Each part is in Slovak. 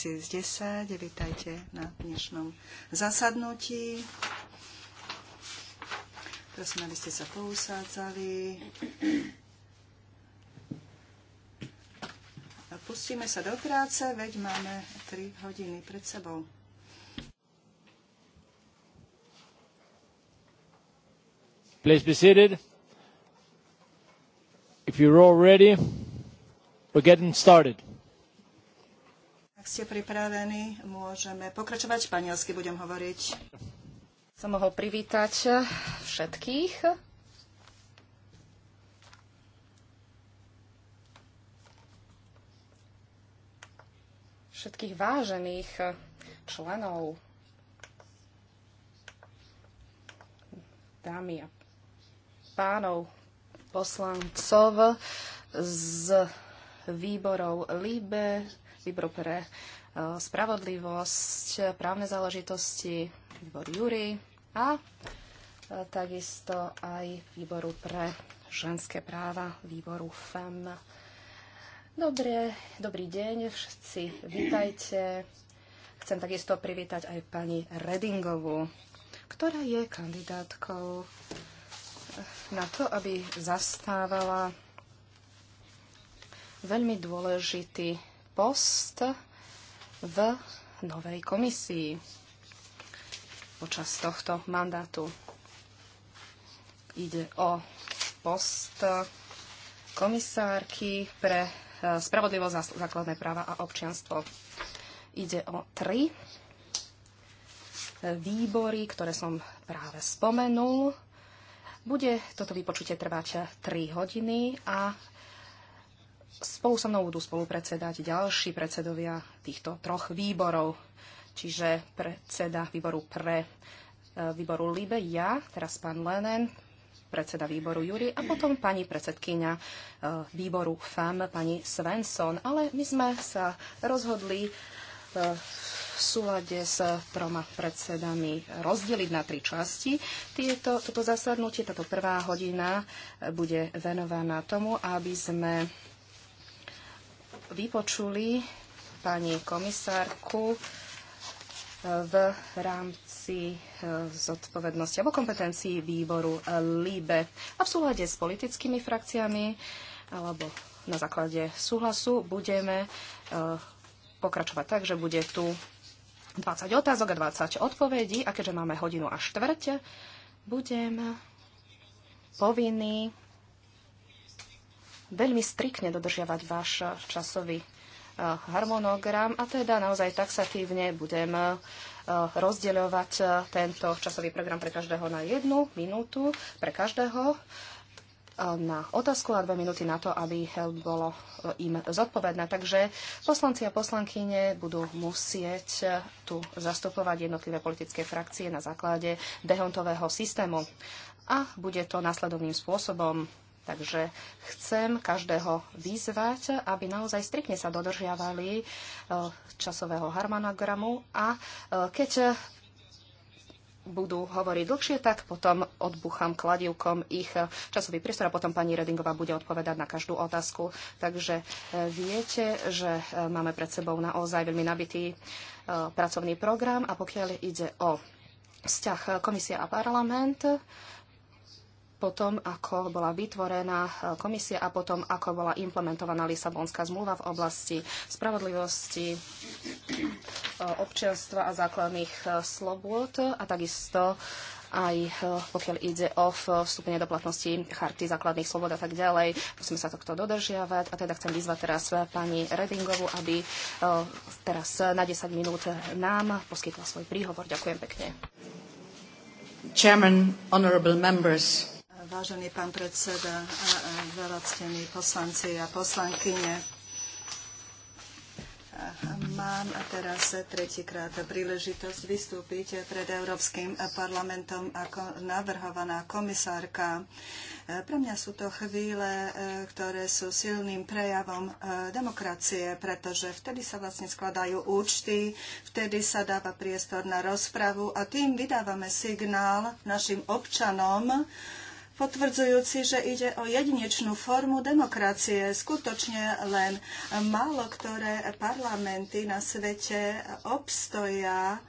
2010. Vítajte na dnešnom zasadnutí. Prosím, aby ste sa pousádzali. Pustíme sa do práce, veď máme 3 hodiny pred sebou. Please be seated. If you're all ready, we're getting started ste pripravení, môžeme pokračovať. Španielsky budem hovoriť. Som mohol privítať všetkých. všetkých vážených členov, dámy a pánov poslancov z výborov LIBE, výboru pre e, spravodlivosť, právne záležitosti, výbor Júri a e, takisto aj výboru pre ženské práva, výboru FEM. Dobre, dobrý deň, všetci vítajte. Chcem takisto privítať aj pani Redingovú, ktorá je kandidátkou e, na to, aby zastávala veľmi dôležitý post v novej komisii počas tohto mandátu. Ide o post komisárky pre e, spravodlivosť, základné práva a občianstvo. Ide o tri e, výbory, ktoré som práve spomenul. Bude toto vypočutie trvať 3 e, hodiny a Spolu so mnou budú spolupredsedať ďalší predsedovia týchto troch výborov, čiže predseda výboru pre e, výboru LIBE, ja, teraz pán Lenen, predseda výboru Júri a potom pani predsedkynia e, výboru FAM, pani Svensson. Ale my sme sa rozhodli e, v súlade s troma predsedami rozdeliť na tri časti. Tieto, toto zasadnutie, táto prvá hodina bude venovaná tomu, aby sme vypočuli pani komisárku e, v rámci e, zodpovednosti alebo kompetencií výboru e, LIBE a v súhľade s politickými frakciami alebo na základe súhlasu budeme pokračovať tak, že bude tu 20 otázok a 20 odpovedí a keďže máme hodinu a štvrte, budem povinný veľmi striktne dodržiavať váš eh, časový eh, harmonogram a teda naozaj taxatívne budem eh, rozdeľovať tento časový program pre každého na jednu minútu, pre každého na otázku a dve minúty na to, aby bolo im zodpovedné. Takže poslanci a poslankyne budú musieť tu zastupovať jednotlivé politické frakcie na základe dehontového systému. A bude to následovným spôsobom Takže chcem každého vyzvať, aby naozaj striktne sa dodržiavali e, časového harmonogramu a e, keď budú hovoriť dlhšie, tak potom odbuchám kladivkom ich časový priestor a potom pani Redingová bude odpovedať na každú otázku. Takže e, viete, že máme pred sebou naozaj veľmi nabitý pracovný program a pokiaľ ide o vzťah komisia a parlament, potom, ako bola vytvorená e, komisia a potom, ako bola implementovaná Lisabonská zmluva v oblasti spravodlivosti, e, občianstva a základných e, slobôd a takisto aj pokiaľ ide o vstúpenie do platnosti charty základných slobod a tak ďalej. Musíme sa tohto dodržiavať a teda chcem vyzvať teraz pani Redingovu, aby teraz na 10 minút nám poskytla svoj príhovor. Ďakujem pekne. Chairman, honorable members, Vážený pán predseda, veľa ctení poslanci a poslankyne. Mám teraz tretíkrát príležitosť vystúpiť pred Európskym parlamentom ako navrhovaná komisárka. Pre mňa sú to chvíle, ktoré sú silným prejavom e, demokracie, pretože vtedy sa vlastne skladajú účty, vtedy sa dáva priestor na rozpravu a tým vydávame signál našim občanom, potvrdzujúci, že ide o jedinečnú formu demokracie. Skutočne len málo ktoré parlamenty na svete obstoja e,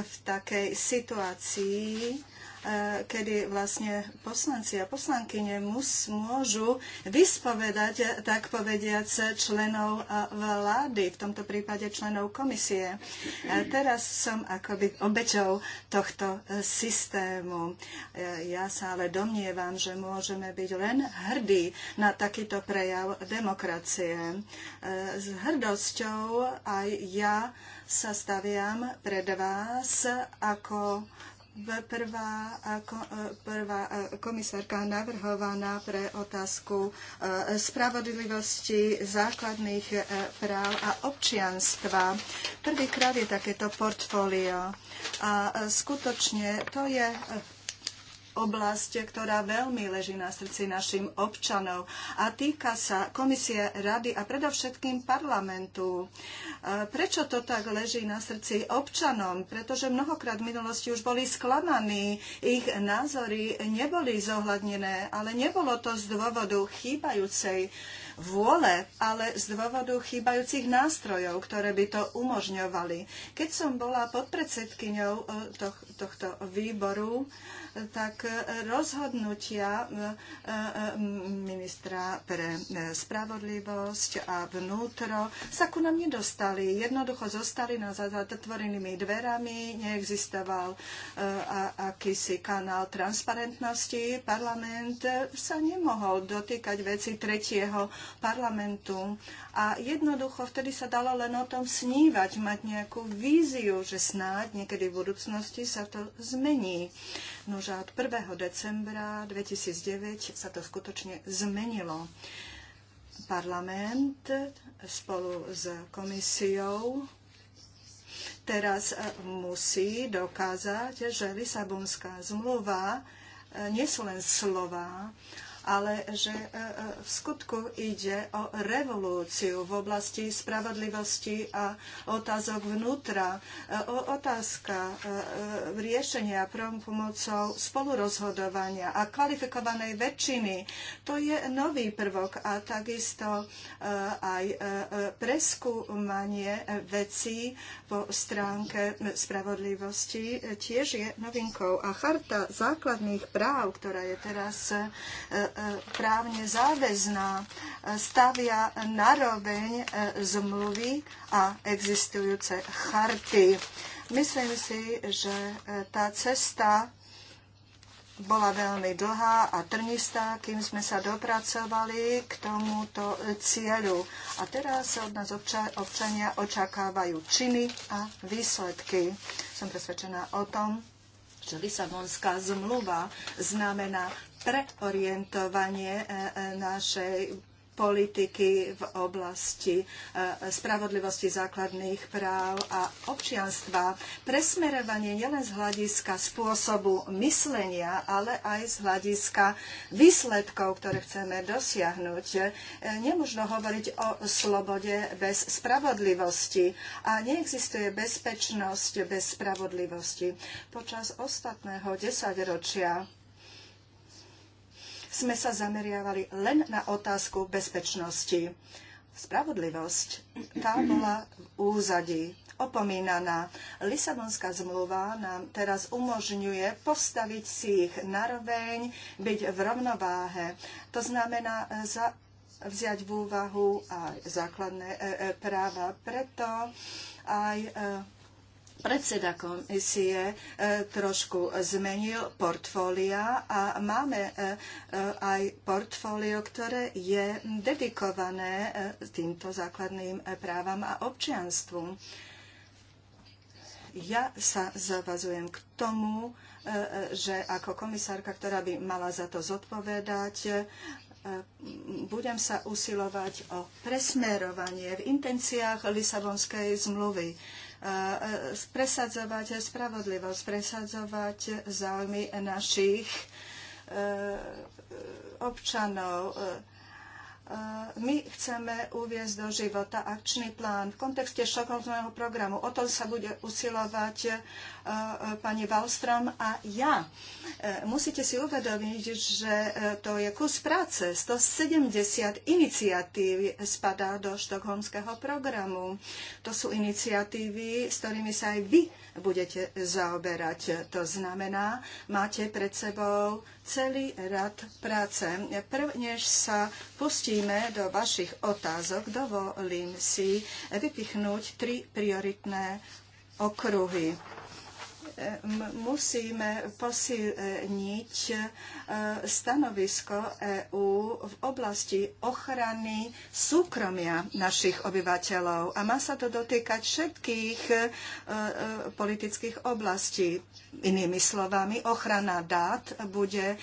v takej situácii, E, kedy vlastne poslanci a poslankyne mus, môžu vyspovedať, tak povediac, členov e, vlády, v tomto prípade členov komisie. E, teraz som akoby obeťou tohto systému. Ja sa ale domnievam, že môžeme byť len hrdí na takýto prejav demokracie. S hrdosťou aj ja sa staviam pred vás ako prvá, e, prvá e, komisárka navrhovaná pre otázku e, spravodlivosti základných práv a občianstva. Prvýkrát je takéto portfólio. A skutočne to je oblasť, ktorá veľmi leží na srdci našim občanov a týka sa Komisie Rady a predovšetkým parlamentu. E, prečo to tak leží na srdci občanom? Pretože mnohokrát v minulosti už boli sklamaní, ich názory neboli zohľadnené, ale nebolo to z dôvodu chýbajúcej vôle, ale z dôvodu chýbajúcich nástrojov, ktoré by to umožňovali. Keď som bola podpredsedkyňou e, tohto výboru, e, tak rozhodnutia e, ministra pre spravodlivosť a vnútro sa ku nám nedostali. Jednoducho zostali na zatvorenými dverami, neexistoval akýsi kanál transparentnosti. Parlament sa nemohol dotýkať veci tretieho parlamentu. A jednoducho vtedy sa dalo len o tom snívať, mať nejakú víziu, že snáď niekedy v budúcnosti sa to zmení. že od 1. decembra 2009 sa to skutočne zmenilo. Parlament spolu s komisiou teraz e, musí dokázať, že Lisabonská zmluva e, nie sú len slova, ale že e, e, v skutku ide o revolúciu v oblasti spravodlivosti a otázok vnútra. E, o Otázka riešenia prvom pomocou spolurozhodovania a kvalifikovanej väčšiny. To je nový prvok a takisto aj preskúmanie vecí po stránke spravodlivosti tiež je novinkou. A charta základných práv, ktorá je teraz E, právne záväzná, e, stavia naroveň e, zmluvy a existujúce charty. Myslím si, že tá cesta bola veľmi dlhá a trnistá, kým sme sa dopracovali k tomuto cieľu. A teraz od nás občania očakávajú činy a výsledky. Som presvedčená o tom, že Lisabonská zmluva znamená preorientovanie e, e, našej politiky v oblasti e, spravodlivosti základných práv a občianstva. Presmerovanie nielen z hľadiska spôsobu myslenia, ale aj z hľadiska výsledkov, ktoré chceme dosiahnuť. Nemôžno hovoriť o slobode bez spravodlivosti a neexistuje bezpečnosť bez spravodlivosti. Počas ostatného desaťročia sme sa zameriavali len na otázku bezpečnosti. Spravodlivosť tá bola v úzadí opomínaná. Lisabonská zmluva nám teraz umožňuje postaviť si ich naroveň, byť v rovnováhe. To znamená e, za, vziať v úvahu aj základné e, e, práva. Preto aj e, predseda komisie e, trošku zmenil portfólia a máme e, e, aj portfólio, ktoré je dedikované týmto základným právam a občianstvu. Ja sa zavazujem k tomu, že ako komisárka, ktorá by mala za to zodpovedať, budem sa usilovať o presmerovanie v intenciách Lisabonskej zmluvy presadzovať spravodlivosť, presadzovať záujmy našich e, občanov. E, e, my chceme uviezť do života akčný plán v kontekste šokovného programu. O tom sa bude usilovať pani Wallström a ja. E, musíte si uvedomiť, že e, to je kus práce. 170 iniciatív spadá do štokholmského programu. To sú iniciatívy, s ktorými sa aj vy budete zaoberať. To znamená, máte pred sebou celý rad práce. Prv, než sa pustíme do vašich otázok, dovolím si vypichnúť tri prioritné okruhy musíme posilniť e, stanovisko EÚ v oblasti ochrany súkromia našich obyvateľov. A má sa to dotýkať všetkých e, e, politických oblastí. Inými slovami, ochrana dát bude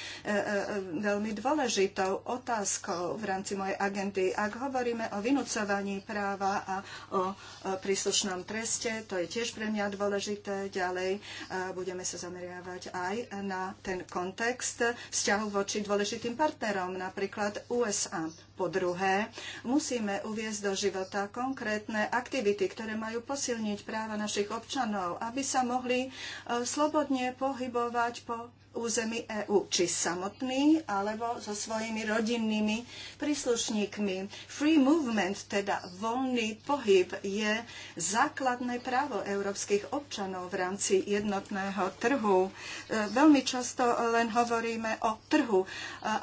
veľmi dôležitou otázkou v rámci mojej agendy. Ak hovoríme o vynúcovaní práva a o príslušnom treste, to je tiež pre mňa dôležité ďalej budeme sa zameriavať aj na ten kontext vzťahov voči dôležitým partnerom, napríklad USA. Po druhé, musíme uviezť do života konkrétne aktivity, ktoré majú posilniť práva našich občanov, aby sa mohli e, slobodne pohybovať po území EÚ, či samotný, alebo so svojimi rodinnými príslušníkmi. Free movement, teda voľný pohyb, je základné právo európskych občanov v rámci jednotného trhu. E, veľmi často len hovoríme o trhu, e,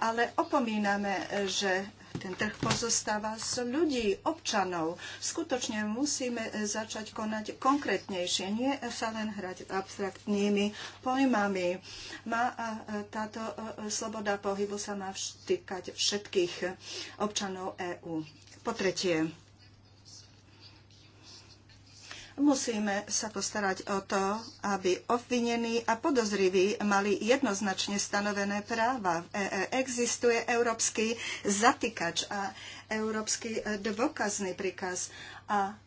ale opomíname, že ten trh pozostáva z ľudí, občanov. Skutočne musíme e, začať konať konkrétnejšie, nie sa len hrať abstraktnými pojmami. Má e, táto e, sloboda pohybu sa má vtýkať všetkých občanov EÚ. Po tretie, Musíme sa postarať o to, aby obvinení a podozriví mali jednoznačne stanovené práva. E e existuje európsky zatýkač a európsky dôkazný príkaz a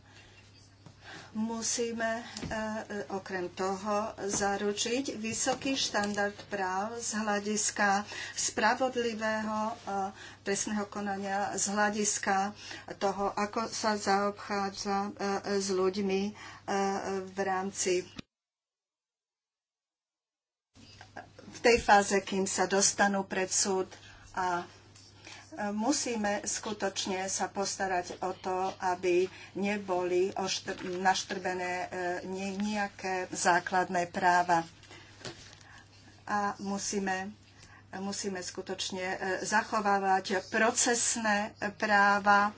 musíme eh, okrem toho zaručiť vysoký štandard práv z hľadiska spravodlivého eh, trestného konania, z hľadiska toho, ako sa zaobchádza eh, s ľuďmi v rámci v tej fáze, kým sa dostanú pred súd a musíme skutočne sa postarať o to, aby neboli naštrbené e, nejaké základné práva. A musíme, musíme skutočne e, zachovávať procesné práva e,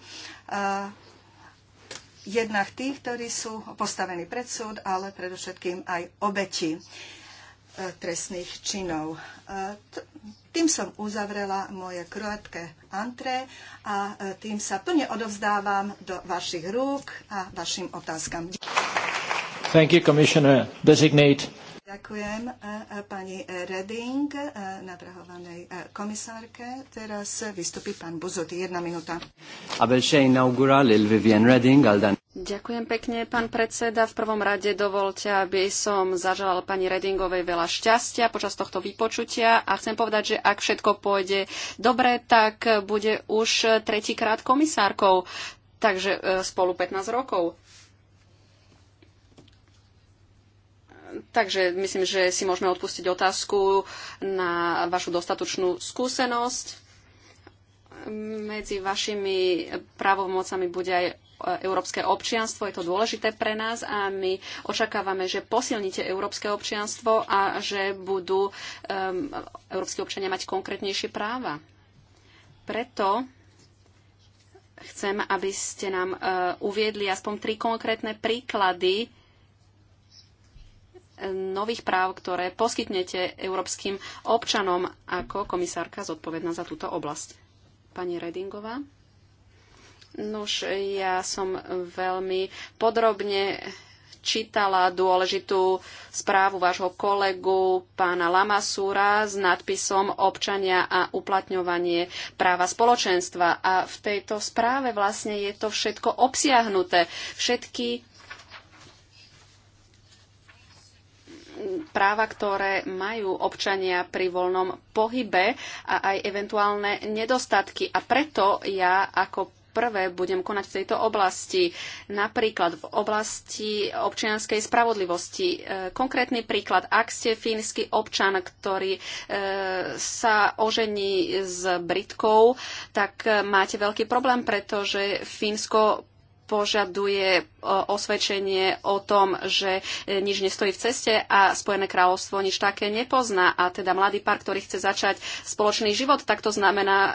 jednak tých, ktorí sú postavení pred súd, ale predovšetkým aj obeti trestných činov tým som uzavrela moje krátke antré a e, tým sa plne odovzdávam do vašich rúk a vašim otázkam. Thank you, Commissioner Designate. Ďakujem e, e, pani Reding, navrhovanej komisárke. Teraz vystupí pán Buzut. Jedna minúta. Abel inaugurál il Vivian Reding Aldan. Ďakujem pekne, pán predseda. V prvom rade dovolte, aby som zaželal pani Redingovej veľa šťastia počas tohto vypočutia a chcem povedať, že ak všetko pôjde dobre, tak bude už tretíkrát komisárkou, takže e, spolu 15 rokov. Takže myslím, že si môžeme odpustiť otázku na vašu dostatočnú skúsenosť medzi vašimi právomocami bude aj e, európske občianstvo. Je to dôležité pre nás a my očakávame, že posilnite európske občianstvo a že budú um, európske občania mať konkrétnejšie práva. Preto chcem, aby ste nám uh, uviedli aspoň tri konkrétne príklady e, nových práv, ktoré poskytnete európskym občanom ako komisárka zodpovedná za túto oblasť pani Redingová. Nož, ja som veľmi podrobne čítala dôležitú správu vášho kolegu pána Lamasúra s nadpisom občania a uplatňovanie práva spoločenstva. A v tejto správe vlastne je to všetko obsiahnuté. Všetky práva, ktoré majú občania pri voľnom pohybe a aj eventuálne nedostatky. A preto ja ako prvé budem konať v tejto oblasti, napríklad v oblasti občianskej spravodlivosti. E, konkrétny príklad, ak ste fínsky občan, ktorý e, sa ožení s Britkou, tak e, máte veľký problém, pretože Fínsko požaduje osvedčenie o tom, že e, nič nestojí v ceste a Spojené kráľovstvo nič také nepozná. A teda mladý pár, ktorý chce začať spoločný život, tak to znamená e,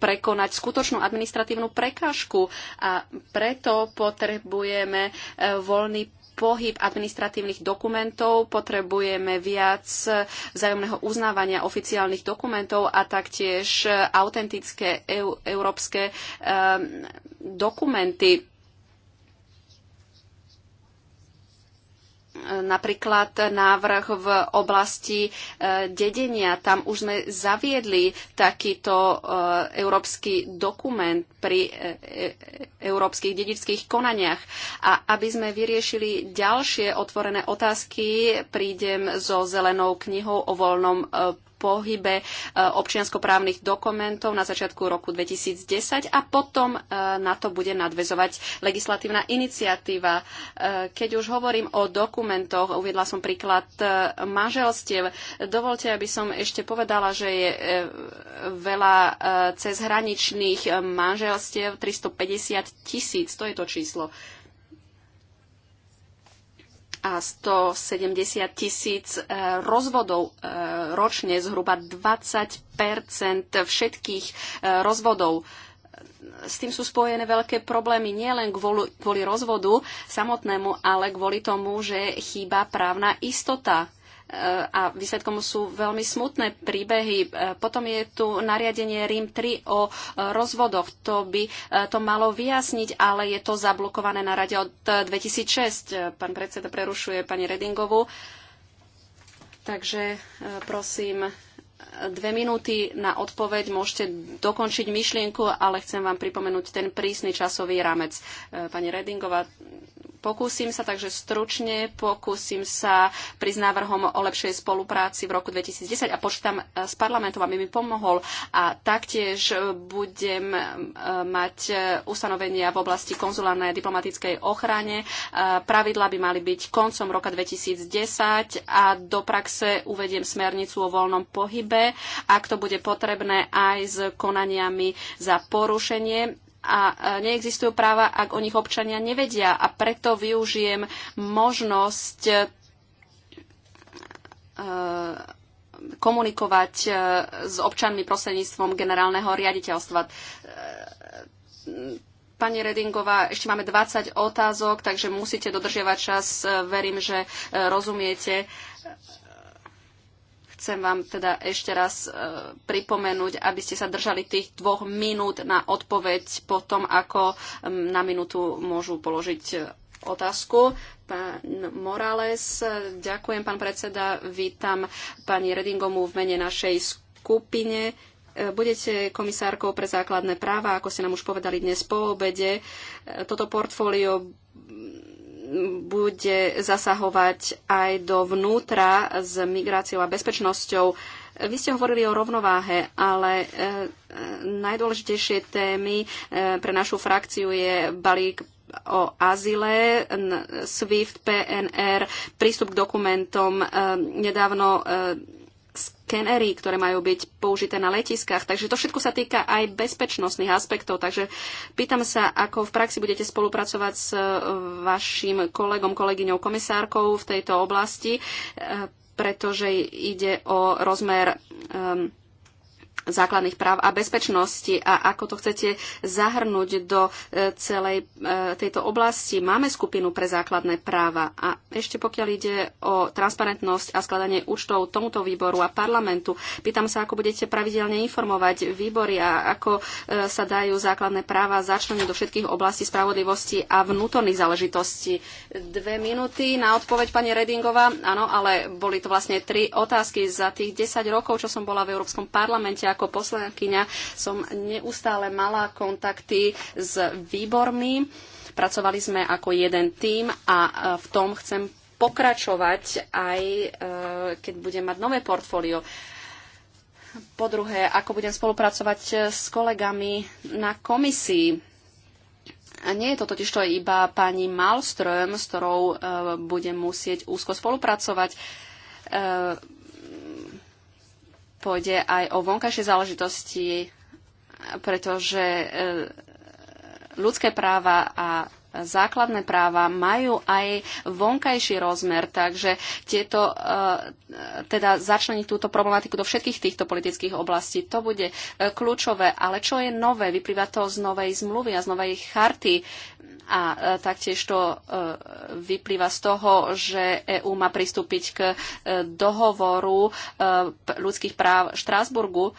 prekonať skutočnú administratívnu prekážku. A preto potrebujeme e, voľný pohyb administratívnych dokumentov, potrebujeme viac e, vzájomného uznávania oficiálnych dokumentov a taktiež e, autentické európske e, dokumenty napríklad návrh v oblasti e, dedenia. Tam už sme zaviedli takýto e, európsky dokument pri e, európskych dedických konaniach. A aby sme vyriešili ďalšie otvorené otázky, prídem so zelenou knihou o voľnom pohybe e, občianskoprávnych dokumentov na začiatku roku 2010 a potom e, na to bude nadvezovať legislatívna iniciatíva. E, keď už hovorím o dokumentoch, uviedla som príklad manželstiev. Dovolte, aby som ešte povedala, že je veľa cezhraničných manželstiev, 350 tisíc, to je to číslo a 170 tisíc e, rozvodov e, ročne, zhruba 20 všetkých e, rozvodov. S tým sú spojené veľké problémy nielen kvôli, kvôli rozvodu samotnému, ale kvôli tomu, že chýba právna istota a výsledkom sú veľmi smutné príbehy. E, potom je tu nariadenie RIM 3 o e, rozvodoch. To by e, to malo vyjasniť, ale je to zablokované na rade od 2006. Pán predseda prerušuje pani Redingovu. Takže prosím, dve minúty na odpoveď. Môžete dokončiť myšlienku, ale chcem vám pripomenúť ten prísny časový rámec. Pani Redingová, Pokúsim sa, takže stručne pokúsim sa prísť návrhom o lepšej spolupráci v roku 2010 a počítam e, s parlamentom, aby mi pomohol. A taktiež e, budem e, mať ustanovenia v oblasti konzulárnej a diplomatickej ochrane. Pravidla by mali byť koncom roka 2010 a do praxe uvediem smernicu o voľnom pohybe, ak to bude potrebné aj s konaniami za porušenie a neexistujú práva, ak o nich občania nevedia. A preto využijem možnosť e, komunikovať e, s občanmi prostredníctvom generálneho riaditeľstva. E, pani Redingová, ešte máme 20 otázok, takže musíte dodržiavať čas. Verím, že rozumiete chcem vám teda ešte raz e, pripomenúť, aby ste sa držali tých dvoch minút na odpoveď po tom, ako na minútu môžu položiť e, otázku. Pán Morales, ďakujem, pán predseda. Vítam pani Redingomu v mene našej skupine. E, budete komisárkou pre základné práva, ako ste nám už povedali dnes po obede. E, toto portfólio bude zasahovať aj do vnútra s migráciou a bezpečnosťou. Vy ste hovorili o rovnováhe, ale e, e, najdôležitejšie témy e, pre našu frakciu je balík o azile, SWIFT, PNR, prístup k dokumentom. Nedávno skenery, ktoré majú byť použité na letiskách. Takže to všetko sa týka aj bezpečnostných aspektov. Takže pýtam sa, ako v praxi budete spolupracovať s e, vašim kolegom, kolegyňou, komisárkou v tejto oblasti, e, pretože ide o rozmer um, základných práv a bezpečnosti a ako to chcete zahrnúť do e, celej e, tejto oblasti. Máme skupinu pre základné práva a ešte pokiaľ ide o transparentnosť a skladanie účtov tomuto výboru a parlamentu, pýtam sa, ako budete pravidelne informovať výbory a ako e, sa dajú základné práva začleniť do všetkých oblastí spravodlivosti a vnútorných záležitostí. Dve minúty na odpoveď pani Redingová. Áno, ale boli to vlastne tri otázky za tých 10 rokov, čo som bola v Európskom parlamente ako poslankyňa som neustále mala kontakty s výbormi. Pracovali sme ako jeden tím a e, v tom chcem pokračovať aj e, keď budem mať nové portfólio. Po druhé, ako budem spolupracovať e, s kolegami na komisii. A nie je to totiž to iba pani Malström, s ktorou budem musieť úzko spolupracovať pôjde aj o vonkajšie záležitosti, pretože e, ľudské práva a základné práva majú aj vonkajší rozmer, takže tieto, e, teda začleniť túto problematiku do všetkých týchto politických oblastí, to bude e, kľúčové. Ale čo je nové? Vyplýva to z novej zmluvy a z novej charty a e, taktiež to vyplýva z toho, že EÚ má pristúpiť k dohovoru ľudských práv Štrásburgu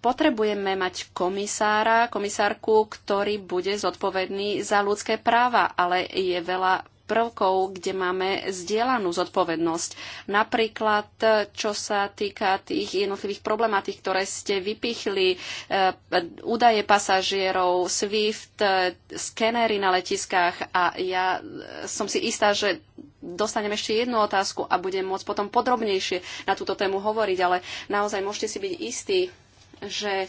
potrebujeme mať komisára, komisárku, ktorý bude zodpovedný za ľudské práva, ale je veľa prvkov, kde máme zdieľanú zodpovednosť. Napríklad, čo sa týka tých jednotlivých problematík, ktoré ste vypichli, e, údaje pasažierov, SWIFT, e, skenery na letiskách a ja e, som si istá, že dostanem ešte jednu otázku a budem môcť potom podrobnejšie na túto tému hovoriť, ale naozaj môžete si byť istí, že e,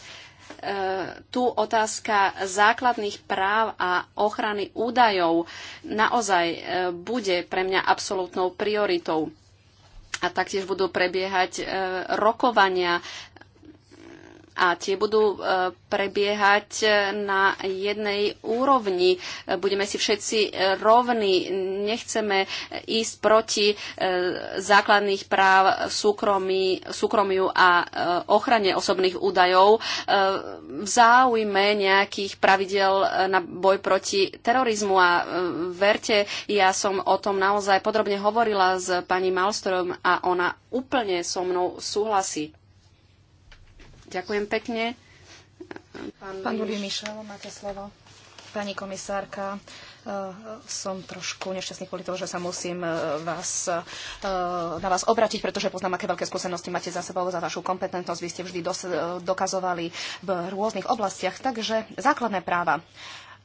tu otázka základných práv a ochrany údajov naozaj e, bude pre mňa absolútnou prioritou. A taktiež budú prebiehať e, rokovania a tie budú e, prebiehať e, na jednej úrovni. E, budeme si všetci rovní, nechceme ísť proti základných práv súkromí, súkromiu a ochrane osobných údajov v záujme nejakých pravidel na boj proti terorizmu a verte, ja som o tom naozaj podrobne hovorila s pani Malstrom a ona úplne so mnou súhlasí. Ďakujem pekne. Pán, Pán Louis Mišel, máte slovo. Pani komisárka, eh, som trošku nešťastný kvôli toho, že sa musím eh, vás, eh, na vás obratiť, pretože poznám, aké veľké skúsenosti máte za sebou, za vašu kompetentnosť. Vy ste vždy dos- dokazovali v rôznych oblastiach. Takže základné práva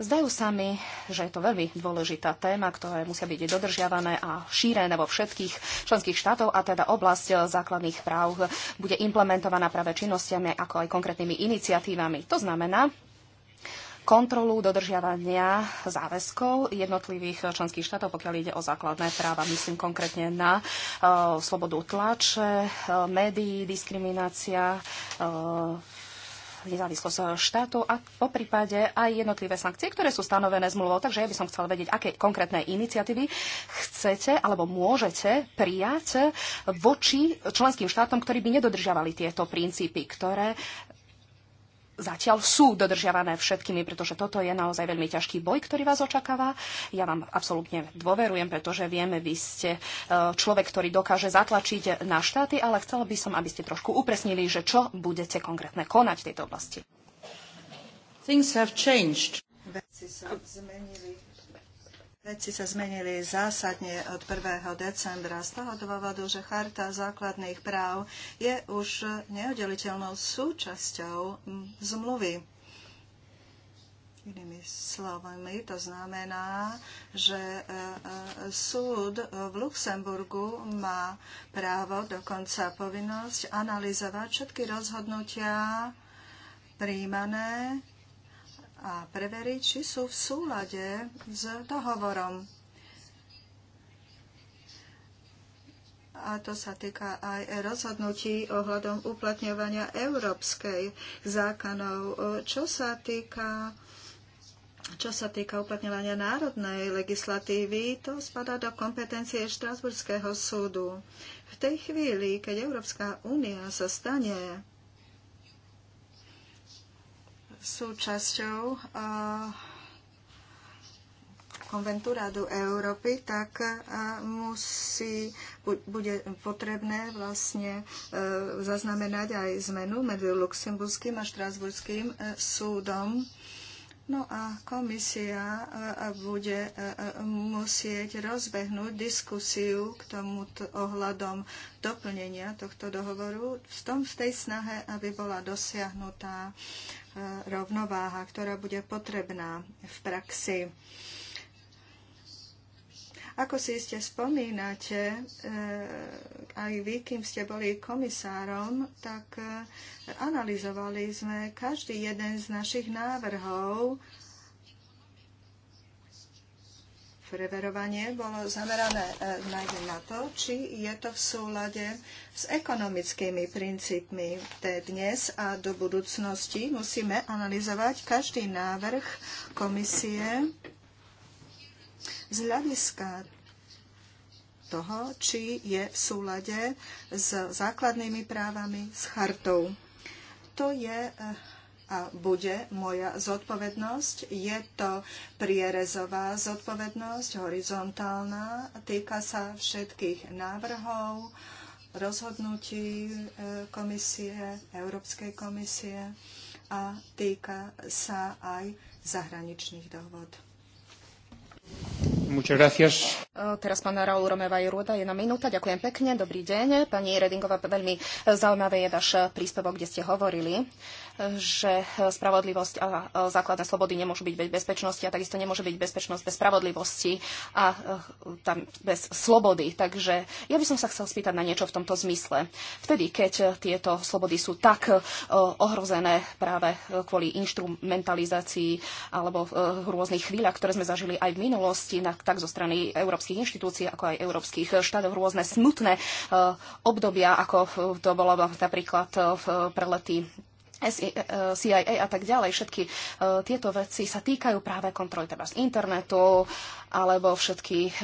Zdajú sa mi, že je to veľmi dôležitá téma, ktoré musia byť dodržiavané a šírené vo všetkých členských štátov a teda oblasť základných práv bude implementovaná práve činnostiami ako aj konkrétnymi iniciatívami. To znamená, kontrolu dodržiavania záväzkov jednotlivých členských štátov, pokiaľ ide o základné práva. Myslím konkrétne na uh, slobodu tlače, uh, médií, diskriminácia, uh, nezávislosť štátu a po prípade aj jednotlivé sankcie, ktoré sú stanovené zmluvou. Takže ja by som chcela vedieť, aké konkrétne iniciatívy chcete alebo môžete prijať voči členským štátom, ktorí by nedodržiavali tieto princípy, ktoré zatiaľ sú dodržiavané všetkými, pretože toto je naozaj veľmi ťažký boj, ktorý vás očakáva. Ja vám absolútne dôverujem, pretože vieme, vy ste e, človek, ktorý dokáže zatlačiť na štáty, ale chcela by som, aby ste trošku upresnili, že čo budete konkrétne konať v tejto oblasti. Things have changed. Veci sa zmenili. Veci sa zmenili zásadne od 1. decembra z toho dôvodu, že Charta základných práv je už neoddeliteľnou súčasťou zmluvy. Inými slovami, to znamená, že e, e, súd v Luxemburgu má právo, dokonca povinnosť analyzovať všetky rozhodnutia príjmané a preveriť, či sú v súlade s dohovorom. a to sa týka aj rozhodnutí ohľadom uplatňovania európskej zákonov. Čo sa týka čo sa týka uplatňovania národnej legislatívy, to spadá do kompetencie Štrasburského súdu. V tej chvíli, keď Európska únia sa stane súčasťou eh, konventu Radu Európy, tak eh, musí, bude potrebné vlastne eh, zaznamenať aj zmenu medzi Luxemburským a Štrásburským súdom. No a komisia bude musieť rozbehnúť diskusiu k tomuto ohľadom doplnenia tohto dohovoru v, tom, v tej snahe, aby bola dosiahnutá rovnováha, ktorá bude potrebná v praxi. Ako si ste spomínate, e, aj vy, kým ste boli komisárom, tak e, analyzovali sme každý jeden z našich návrhov preverovanie bolo zamerané e, najmä na to, či je to v súlade s ekonomickými princípmi. Té dnes a do budúcnosti musíme analyzovať každý návrh komisie z hľadiska toho, či je v súlade s základnými právami, s chartou. To je e, a bude moja zodpovednosť. Je to prierezová zodpovednosť, horizontálna, týka sa všetkých návrhov, rozhodnutí e, komisie, Európskej komisie a týka sa aj zahraničných dohod. Teraz pán Raúl Romeva rôda, jedna minúta. Ďakujem pekne, dobrý deň. Pani Redingová, veľmi zaujímavé je váš príspevok, kde ste hovorili, že spravodlivosť a základné slobody nemôžu byť bez bezpečnosti a takisto nemôže byť bezpečnosť bez spravodlivosti a e, tam bez slobody. Takže ja by som sa chcel spýtať na niečo v tomto zmysle. Vtedy, keď tieto slobody sú tak e, ohrozené práve e, kvôli instrumentalizácii alebo rôznych chvíľach, ktoré sme zažili aj v minulosti, tak zo strany európskych inštitúcií, ako aj európskych štátov, rôzne smutné obdobia, ako to bolo napríklad v prelety E, e, CIA a tak ďalej, všetky e, tieto veci sa týkajú práve kontroly teda z internetu, alebo všetky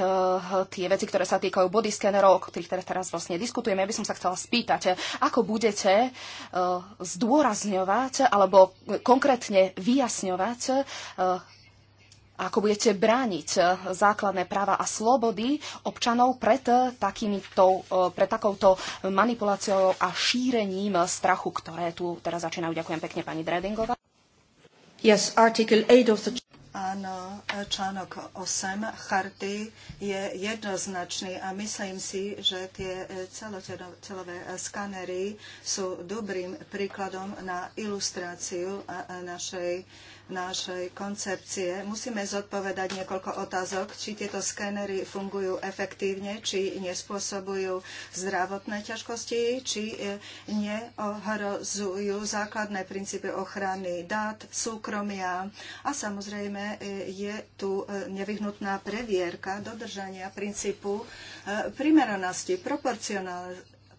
tie veci, ktoré sa týkajú body scannerov, o ktorých teraz vlastne diskutujeme. Ja by som sa chcela spýtať, ako budete zdôrazňovať alebo konkrétne vyjasňovať ako budete brániť eh, základné práva a slobody občanov pred, eh, takýmito, eh, pred takouto manipuláciou a šírením strachu, ktoré tu teraz začínajú. Ďakujem pekne, pani Dredingová. Yes, article 8 of the... Áno, článok 8 charty je jednoznačný a myslím si, že tie celotelové skanery sú dobrým príkladom na ilustráciu našej našej koncepcie. Musíme zodpovedať niekoľko otázok, či tieto skenery fungujú efektívne, či nespôsobujú zdravotné ťažkosti, či e, neohrozujú základné princípy ochrany dát, súkromia. A samozrejme e, je tu e, nevyhnutná previerka dodržania princípu primeranosti,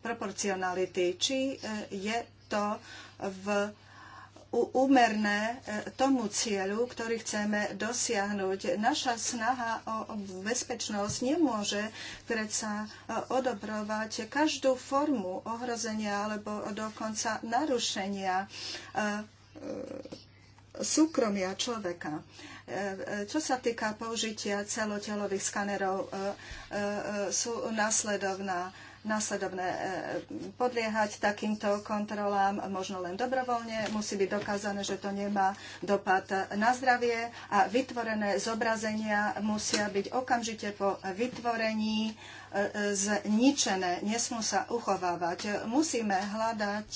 proporcionality, či je to v úmerné e, tomu cieľu, ktorý chceme dosiahnuť. Naša snaha o bezpečnosť nemôže predsa e, odobrovať každú formu ohrozenia alebo dokonca narušenia e, súkromia človeka. Čo sa týka použitia celotelových skanerov, sú následovná následovné e, podliehať takýmto kontrolám, možno len dobrovoľne. Musí byť dokázané, že to nemá dopad na zdravie a vytvorené zobrazenia musia byť okamžite po vytvorení e, e, zničené, nesmú sa uchovávať. Musíme hľadať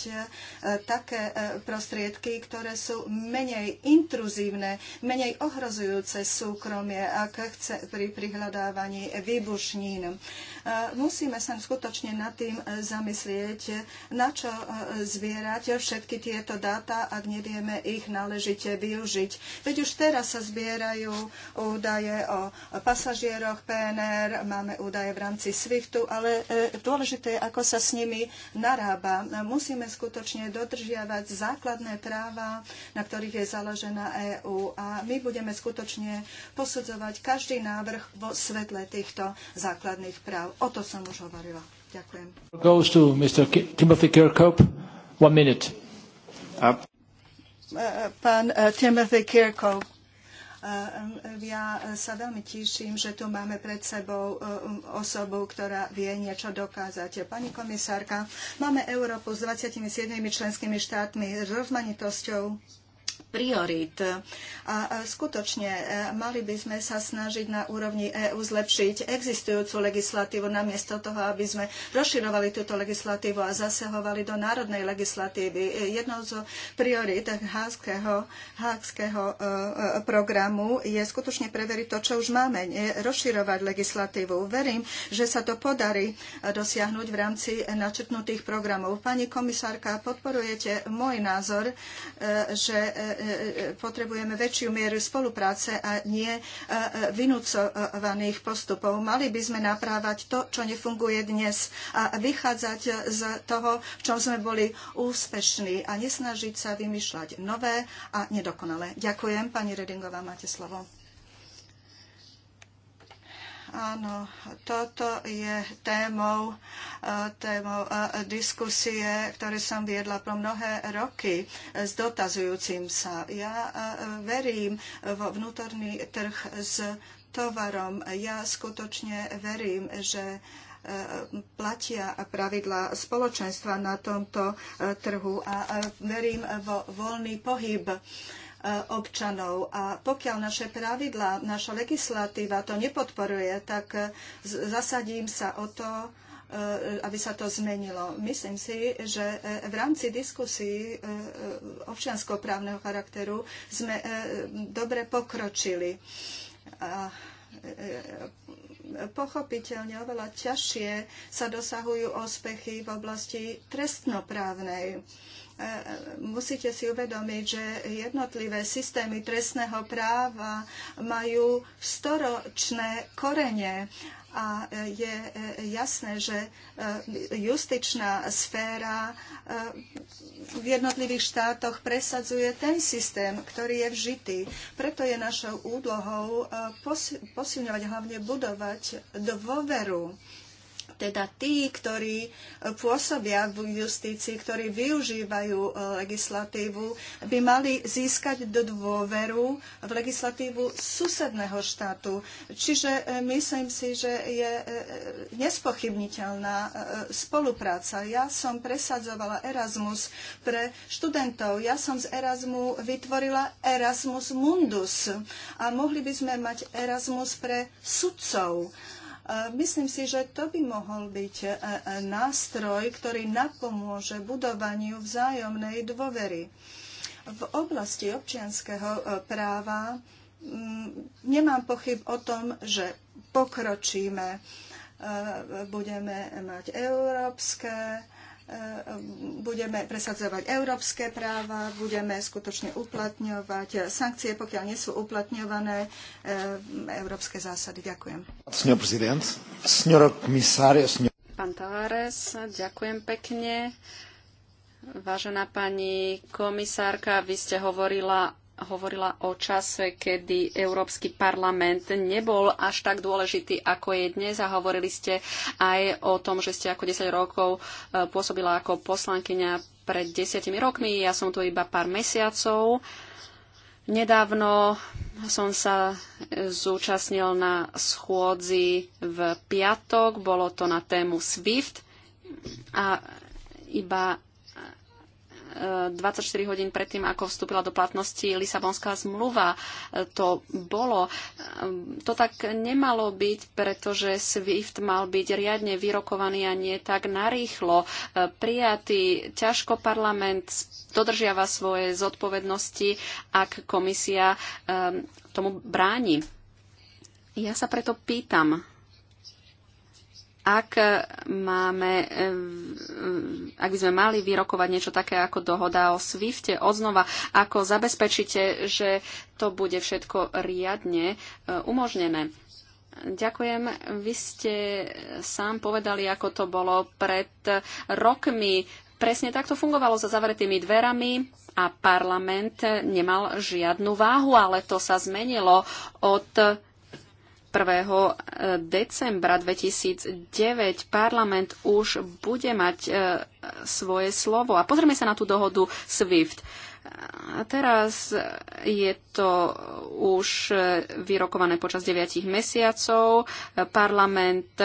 také prostriedky, ktoré sú menej intruzívne, menej ohrozujúce súkromie, ak chce pri prihľadávaní výbušnín. E, musíme sa skutočne nad tým e, zamyslieť, e, na čo zvierať všetky tieto dáta, ak nevieme ich náležite využiť. Veď už teraz sa zbierajú údaje o pasažieroch PNR, máme údaje v rámci SWIFTu, ale dôležité je, ako sa s nimi narába. Musíme skutočne dodržiavať základné práva, na ktorých je založená EÚ a my budeme skutočne posudzovať každý návrh vo svetle týchto základných práv. O to som už hovorila. Ďakujem. Goes to Mr. Timothy Kirkhope. One minute. Up. E, pán e, Timothy Kirkhope, e, ja sa veľmi teším, že tu máme pred sebou osobu, ktorá vie niečo dokázať. Pani komisárka, máme Európu s 27 členskými štátmi, s rozmanitosťou priorít. A skutočne e, mali by sme sa snažiť na úrovni EÚ zlepšiť existujúcu legislatívu namiesto toho, aby sme rozširovali túto legislatívu a zasahovali do národnej legislatívy. E, jednou zo priorít hákského, hákského e, programu je skutočne preveriť to, čo už máme, rozširovať legislatívu. Verím, že sa to podarí dosiahnuť v rámci načrtnutých programov. Pani komisárka, podporujete môj názor, že potrebujeme väčšiu mieru spolupráce a nie e, e, vynúcovaných postupov. Mali by sme naprávať to, čo nefunguje dnes a vychádzať z toho, v čom sme boli úspešní a nesnažiť sa vymýšľať nové a nedokonalé. Ďakujem. Pani Redingová, máte slovo. Áno, toto je témou, eh, témou eh, diskusie, ktoré som viedla po mnohé roky s dotazujúcim sa. Ja eh, verím vo vnútorný trh s tovarom. Ja skutočne verím, že platia pravidla spoločenstva na tomto trhu a verím vo voľný pohyb Eh, občanov. A pokiaľ naše pravidla, naša legislatíva to nepodporuje, tak eh, zasadím sa o to, eh, aby sa to zmenilo. Myslím si, že v rámci diskusí občianskoprávneho charakteru sme dobre pokročili. A pochopiteľne oveľa ťažšie sa dosahujú úspechy v oblasti trestnoprávnej musíte si uvedomiť, že jednotlivé systémy trestného práva majú storočné korene a je e, jasné, že e, justičná sféra e, v jednotlivých štátoch presadzuje ten systém, ktorý je vžitý. Preto je našou úlohou posilňovať, hlavne budovať dôveru teda tí, ktorí e, pôsobia v justícii, ktorí využívajú e, legislatívu, by mali získať do dôveru v legislatívu susedného štátu. Čiže e, myslím si, že je nespochybniteľná spolupráca. Ja som presadzovala Erasmus pre študentov. Ja som z Erasmu vytvorila Erasmus Mundus a mohli by sme mať Erasmus pre sudcov Myslím si, že to by mohol byť e, e, nástroj, ktorý napomôže budovaniu vzájomnej dôvery. V oblasti občianského e, práva mm, nemám pochyb o tom, že pokročíme. Budeme mať európske budeme presadzovať európske práva, budeme skutočne uplatňovať sankcie, pokiaľ nie sú uplatňované eh, európske zásady. Ďakujem. Pán Tavares, ďakujem pekne. Vážená pani komisárka, vy ste hovorila hovorila o čase, kedy Európsky parlament nebol až tak dôležitý, ako je dnes a hovorili ste aj o tom, že ste ako 10 rokov e, pôsobila ako poslankyňa pred 10 rokmi. Ja som tu iba pár mesiacov. Nedávno som sa zúčastnil na schôdzi v piatok, bolo to na tému SWIFT a iba 24 hodín predtým, ako vstúpila do platnosti Lisabonská zmluva. To bolo. To tak nemalo byť, pretože SWIFT mal byť riadne vyrokovaný a nie tak narýchlo. Prijatý ťažko parlament dodržiava svoje zodpovednosti, ak komisia ehm, tomu bráni. Ja sa preto pýtam, ak máme, eh, ak by sme mali vyrokovať niečo také ako dohoda o Swifte, odznova, ako zabezpečíte, že to bude všetko riadne eh, umožnené. Ďakujem. Vy ste sám povedali, ako to bolo pred rokmi. Presne takto fungovalo za zavretými dverami a parlament nemal žiadnu váhu, ale to sa zmenilo od 1. Eh, decembra 2009 parlament už bude mať eh, svoje slovo. A pozrieme sa na tú dohodu SWIFT. A teraz eh, je to už vyrokované počas 9 mesiacov. Parlament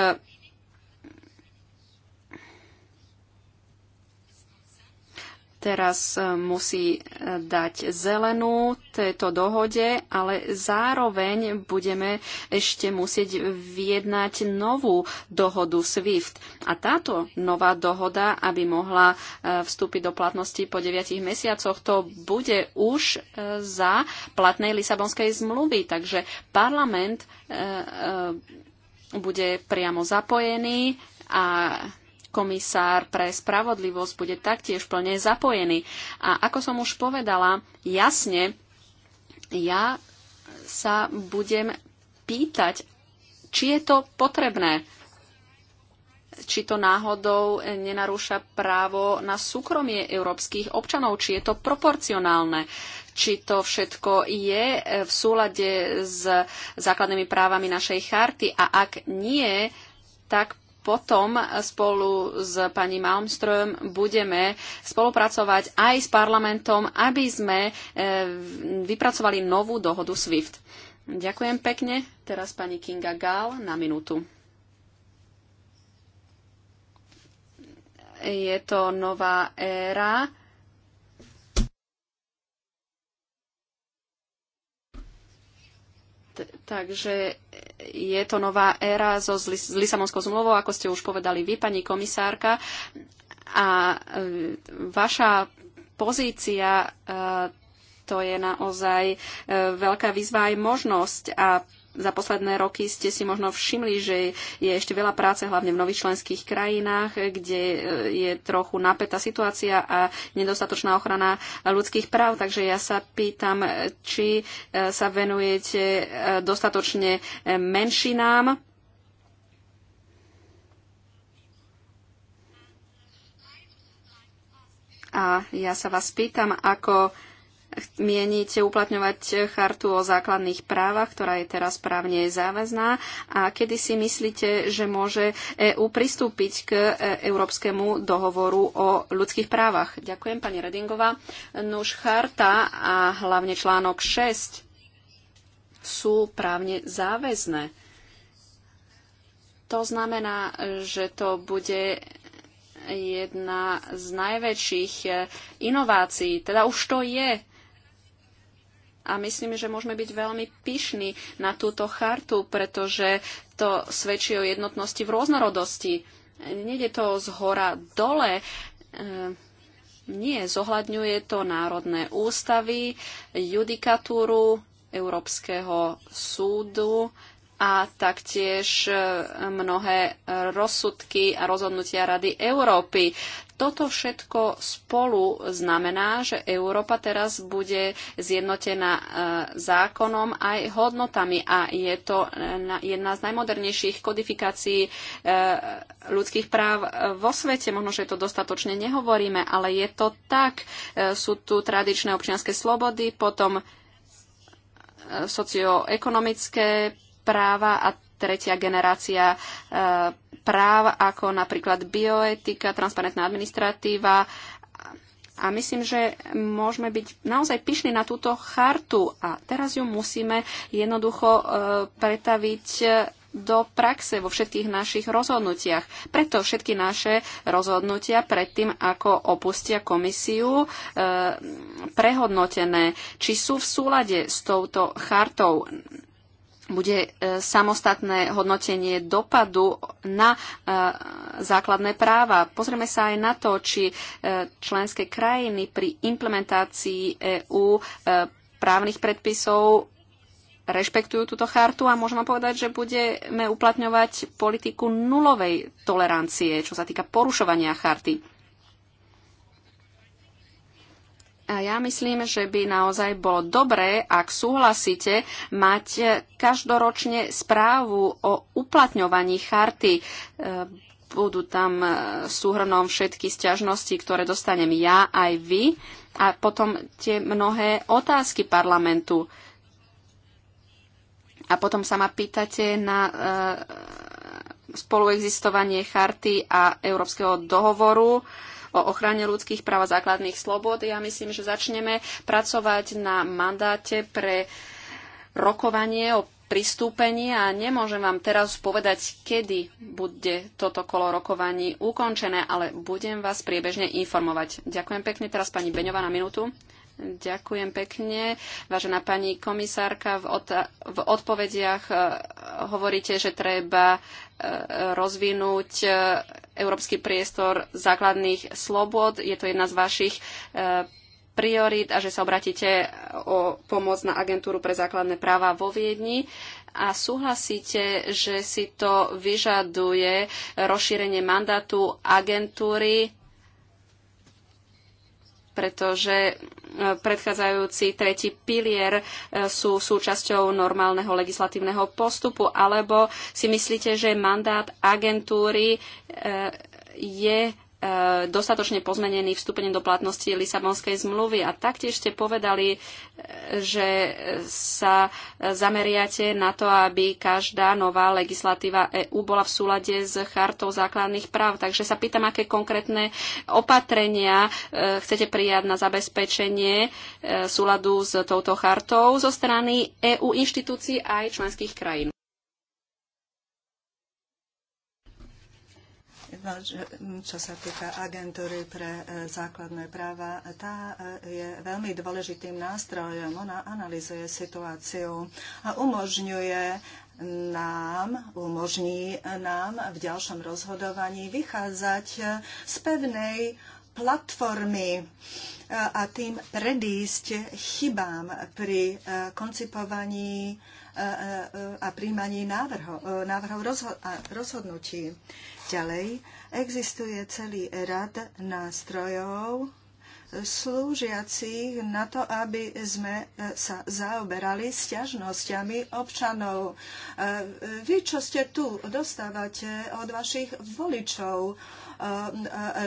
teraz e, musí e, dať zelenú tejto dohode, ale zároveň budeme ešte musieť vyjednať novú dohodu SWIFT. A táto nová dohoda, aby mohla e, vstúpiť do platnosti po 9 mesiacoch, to bude už za platnej Lisabonskej zmluvy. Takže parlament bude priamo zapojený a komisár pre spravodlivosť bude taktiež plne zapojený. A ako som už povedala, jasne, ja sa budem pýtať, či je to potrebné, či to náhodou nenarúša právo na súkromie európskych občanov, či je to proporcionálne, či to všetko je v súlade s základnými právami našej charty a ak nie, tak potom spolu s pani Malmström budeme spolupracovať aj s parlamentom, aby sme e, vypracovali novú dohodu SWIFT. Ďakujem pekne. Teraz pani Kinga Gál na minútu. Je to nová éra takže je to nová éra so, s Lis Lisabonskou zmluvou, ako ste už povedali vy, pani komisárka. A e, vaša pozícia e, to je naozaj e, veľká výzva aj možnosť a za posledné roky ste si možno všimli, že je ešte veľa práce, hlavne v nových členských krajinách, kde e, je trochu napätá situácia a nedostatočná ochrana ľudských práv. Takže ja sa pýtam, či e, sa venujete e, dostatočne menšinám. A ja sa vás pýtam, ako mienite uplatňovať chartu o základných právach, ktorá je teraz právne záväzná a kedy si myslíte, že môže EÚ pristúpiť k e- Európskemu dohovoru o ľudských právach? Ďakujem, pani Redingová. Nuž charta a hlavne článok 6 sú právne záväzné. To znamená, že to bude jedna z najväčších eh, inovácií. Teda už to je a myslím, že môžeme byť veľmi pyšní na túto chartu, pretože to svedčí o jednotnosti v rôznorodosti. Nede to z hora dole. Ehm, nie, zohľadňuje to národné ústavy, judikatúru Európskeho súdu, a taktiež e, mnohé rozsudky a rozhodnutia Rady Európy. Toto všetko spolu znamená, že Európa teraz bude zjednotená e, zákonom aj hodnotami a je to jedna z najmodernejších kodifikácií e, ľudských práv vo svete. Možno, že to dostatočne nehovoríme, ale je to tak. Sú tu tradičné občianské slobody, potom socioekonomické práva a tretia generácia e, práv, ako napríklad bioetika, transparentná administratíva. A myslím, že môžeme byť naozaj pyšní na túto chartu a teraz ju musíme jednoducho e, pretaviť e, do praxe vo všetkých našich rozhodnutiach. Preto všetky naše rozhodnutia predtým, ako opustia komisiu, prehodnotené, či sú v súlade s touto chartou bude e, samostatné hodnotenie dopadu na e, základné práva. Pozrieme sa aj na to, či e, členské krajiny pri implementácii EÚ právnych predpisov rešpektujú túto chartu a môžeme povedať, že budeme uplatňovať politiku nulovej tolerancie, čo sa týka porušovania charty. A ja myslím, že by naozaj bolo dobré, ak súhlasíte, mať každoročne správu o uplatňovaní charty. E, budú tam e, súhrnom všetky stiažnosti, ktoré dostanem ja aj vy. A potom tie mnohé otázky parlamentu. A potom sa ma pýtate na e, spoluexistovanie charty a Európskeho dohovoru o ochrane ľudských práv a základných slobod. Ja myslím, že začneme pracovať na mandáte pre rokovanie o pristúpení a nemôžem vám teraz povedať, kedy bude toto kolo rokovaní ukončené, ale budem vás priebežne informovať. Ďakujem pekne. Teraz pani Beňová na minútu. Ďakujem pekne. Vážená pani komisárka, v, od, v odpovediach eh, hovoríte, že treba rozvinúť e, európsky priestor základných slobod. Je to jedna z vašich e, priorít a že sa obratíte o pomoc na agentúru pre základné práva vo Viedni a súhlasíte, že si to vyžaduje rozšírenie mandátu agentúry pretože e, predchádzajúci tretí pilier e, sú súčasťou normálneho legislatívneho postupu, alebo si myslíte, že mandát agentúry e, je E, dostatočne pozmenený vstúpením do platnosti Lisabonskej zmluvy. A taktiež ste povedali, e, že sa zameriate na to, aby každá nová legislatíva EÚ bola v súlade s chartou základných práv. Takže sa pýtam, aké konkrétne opatrenia e, chcete prijať na zabezpečenie súladu s touto chartou zo strany EÚ inštitúcií aj členských krajín. čo sa týka agentúry pre e, základné práva, tá e, je veľmi dôležitým nástrojom. Ona analizuje situáciu a umožňuje nám, umožní nám v ďalšom rozhodovaní vychádzať e, z pevnej platformy a tým predísť chybám pri koncipovaní a príjmaní návrhov, návrhov rozhodnutí. Ďalej, Existuje celý rad nástrojov, slúžiacich na to, aby sme e, sa zaoberali sťažnosťami občanov. E, vy, čo ste tu, dostávate od vašich voličov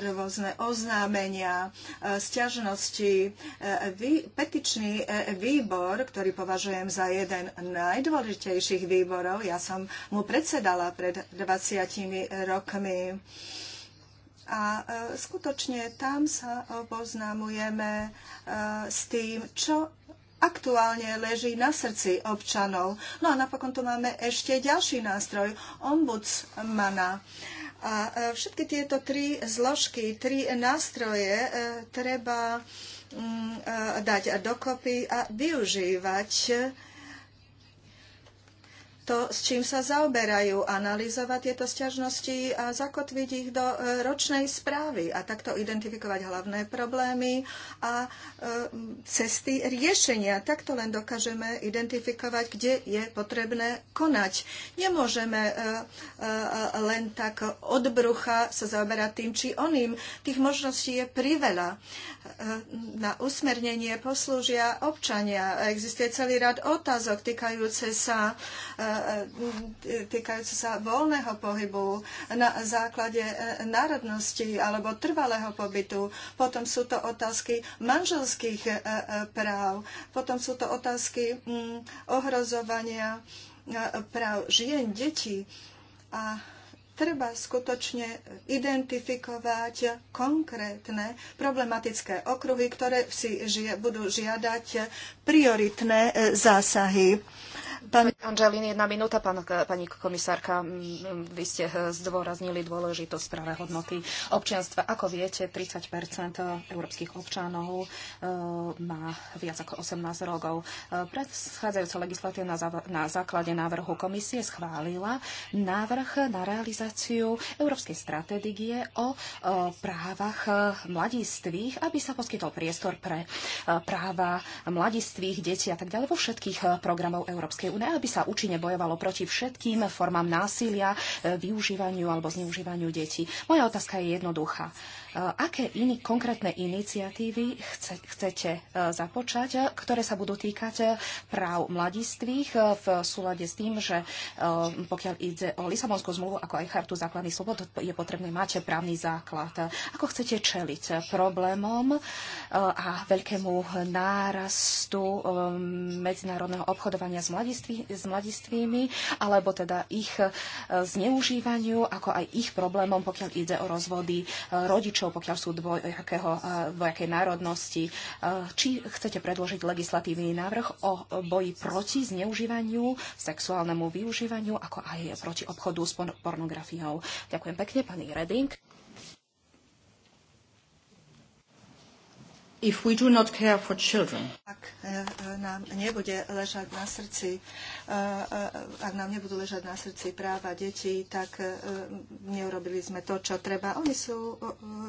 rôzne oznámenia, sťažnosti. E, petičný e, výbor, ktorý považujem za jeden najdôležitejších výborov, ja som mu predsedala pred 20 rokmi. A e, skutočne tam sa oboznámujeme s tým, čo aktuálne leží na srdci občanov. No a napokon tu máme ešte ďalší nástroj ombudsmana. Uh, a e, všetky tieto tri zložky, tri nástroje e, treba mm, e, dať dokopy a využívať to, s čím sa zaoberajú, analyzovať tieto sťažnosti a zakotviť ich do e, ročnej správy a takto identifikovať hlavné problémy a e, cesty riešenia. Takto len dokážeme identifikovať, kde je potrebné konať. Nemôžeme e, len tak od brucha sa zaoberať tým či oným. Tých možností je priveľa. Na usmernenie poslúžia občania. Existuje celý rad otázok týkajúce sa E, týkajúce sa voľného pohybu na základe e, národnosti alebo trvalého pobytu. Potom sú to otázky manželských e, práv. Potom sú to otázky mm, ohrozovania práv žien, detí. A treba skutočne identifikovať konkrétne problematické okruhy, ktoré si budú žiadať prioritné zásahy. Pani Angelín, jedna minúta, pán, pani komisárka. Vy ste eh, zdôraznili dôležitosť práve hodnoty občianstva. Ako viete, 30 európskych občanov eh, má viac ako 18 rokov. Eh, predchádzajúca legislatíva na, na základe návrhu komisie schválila návrh na realizáciu Európskej stratégie o právach mladistvých, aby sa poskytol priestor pre práva mladistvých, detí a tak ďalej vo všetkých programov Európskej únie, aby sa účinne bojovalo proti všetkým formám násilia, e, využívaniu alebo zneužívaniu detí. Moja otázka je jednoduchá. Eh, aké iní konkrétne iniciatívy chce, chcete eh, započať, eh, ktoré sa budú týkať práv mladistvých v súlade s tým, že pokiaľ ide o Lisabonskú zmluvu, ako aj chartu základných slobod, je potrebné mať právny základ. Ako chcete čeliť problémom a veľkému nárastu medzinárodného obchodovania s, mladiství, s mladistvými, alebo teda ich zneužívaniu, ako aj ich problémom, pokiaľ ide o rozvody rodičov rodičov, pokiaľ sú dvojakého, dvojakej eh, národnosti. Eh, či chcete predložiť legislatívny návrh o boji proti zneužívaniu, sexuálnemu využívaniu, ako aj proti obchodu s pornografiou. Ďakujem pekne, pani Reding. if we do not care for children. Ak e, e, nám nebude ležať na srdci, e, ak nám nebudú ležať na srdci práva detí, tak neurobili sme to, čo treba. Oni sú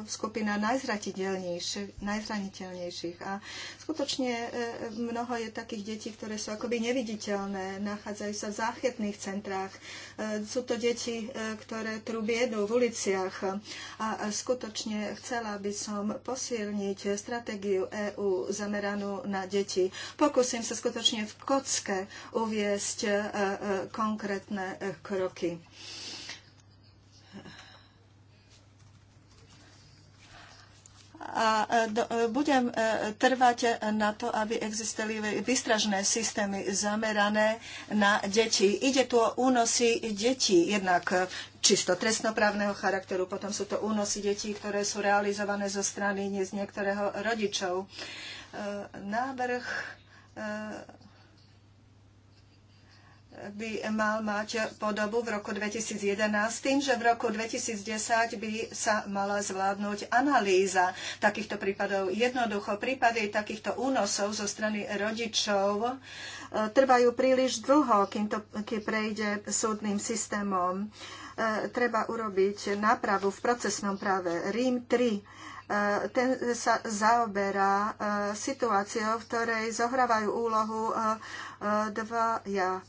skupina najzraniteľnejších, a skutočne mnoho je takých detí, ktoré sú akoby neviditeľné, nachádzajú sa v záchytných centrách. Sú to deti, ktoré trubiedu v uliciach a skutočne chcela by som posilniť stratégiu stratégiu EÚ zameranú na deti. Pokúsim sa skutočne v kocke uviesť e, e, konkrétne e, kroky. a e, e, budem e, trvať na to, aby existovali výstražné systémy zamerané na deti. Ide tu o únosy detí, jednak čisto trestnoprávneho charakteru, potom sú to únosy detí, ktoré sú realizované zo strany z niektorého rodičov. Návrh by mal mať podobu v roku 2011, tým, že v roku 2010 by sa mala zvládnuť analýza takýchto prípadov. Jednoducho, prípady takýchto únosov zo strany rodičov e, trvajú príliš dlho, kým to kým prejde súdnym systémom. E, treba urobiť nápravu v procesnom práve. Rím 3 ten sa zaoberá e, situáciou, v ktorej zohrávajú úlohu e, e, dva ja,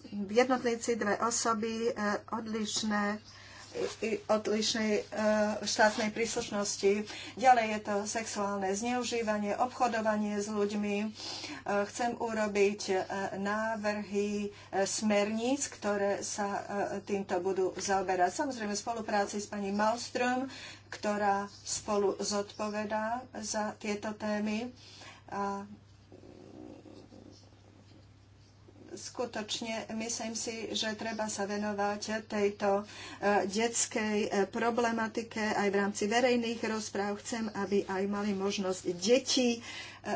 dve osoby odlišné odlišnej štátnej príslušnosti. Ďalej je to sexuálne zneužívanie, obchodovanie s ľuďmi. Chcem urobiť návrhy smerníc, ktoré sa týmto budú zaoberať. Samozrejme v spolupráci s pani Malström, ktorá spolu zodpovedá za tieto témy. A skutočne myslím si, že treba sa venovať tejto e, detskej e, problematike aj v rámci verejných rozpráv. Chcem, aby aj mali možnosť deti, e,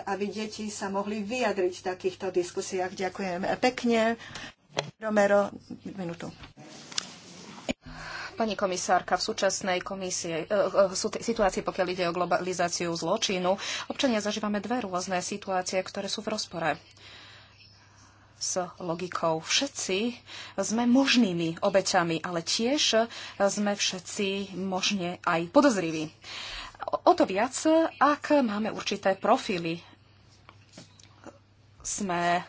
aby deti sa mohli vyjadriť v takýchto diskusiách. Ďakujem pekne. Romero, minútu. Pani komisárka, v súčasnej komisie, eh, v situácii, pokiaľ ide o globalizáciu zločinu, občania zažívame dve rôzne situácie, ktoré sú v rozpore s logikou. Všetci sme možnými obeťami, ale tiež sme všetci možne aj podozriví. O to viac, ak máme určité profily, sme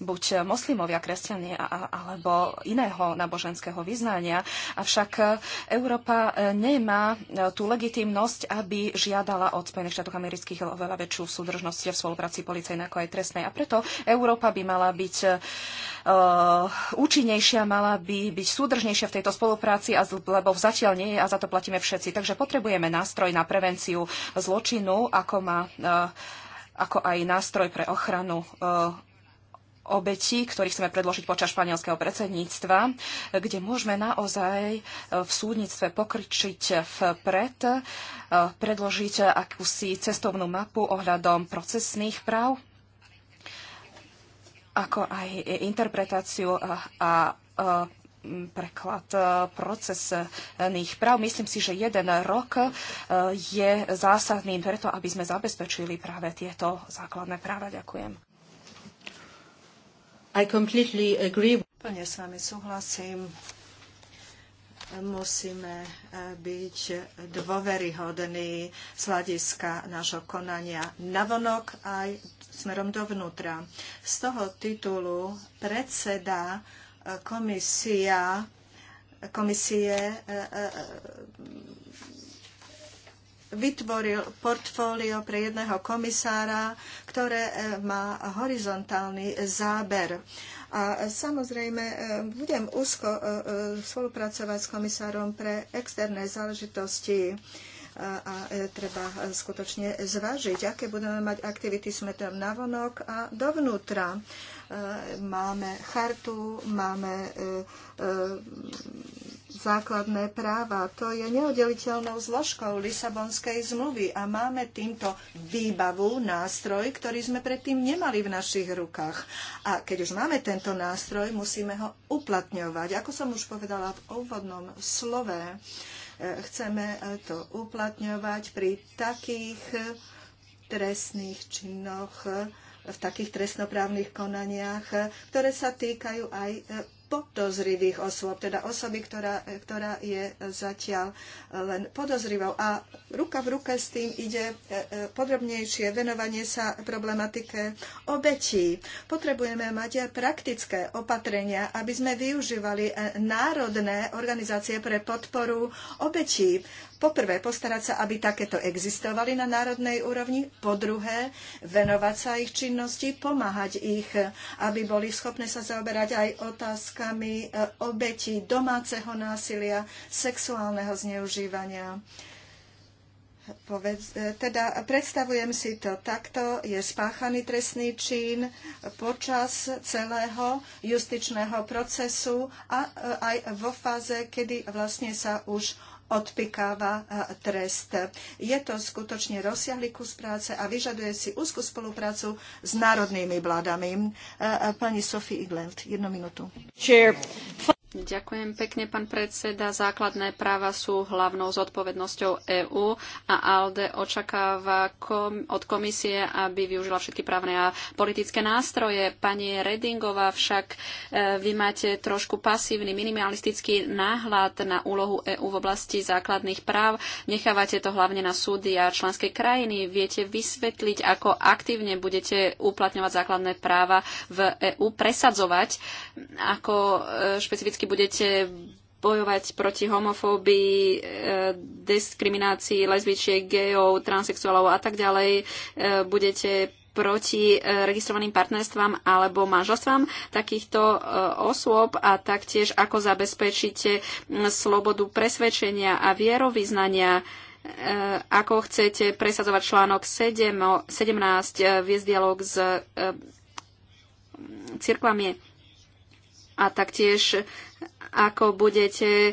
buď moslimovia, kresťania alebo iného náboženského vyznania. Avšak e, Európa e, nemá e, tú legitimnosť, aby žiadala od Spojených štátov amerických oveľa väčšiu súdržnosť v spolupráci policajnej ako aj trestnej. A preto Európa by mala byť účinnejšia, mala by byť súdržnejšia v tejto spolupráci, a, lebo zatiaľ nie je a za to platíme všetci. Takže potrebujeme nástroj na prevenciu zločinu, ako má ako aj nástroj pre ochranu obetí, ktorých chceme predložiť počas španielského predsedníctva, kde môžeme naozaj v súdnictve pokričiť vpred, eh, predložiť akúsi cestovnú mapu ohľadom procesných práv, ako aj interpretáciu eh, a eh, preklad procesných práv. Myslím si, že jeden rok je zásadným preto, aby sme zabezpečili práve tieto základné práva. Ďakujem. Plne s vami súhlasím. Musíme eh, byť dôveryhodní z hľadiska nášho konania navonok aj smerom dovnútra. Z toho titulu predseda eh, komisia, komisie eh, vytvoril portfólio pre jedného komisára, ktoré e, má horizontálny záber. A e, samozrejme, e, budem úzko spolupracovať s komisárom pre externé záležitosti a treba skutočne zvážiť, aké budeme mať aktivity na navonok a dovnútra. Máme chartu, máme základné práva. To je neoddeliteľnou zložkou Lisabonskej zmluvy a máme týmto výbavu, nástroj, ktorý sme predtým nemali v našich rukách. A keď už máme tento nástroj, musíme ho uplatňovať. Ako som už povedala v úvodnom slove, eh, chceme eh, to uplatňovať pri takých eh, trestných činoch, v takých trestnoprávnych konaniach, ktoré sa týkajú aj podozrivých osôb, teda osoby, ktorá, ktorá je zatiaľ len podozrivou. A ruka v ruke s tým ide e, e, podrobnejšie venovanie sa problematike obetí. Potrebujeme mať aj praktické opatrenia, aby sme využívali e, národné organizácie pre podporu obetí Poprvé, postarať sa, aby takéto existovali na národnej úrovni. Po druhé, venovať sa ich činnosti, pomáhať ich, aby boli schopné sa zaoberať aj otázkami e, obetí domáceho násilia, sexuálneho zneužívania e, teda predstavujem si to takto, je spáchaný trestný čin počas celého justičného procesu a e, aj vo fáze, kedy vlastne sa už odpikáva e, trest. Je to skutočne rozsiahly kus práce a vyžaduje si úzkú spoluprácu s národnými vládami. E, e, pani Sophie Iglent, jednu minútu. Ďakujem pekne, pán predseda. Základné práva sú hlavnou zodpovednosťou EÚ a ALDE očakáva kom- od komisie, aby využila všetky právne a politické nástroje. Pani Redingová však e, vy máte trošku pasívny, minimalistický náhľad na úlohu EÚ v oblasti základných práv. Nechávate to hlavne na súdy a členské krajiny. Viete vysvetliť, ako aktívne budete uplatňovať základné práva v EÚ, presadzovať ako e, špecifické vždycky budete bojovať proti homofóbii, e, diskriminácii lesbičiek, gejov, transexuálov a tak ďalej. E, budete proti e, registrovaným partnerstvám alebo manželstvám takýchto osôb a taktiež ako zabezpečíte slobodu presvedčenia a vierovýznania ako chcete presadzovať článok 7, 17, viesť dialog s cirkvami a taktiež ako budete e,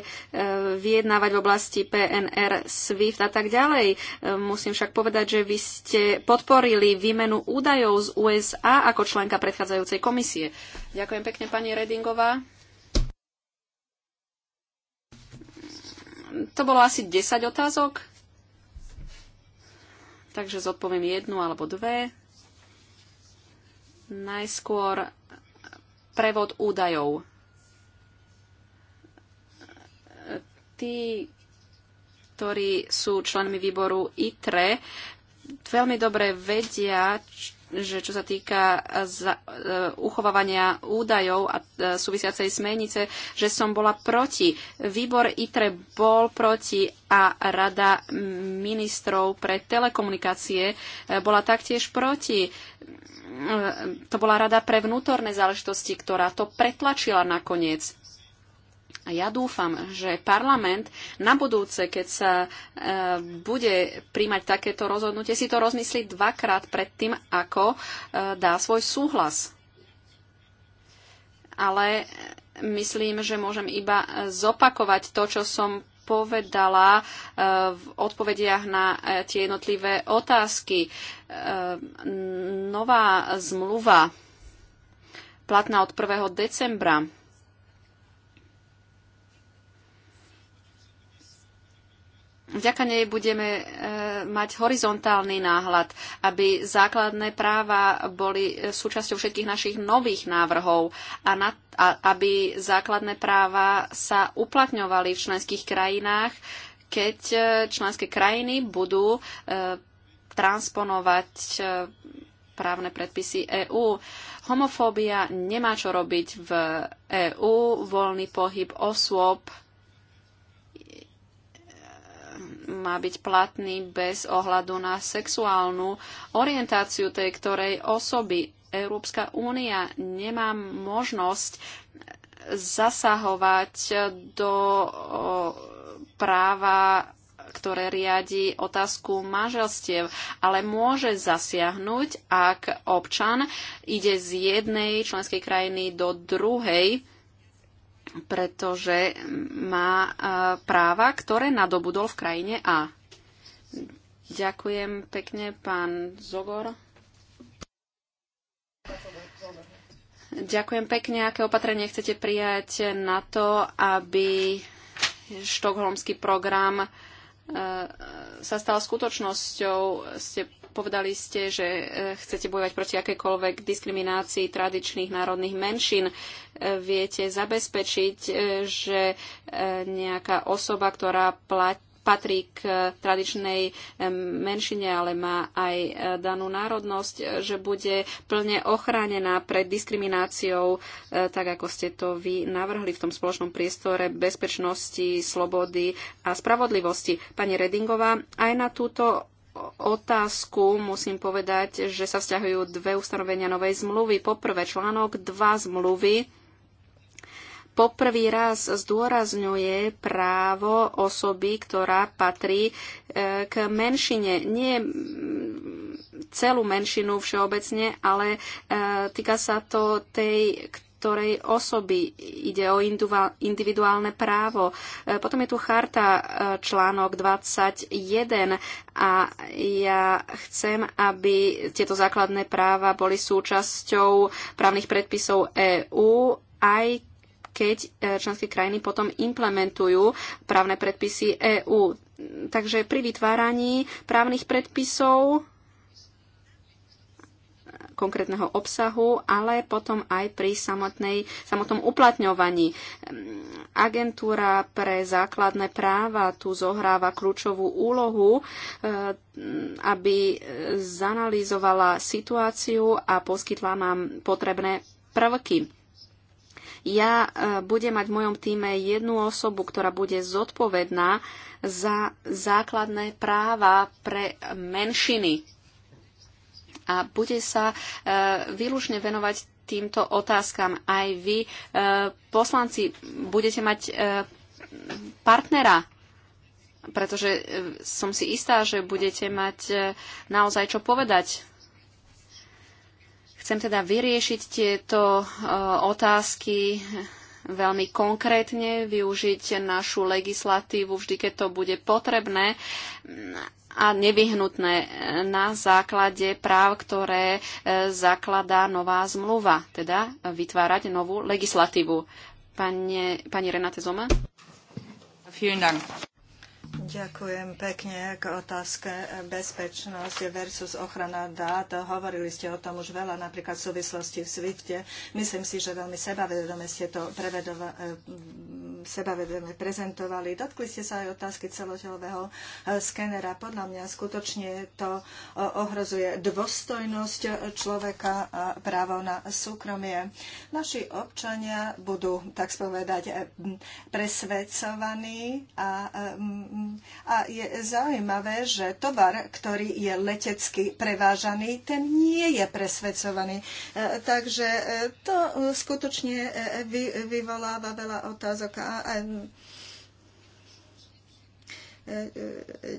vyjednávať v oblasti PNR, SWIFT a tak ďalej. E, musím však povedať, že vy ste podporili výmenu údajov z USA ako členka predchádzajúcej komisie. Ďakujem pekne, pani Redingová. To bolo asi 10 otázok, takže zodpoviem jednu alebo dve. Najskôr prevod údajov tí, ktorí sú členmi výboru ITRE, veľmi dobre vedia, že čo sa týka e, za, uh, uchovávania údajov a uh, súvisiacej smernice, že som bola proti. Výbor ITRE bol proti a Rada ministrov pre telekomunikácie uh, bola taktiež proti. to bola Rada pre vnútorné záležitosti, ktorá to pretlačila nakoniec. A ja dúfam, že parlament na budúce, keď sa e, bude príjmať takéto rozhodnutie, si to rozmyslí dvakrát pred tým, ako e, dá svoj súhlas. Ale myslím, že môžem iba zopakovať to, čo som povedala e, v odpovediach na e, tie jednotlivé otázky. E, nová zmluva platná od 1. decembra Vďaka nej budeme e, mať horizontálny náhľad, aby základné práva boli e, súčasťou všetkých našich nových návrhov a, na, a aby základné práva sa uplatňovali v členských krajinách, keď e, členské krajiny budú e, transponovať e, právne predpisy EÚ. Homofóbia nemá čo robiť v EÚ, voľný pohyb osôb má byť platný bez ohľadu na sexuálnu orientáciu tej ktorej osoby. Európska únia nemá možnosť zasahovať do práva ktoré riadi otázku manželstiev, ale môže zasiahnuť, ak občan ide z jednej členskej krajiny do druhej pretože má e, práva, ktoré nadobudol v krajine A. Ďakujem pekne, pán Zogor. Ďakujem pekne. Aké opatrenie chcete prijať na to, aby štokholmský program e, e, sa stal skutočnosťou? Ste Povedali ste, že e, chcete bojovať proti akékoľvek diskriminácii tradičných národných menšín. E, viete zabezpečiť, e, že nejaká osoba, ktorá platí patrí k tradičnej menšine, ale má aj danú národnosť, že bude plne ochránená pred diskrimináciou, tak ako ste to vy navrhli v tom spoločnom priestore bezpečnosti, slobody a spravodlivosti. Pani Redingová, aj na túto otázku musím povedať, že sa vzťahujú dve ustanovenia novej zmluvy. Poprvé článok 2 zmluvy poprvý raz zdôrazňuje právo osoby, ktorá patrí e, k menšine. Nie celú menšinu všeobecne, ale e, týka sa to tej, ktorej osoby. Ide o individuálne právo. E, potom je tu charta e, článok 21 a ja chcem, aby tieto základné práva boli súčasťou právnych predpisov EÚ aj keď e, členské krajiny potom implementujú právne predpisy EÚ. Takže pri vytváraní právnych predpisov konkrétneho obsahu, ale potom aj pri samotnej, samotnom uplatňovaní. Agentúra pre základné práva tu zohráva kľúčovú úlohu, e, aby zanalýzovala situáciu a poskytla nám potrebné prvky. Ja e, budem mať v mojom týme jednu osobu, ktorá bude zodpovedná za základné práva pre menšiny a bude sa e, výlučne venovať týmto otázkam. Aj vy, e, poslanci, budete mať e, partnera pretože som si istá, že budete mať naozaj čo povedať. Chcem teda vyriešiť tieto otázky veľmi konkrétne, využiť našu legislatívu vždy, keď to bude potrebné a nevyhnutné e, na základe práv, ktoré e, zakladá nová zmluva, teda vytvárať novú legislatívu. Pane, pani Renate Zoma. Vielen Dank. Ďakujem pekne k otázke bezpečnosť versus ochrana dát. Hovorili ste o tom už veľa, napríklad v súvislosti v Swifte. Myslím si, že veľmi sebavedome ste to prevedova- e, sebavedome prezentovali. Dotkli ste sa aj otázky celotelového e, skenera. Podľa mňa skutočne to e, ohrozuje dôstojnosť človeka a právo na súkromie. Naši občania budú, tak spovedať, presvedcovaní a a je zaujímavé, že tovar, ktorý je letecky prevážaný, ten nie je presvedcovaný. E, takže e, to e, skutočne vyvoláva veľa otázok. A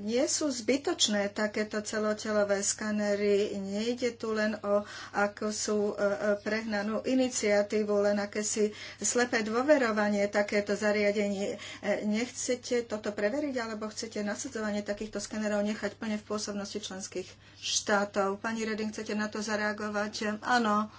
nie sú zbytočné takéto celotelové skanery. Nejde tu len o ako sú e, e, prehnanú iniciatívu, len akési slepé dôverovanie takéto zariadenie. E, nechcete toto preveriť, alebo chcete nasadzovanie takýchto skanerov nechať plne v pôsobnosti členských štátov? Pani Reding, chcete na to zareagovať? Áno.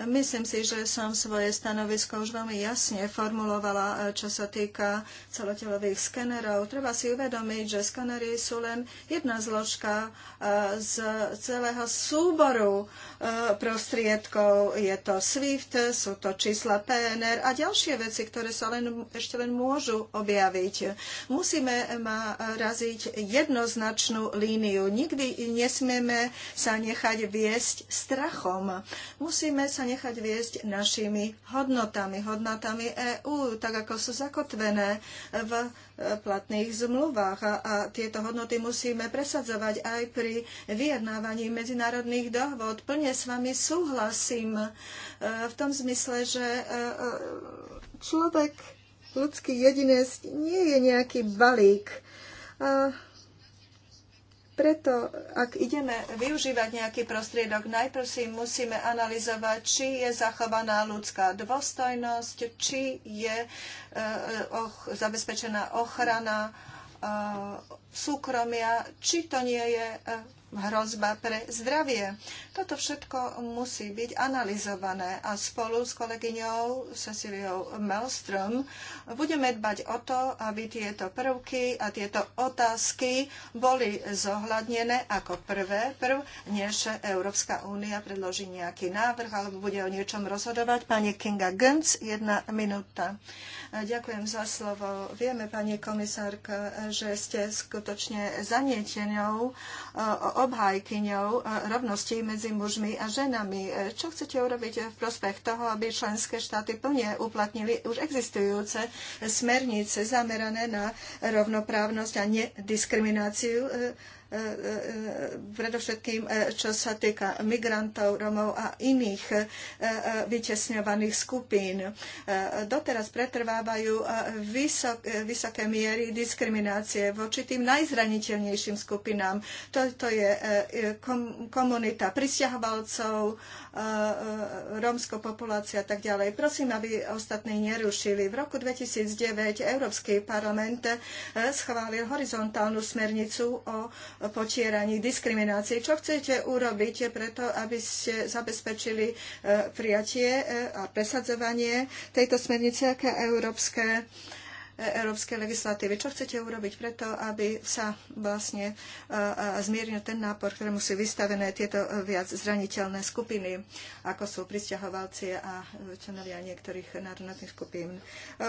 Myslím si, že som svoje stanovisko už veľmi jasne formulovala, eh, čo sa týka celotelových skenerov. Treba si uvedomiť, že skenery sú len jedna zložka eh, z celého súboru eh, prostriedkov. Je to SWIFT, sú to čísla PNR a ďalšie veci, ktoré sa len, ešte len môžu objaviť. Musíme ma raziť jednoznačnú líniu. Nikdy nesmieme sa nechať viesť strachom. Musíme sa sa nechať viesť našimi hodnotami, hodnotami EÚ, tak ako sú zakotvené v e, platných zmluvách. A, a tieto hodnoty musíme presadzovať aj pri vyjednávaní medzinárodných dohôd. Plne s vami súhlasím e, v tom zmysle, že e, človek, ľudský jedinec, nie je nejaký balík. A preto, ak ideme využívať nejaký prostriedok, najprv si musíme analyzovať, či je zachovaná ľudská dôstojnosť, či je eh, zabezpečená ochrana eh, súkromia, či to nie je e, hrozba pre zdravie. Toto všetko musí byť analyzované a spolu s kolegyňou Ceciliou Melstrom budeme dbať o to, aby tieto prvky a tieto otázky boli zohľadnené ako prvé, prv, než Európska únia predloží nejaký návrh alebo bude o niečom rozhodovať. Pani Kinga Gönc, jedna minúta. Ďakujem za slovo. Vieme, pani komisárka, že ste skutočne zanietenou e, obhajkyňou e, rovnosti medzi mužmi a ženami. E, čo chcete urobiť v prospech toho, aby členské štáty plne uplatnili už existujúce smernice zamerané na rovnoprávnosť a nediskrimináciu E, e, predovšetkým e, čo sa týka migrantov, Romov a iných vytesňovaných skupín. Doteraz pretrvávajú vysok, vysoké miery diskriminácie voči tým najzraniteľnejším skupinám. Toto je komunita pristahovalcov, rómsko populácia a tak ďalej. Prosím, aby ostatní nerušili. V roku 2009 Európsky parlament schválil horizontálnu smernicu o potieraní diskriminácii. Čo chcete urobiť preto, aby ste zabezpečili e, prijatie e, a presadzovanie tejto smernice, aké európske E, európskej legislatívy. Čo chcete urobiť preto, aby sa vlastne e, e, zmiernil ten nápor, ktorému sú vystavené tieto viac zraniteľné skupiny, ako sú pristahovalci a členovia niektorých národných skupín?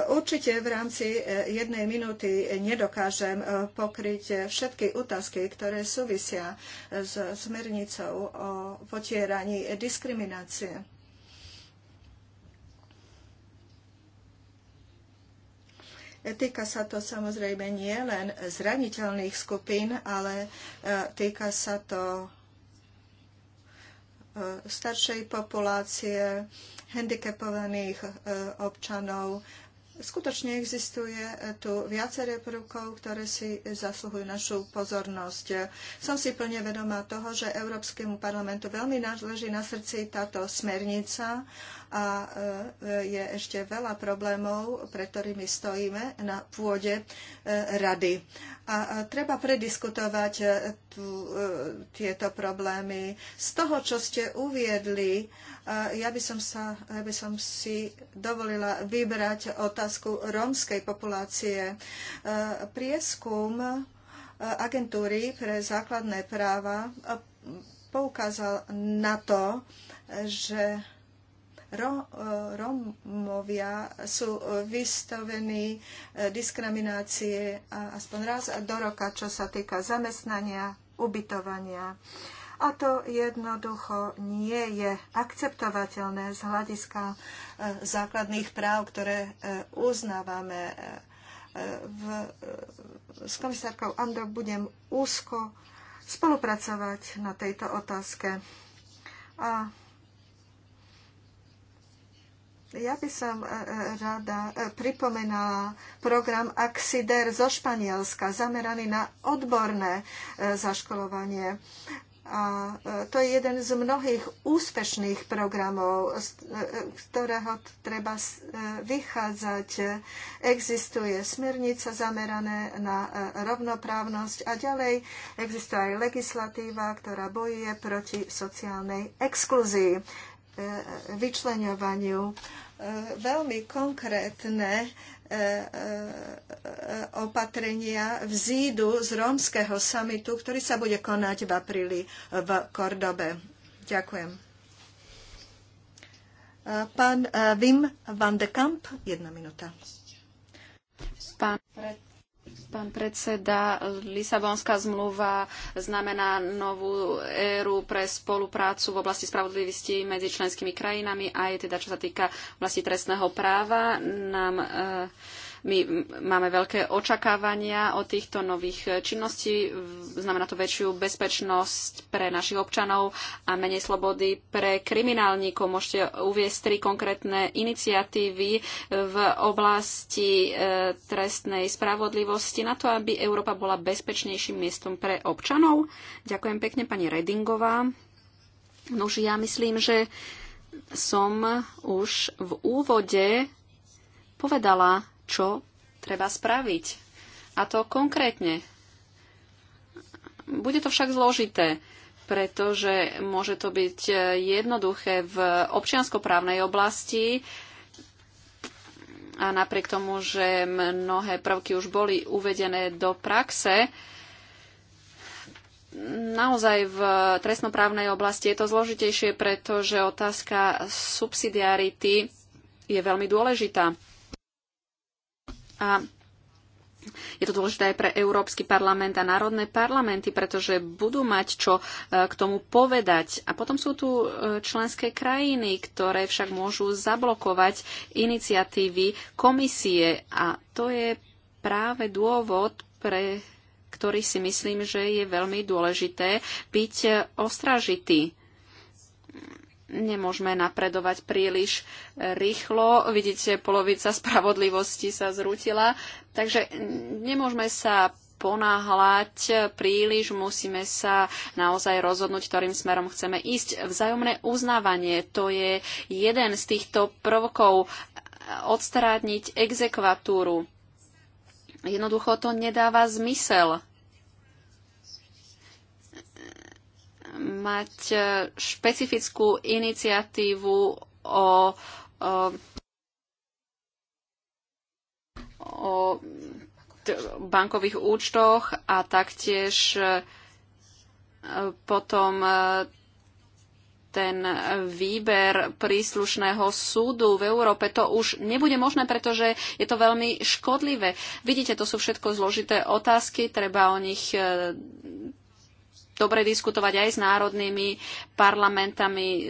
Určite v rámci jednej minúty nedokážem pokryť všetky otázky, ktoré súvisia s smernicou o potieraní diskriminácie Týka sa to samozrejme nie len zraniteľných skupín, ale e, týka sa to e, staršej populácie, handicapovaných e, občanov. Skutočne existuje tu viaceré prvkov, ktoré si zasluhujú našu pozornosť. Som si plne vedomá toho, že Európskemu parlamentu veľmi náleží na srdci táto smernica a e, e, je ešte veľa problémov, pre ktorými stojíme na pôde e, rady. A treba prediskutovať tieto problémy. Z toho, čo ste uviedli, ja by som, sa, ja by som si dovolila vybrať otázku rómskej populácie. Prieskum agentúry pre základné práva poukázal na to, že E, Romovia sú e, vystavení e, diskriminácie aspoň raz do roka, čo sa týka zamestnania, ubytovania. A to jednoducho nie je akceptovateľné z hľadiska základných práv, ktoré uznávame. V, s komisárkou Andro budem úzko spolupracovať na tejto otázke. A ja by som e, e, rada e, pripomenala program Axider zo Španielska, zameraný na odborné zaškolovanie. A to je jeden z mnohých úspešných programov, z ktorého treba vychádzať. Existuje smernica zamerané na rovnoprávnosť a ďalej existuje aj legislatíva, ktorá bojuje proti sociálnej exkluzii. E, vyčleňovaniu. E, veľmi konkrétne e, opatrenia vzídu z rómskeho samitu, ktorý sa bude konať v apríli v Kordobe. Ďakujem. Pán Wim van de Kamp, jedna minúta. Pán predseda. Pán predseda, Lisabonská zmluva znamená novú éru pre spoluprácu v oblasti spravodlivosti medzi členskými krajinami, aj teda čo sa týka vlasti trestného práva. Nám e, my máme veľké očakávania od týchto nových činností. Znamená to väčšiu bezpečnosť pre našich občanov a menej slobody pre kriminálníkov. Môžete uviezť tri konkrétne iniciatívy v oblasti e, trestnej spravodlivosti na to, aby Európa bola bezpečnejším miestom pre občanov. Ďakujem pekne pani Redingová. Nož ja myslím, že som už v úvode povedala, čo treba spraviť. A to konkrétne. Bude to však zložité, pretože môže to byť e, jednoduché v občianskoprávnej oblasti, a napriek tomu, že mnohé prvky už boli uvedené do praxe, naozaj v trestnoprávnej oblasti je to zložitejšie, pretože otázka subsidiarity je veľmi dôležitá. A je to dôležité aj pre Európsky parlament a národné parlamenty, pretože budú mať čo e, k tomu povedať. A potom sú tu e, členské krajiny, ktoré však môžu zablokovať iniciatívy komisie. A to je práve dôvod, pre ktorý si myslím, že je veľmi dôležité byť e, ostražitý nemôžeme napredovať príliš rýchlo. Vidíte, polovica spravodlivosti sa zrútila, takže nemôžeme sa ponáhľať príliš, musíme sa naozaj rozhodnúť, ktorým smerom chceme ísť. Vzájomné uznávanie, to je jeden z týchto prvkov odstrádniť exekvatúru. Jednoducho to nedáva zmysel mať e, špecifickú iniciatívu o, o, o bankových účtoch a taktiež e, potom e, ten výber príslušného súdu v Európe. To už nebude možné, pretože je to veľmi škodlivé. Vidíte, to sú všetko zložité otázky, treba o nich dobre diskutovať aj s národnými parlamentami, e,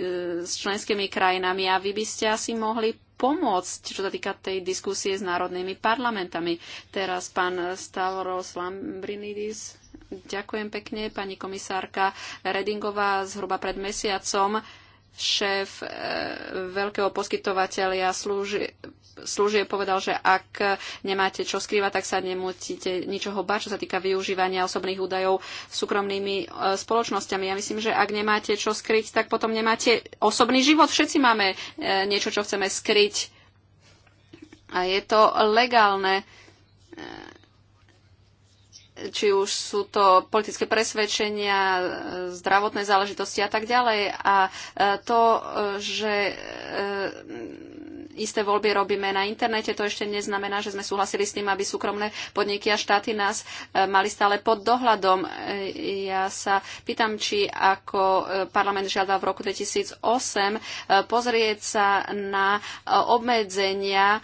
s členskými krajinami a vy by ste asi mohli pomôcť, čo sa týka tej diskusie s národnými parlamentami. Teraz pán Stavros Lambrinidis. Ďakujem pekne, pani komisárka Redingová. Zhruba pred mesiacom šéf eh, veľkého poskytovateľa slúži, služie povedal, že ak nemáte čo skrývať, tak sa nemusíte ničoho báť, čo sa týka využívania osobných údajov súkromnými eh, spoločnosťami. Ja myslím, že ak nemáte čo skryť, tak potom nemáte osobný život. Všetci máme eh, niečo, čo chceme skryť. A je to legálne či už sú to politické presvedčenia, zdravotné záležitosti a tak ďalej. A e, to, e, že e, isté voľby robíme na internete, to ešte neznamená, že sme súhlasili s tým, aby súkromné podniky a štáty nás e, mali stále pod dohľadom. E, ja sa pýtam, či ako e, parlament žiadal v roku 2008 pozrieť sa na obmedzenia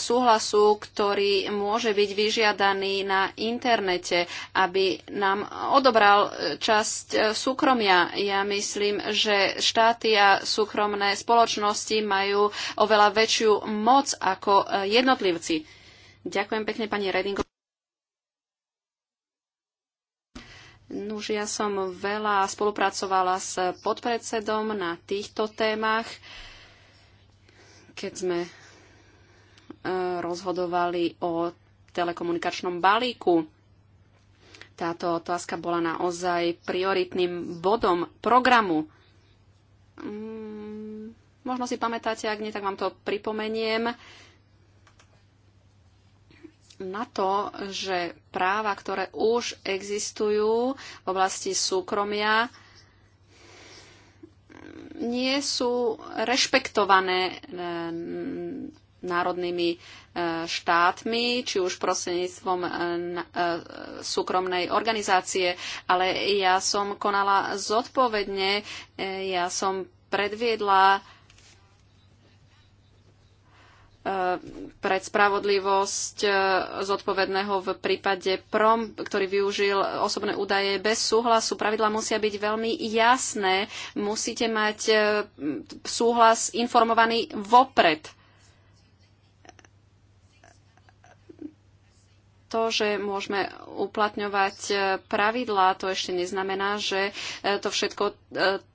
súhlasu, ktorý môže byť vyžiadaný na internete, aby nám odobral časť súkromia. Ja myslím, že štáty a súkromné spoločnosti majú oveľa väčšiu moc ako e, jednotlivci. Ďakujem pekne pani Redingo. Nuž, ja som veľa spolupracovala s podpredsedom na týchto témach, keď sme e, rozhodovali o telekomunikačnom balíku. Táto otázka bola naozaj prioritným bodom programu mm, Možno si pamätáte, ak nie, tak vám to pripomeniem na to, že práva, ktoré už existujú v oblasti súkromia, nie sú rešpektované eh, národnými eh, štátmi, či už prostredníctvom eh, súkromnej organizácie, ale ja som konala zodpovedne, ja som predviedla pred spravodlivosť e, zodpovedného v prípade PROM, ktorý využil osobné údaje bez súhlasu. Pravidla musia byť veľmi jasné. Musíte mať e, súhlas informovaný vopred. To, že môžeme uplatňovať e, pravidlá, to ešte neznamená, že to všetko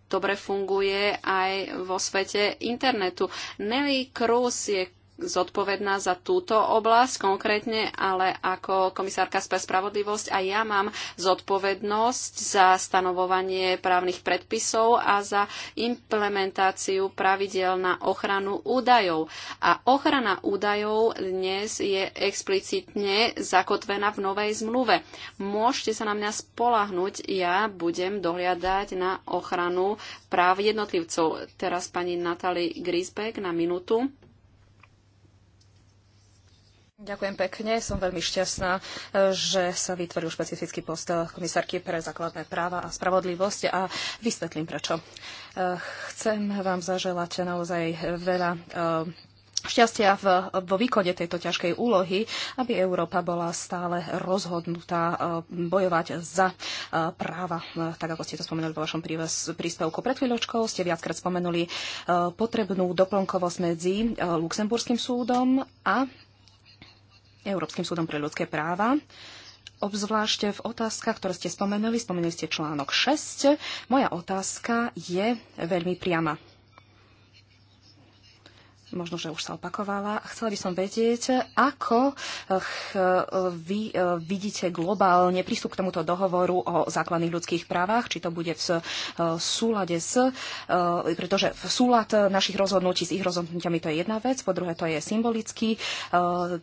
dobre funguje aj vo svete internetu. Nelly Cruz je zodpovedná za túto oblasť konkrétne, ale ako komisárka pre spravodlivosť aj ja mám zodpovednosť za stanovovanie právnych predpisov a za implementáciu pravidel na ochranu údajov. A ochrana údajov dnes je explicitne zakotvená v novej zmluve. Môžete sa na mňa spolahnuť, ja budem dohliadať na ochranu práv jednotlivcov. Teraz pani Natali Grisbeck na minútu. Ďakujem pekne. Som veľmi šťastná, e, že sa vytvoril špecifický post komisárky pre základné práva a spravodlivosť a vysvetlím prečo. E, chcem vám zaželať naozaj veľa e, šťastia v, vo výkone tejto ťažkej úlohy, aby Európa bola stále rozhodnutá bojovať za práva, tak ako ste to spomenuli vo vašom príspevku. Pred chvíľočkou ste viackrát spomenuli potrebnú doplnkovosť medzi Luxemburským súdom a Európskym súdom pre ľudské práva obzvlášť v otázkach, ktoré ste spomenuli, spomenuli ste článok 6. Moja otázka je veľmi priama možno, že už sa opakovala. Chcela by som vedieť, ako eh, vy eh, vidíte globálne prístup k tomuto dohovoru o základných ľudských právach, či to bude v eh, súlade s, pretože v súlad našich rozhodnutí s ich rozhodnutiami to je jedna vec, po druhé to je symbolický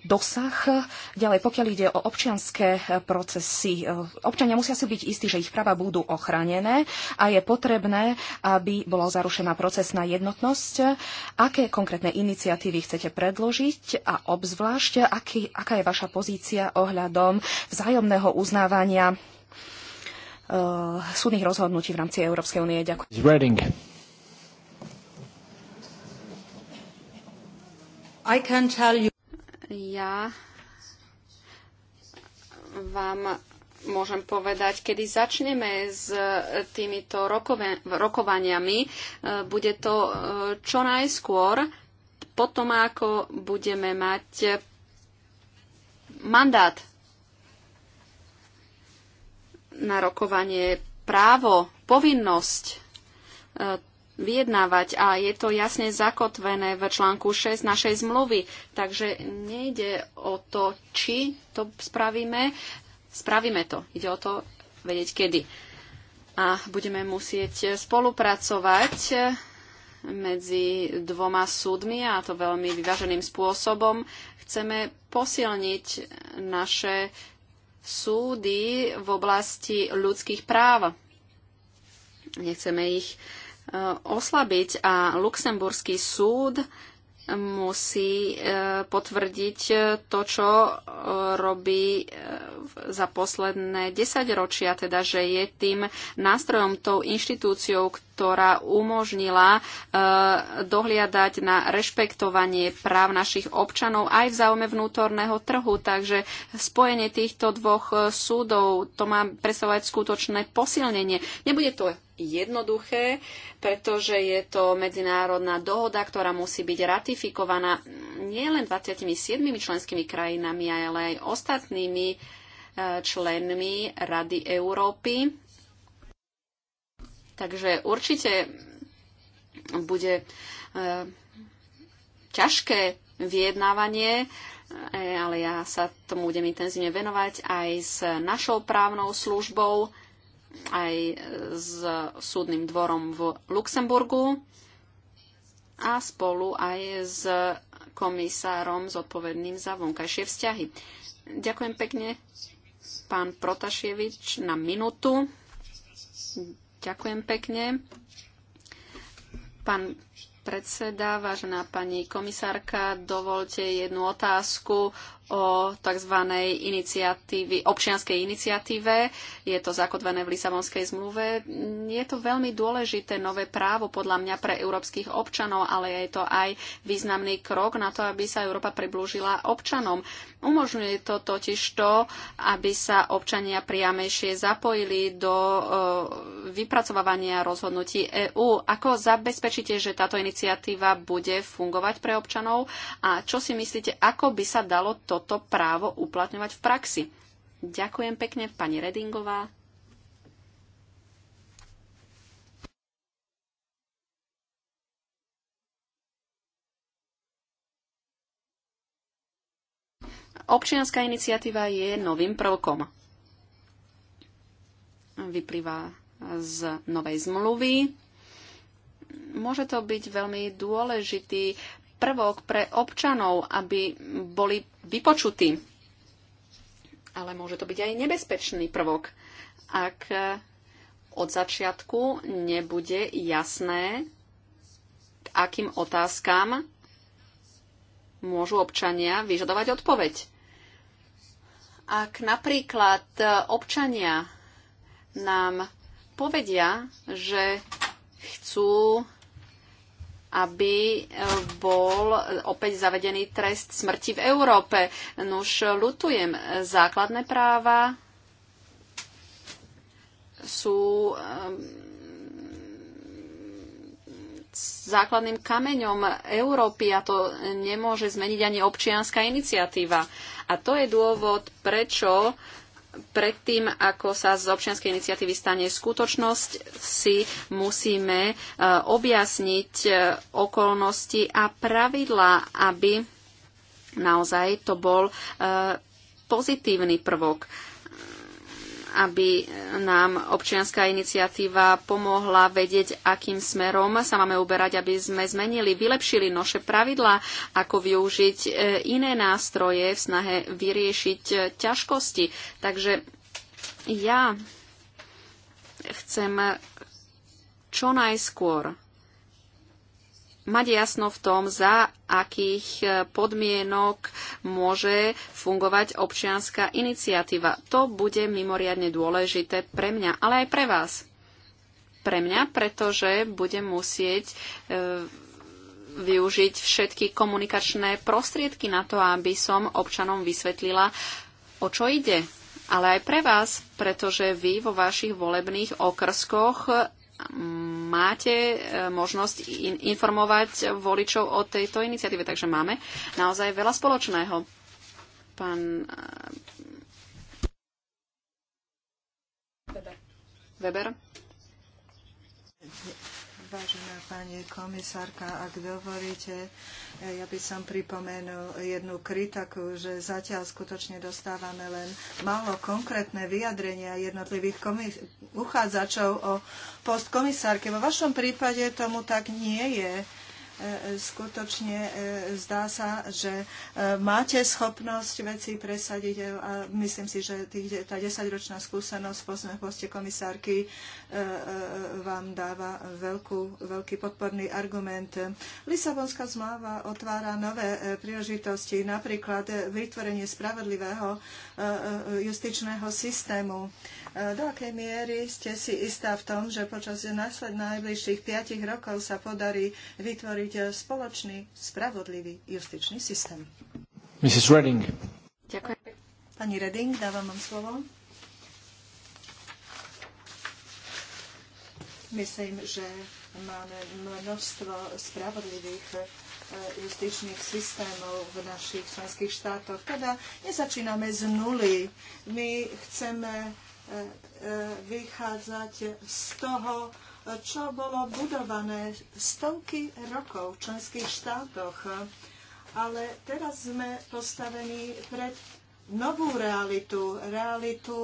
dosah. Ďalej, pokiaľ ide o občianské procesy, občania musia si byť istí, že ich práva budú ochránené a je potrebné, aby bola zarušená procesná jednotnosť. Aké konkrétne iniciatívy chcete predložiť a obzvlášť, aký, aká je vaša pozícia ohľadom vzájomného uznávania uh, súdnych rozhodnutí v rámci Európskej únie. Ďakujem. I can tell you... Ja vám môžem povedať, kedy začneme s týmito rokovaniami. Eh, bude to eh, čo najskôr potom, ako budeme mať mandát na rokovanie právo, povinnosť e, vyjednávať a je to jasne zakotvené v článku 6 našej zmluvy. Takže nejde o to, či to spravíme, spravíme to. Ide o to vedieť kedy. A budeme musieť spolupracovať medzi dvoma súdmi a to veľmi vyváženým spôsobom. Chceme posilniť naše súdy v oblasti ľudských práv. Nechceme ich e, oslabiť a Luxemburský súd musí e, potvrdiť e, to, čo e, robí za posledné desaťročia, teda že je tým nástrojom, tou inštitúciou, ktorá umožnila dohliadať na rešpektovanie práv našich občanov aj v záujme vnútorného trhu. Takže spojenie týchto dvoch súdov to má predstavovať skutočné posilnenie. Nebude to jednoduché, pretože je to medzinárodná dohoda, ktorá musí byť ratifikovaná nielen 27 členskými krajinami, ale aj ostatnými eh, členmi Rady Európy. Takže určite bude eh, ťažké vyjednávanie, eh, ale ja sa tomu budem intenzívne venovať aj s našou právnou službou aj s súdnym dvorom v Luxemburgu a spolu aj s komisárom zodpovedným za vonkajšie vzťahy. Ďakujem pekne, pán Protaševič, na minútu. Ďakujem pekne. Pán predseda, vážená pani komisárka, dovolte jednu otázku o tzv. Iniciatívy, občianskej iniciatíve. Je to zakotvené v Lisabonskej zmluve. Je to veľmi dôležité nové právo podľa mňa pre európskych občanov, ale je to aj významný krok na to, aby sa Európa priblúžila občanom. Umožňuje to totiž to, aby sa občania priamejšie zapojili do e, vypracovávania rozhodnutí EÚ. Ako zabezpečíte, že táto iniciatíva bude fungovať pre občanov? A čo si myslíte, ako by sa dalo to toto právo uplatňovať v praxi. Ďakujem pekne, pani Redingová. Občianská iniciatíva je novým prvkom. Vyplýva z novej zmluvy. Môže to byť veľmi dôležitý prvok pre občanov, aby boli vypočutí. Ale môže to byť aj nebezpečný prvok, ak e, od začiatku nebude jasné, k akým otázkam môžu občania vyžadovať odpoveď. Ak napríklad e, občania nám povedia, že chcú aby eh, bol eh, opäť zavedený trest smrti v Európe. Nuž eh, lutujem, základné práva sú základným kameňom Európy a to nemôže zmeniť ani občianská iniciatíva. A to je dôvod, prečo predtým, ako sa z občianskej iniciatívy stane skutočnosť, si musíme e, objasniť e, okolnosti a pravidla, aby naozaj to bol e, pozitívny prvok aby nám občianská iniciatíva pomohla vedieť, akým smerom sa máme uberať, aby sme zmenili, vylepšili naše pravidlá, ako využiť e, iné nástroje v snahe vyriešiť e, ťažkosti. Takže ja chcem čo najskôr mať jasno v tom, za akých e, podmienok môže fungovať občianská iniciatíva. To bude mimoriadne dôležité pre mňa, ale aj pre vás. Pre mňa, pretože budem musieť e, využiť všetky komunikačné prostriedky na to, aby som občanom vysvetlila, o čo ide. Ale aj pre vás, pretože vy vo vašich volebných okrskoch máte e, možnosť informovať voličov o tejto iniciatíve. Takže máme naozaj veľa spoločného. Pán e, Weber. Vážená pani komisárka, ak dovolíte, ja by som pripomenul jednu kritiku, že zatiaľ skutočne dostávame len málo konkrétne vyjadrenia jednotlivých uchádzačov o post komisárky. Vo vašom prípade tomu tak nie je E, e, skutočne e, zdá sa, že máte schopnosť veci presadiť a myslím si, že tých, tá desaťročná skúsenosť v poste komisárky vám dáva veľkú, veľký podporný argument. Lisabonská zmluva otvára nové príležitosti, napríklad vytvorenie spravodlivého justičného systému. E, do akej miery ste si istá v tom, že počas následných najbližších 5 rokov sa podarí vytvoriť spoločný, spravodlivý justičný systém? Mrs. Redding. Ďakujem. Pani Redding, dávam vám slovo. Myslím, že máme množstvo spravodlivých e, justičných systémov v našich členských štátoch. Teda nezačíname z nuly. My chceme vychádzať z toho, čo bolo budované stovky rokov v členských štátoch. Ale teraz sme postavení pred novú realitu, realitu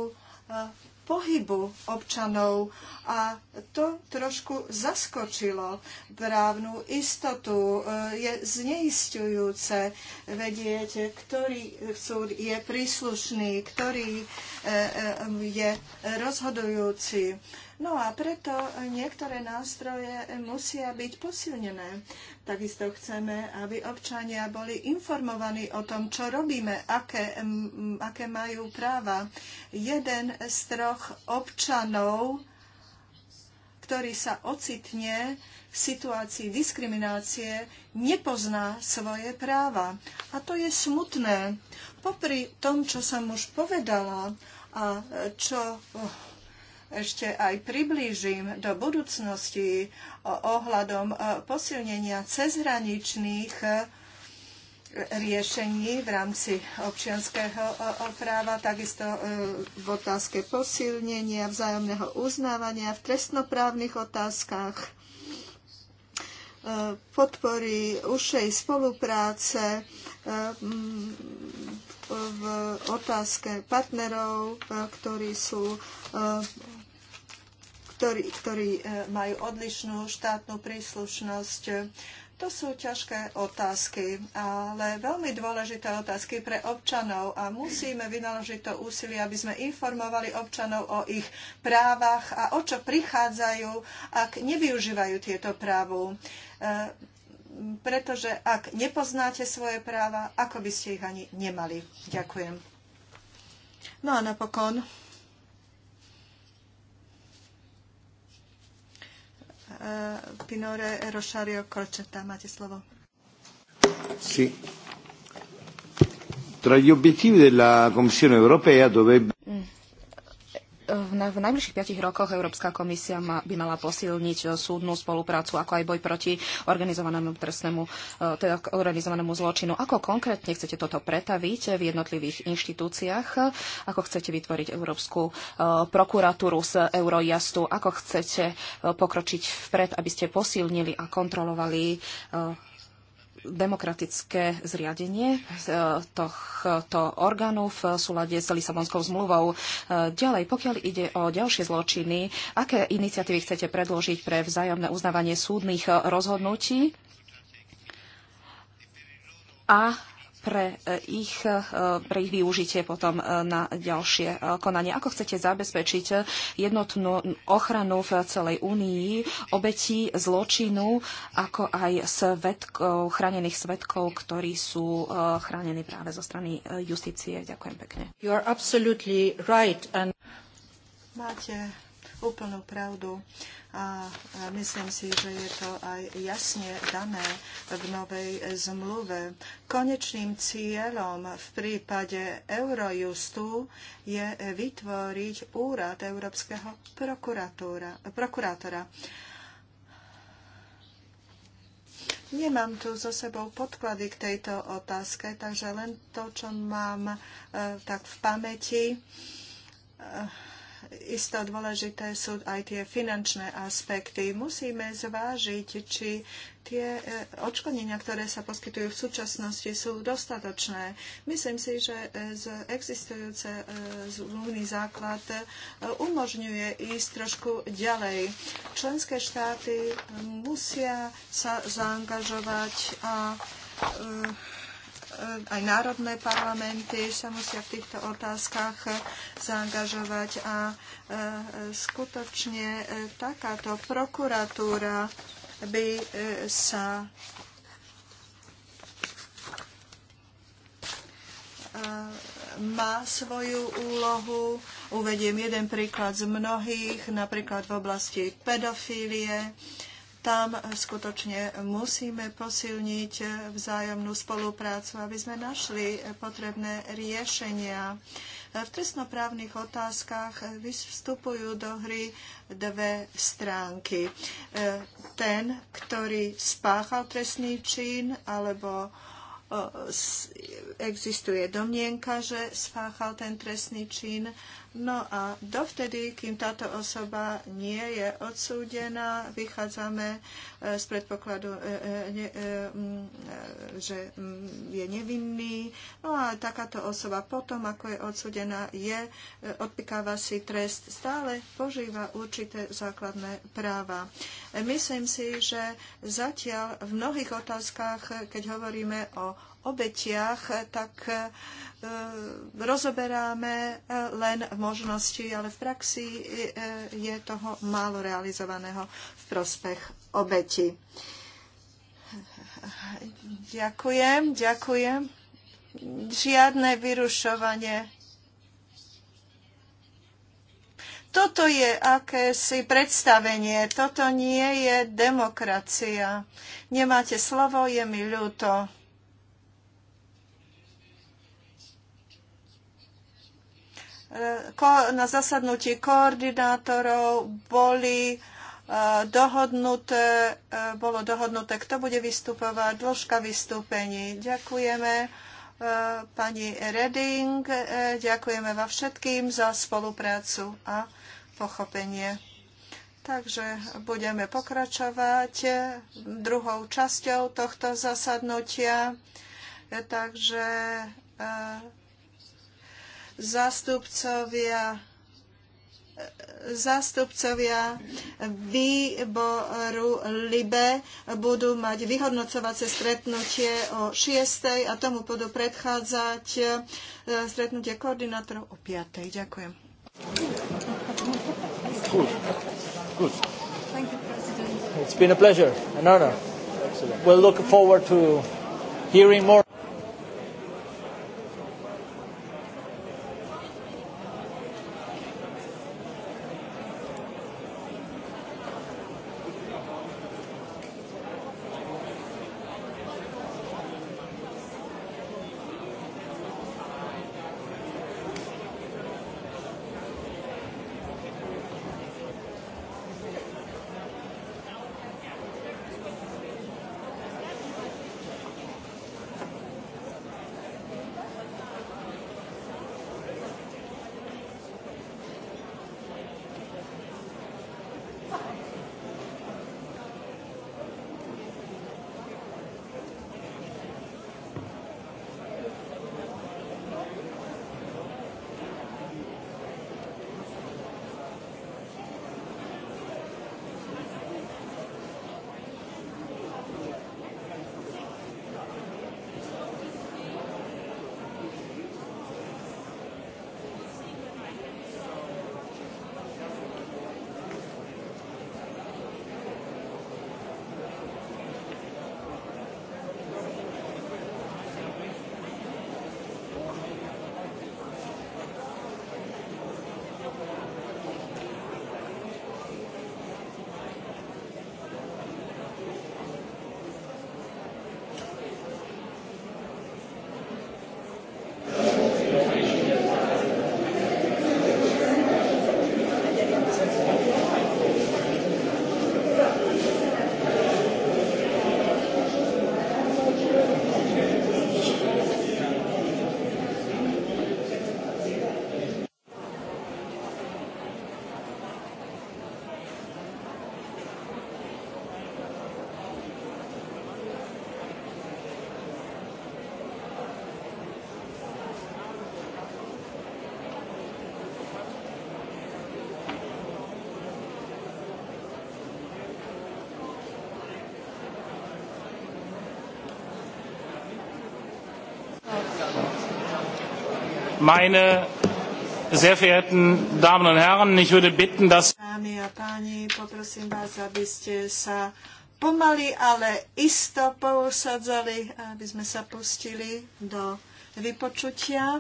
pohybu občanov a to trošku zaskočilo právnu istotu. E, je zneistujúce vedieť, ktorý súd je príslušný, ktorý e, e, je rozhodujúci. No a preto niektoré nástroje musia byť posilnené. Takisto chceme, aby občania boli informovaní o tom, čo robíme, aké, aké majú práva. Jeden z troch občanov, ktorý sa ocitne v situácii diskriminácie, nepozná svoje práva. A to je smutné. Popri tom, čo som už povedala a čo ešte aj priblížim do budúcnosti ohľadom e, posilnenia cezhraničných e, riešení v rámci občianského e, práva, takisto v otázke posilnenia vzájomného uznávania v trestnoprávnych otázkach, podpory užšej spolupráce v otázke partnerov, ktorí sú ktorí, ktorí e, majú odlišnú štátnu príslušnosť. To sú ťažké otázky, ale veľmi dôležité otázky pre občanov a musíme vynaložiť to úsilie, aby sme informovali občanov o ich právach a o čo prichádzajú, ak nevyužívajú tieto právo. E, pretože ak nepoznáte svoje práva, ako by ste ich ani nemali. Ďakujem. No a napokon Eh, Pinore Rosario Crocetta. Máte slovo. Sí. Tra gli obiettivi della Commissione europea dovrebbe... Mm v najbližších 5 rokoch Európska komisia by mala posilniť e, súdnu spoluprácu, ako aj boj proti organizovanému trestnému, e, teda organizovanému zločinu. Ako konkrétne chcete toto pretaviť v jednotlivých inštitúciách? Ako chcete vytvoriť Európsku e, prokuratúru z Eurojastu? Ako chcete pokročiť vpred, aby ste posilnili a kontrolovali demokratické zriadenie eh, tohto orgánu v súlade s Lisabonskou zmluvou. Eh, ďalej, pokiaľ ide o ďalšie zločiny, aké iniciatívy chcete predložiť pre vzájomné uznávanie súdnych eh, rozhodnutí? A pre e, ich, e, pre ich využitie potom e, na ďalšie konanie. Ako chcete zabezpečiť jednotnú ochranu v celej únii obetí zločinu, ako aj svetkov, chránených svetkov, ktorí sú chránení práve zo strany justície? Ďakujem pekne. You are absolutely right and... Máte úplnú pravdu a myslím si, že je to aj jasne dané v novej zmluve. Konečným cieľom v prípade Eurojustu je vytvoriť úrad Európskeho prokurátora. Nemám tu so sebou podklady k tejto otázke, takže len to, čo mám e, tak v pamäti e, isto dôležité sú aj tie finančné aspekty. Musíme zvážiť, či tie e, odškodnenia, ktoré sa poskytujú v súčasnosti, sú dostatočné. Myslím si, že e, z existujúce e, zmluvný základ umožňuje ísť trošku ďalej. Členské štáty musia sa zaangažovať a E, aj národné parlamenty sa musia v týchto otázkach zaangažovať a e, e, skutočne takáto prokuratúra by sa má svoju úlohu. Uvediem jeden príklad z mnohých, napríklad v oblasti pedofílie tam skutočne musíme posilniť vzájomnú spoluprácu, aby sme našli potrebné riešenia. V trestnoprávnych otázkach vstupujú do hry dve stránky. Ten, ktorý spáchal trestný čin alebo e, existuje domnienka, že spáchal ten trestný čin No a dovtedy, kým táto osoba nie je odsúdená, vychádzame e, z predpokladu, e, e, že je nevinný. No a takáto osoba potom, ako je odsúdená, je, odpikáva si trest, stále požíva určité základné práva. Myslím si, že zatiaľ v mnohých otázkach, keď hovoríme o obetiach, tak e, rozoberáme e, len možnosti, ale v praxi e, je toho málo realizovaného v prospech obeti. Ďakujem, ďakujem. Žiadne vyrušovanie toto je akési predstavenie, toto nie je demokracia. Nemáte slovo, je mi ľúto. na zasadnutí koordinátorov boli e, dohodnuté, e, bolo dohodnuté, kto bude vystupovať, dĺžka vystúpení. Ďakujeme e, pani Reding, ďakujeme vám všetkým za spoluprácu a pochopenie. Takže budeme pokračovať druhou časťou tohto zasadnutia. Takže zástupcovia zástupcovia výboru LIBE budú mať vyhodnocovacie stretnutie o 6. a tomu budú predchádzať e, stretnutie koordinátorov o 5. Ďakujem. Good. Good. Thank you, President. It's been a pleasure, an honor. Excellent. We'll look forward to hearing more. Meine sehr verehrten Damen und Herren, ich würde bitten, dass... Dámy a páni, poprosím vás, aby ste sa pomaly, ale isto pousadzali, aby sme sa pustili do vypočutia.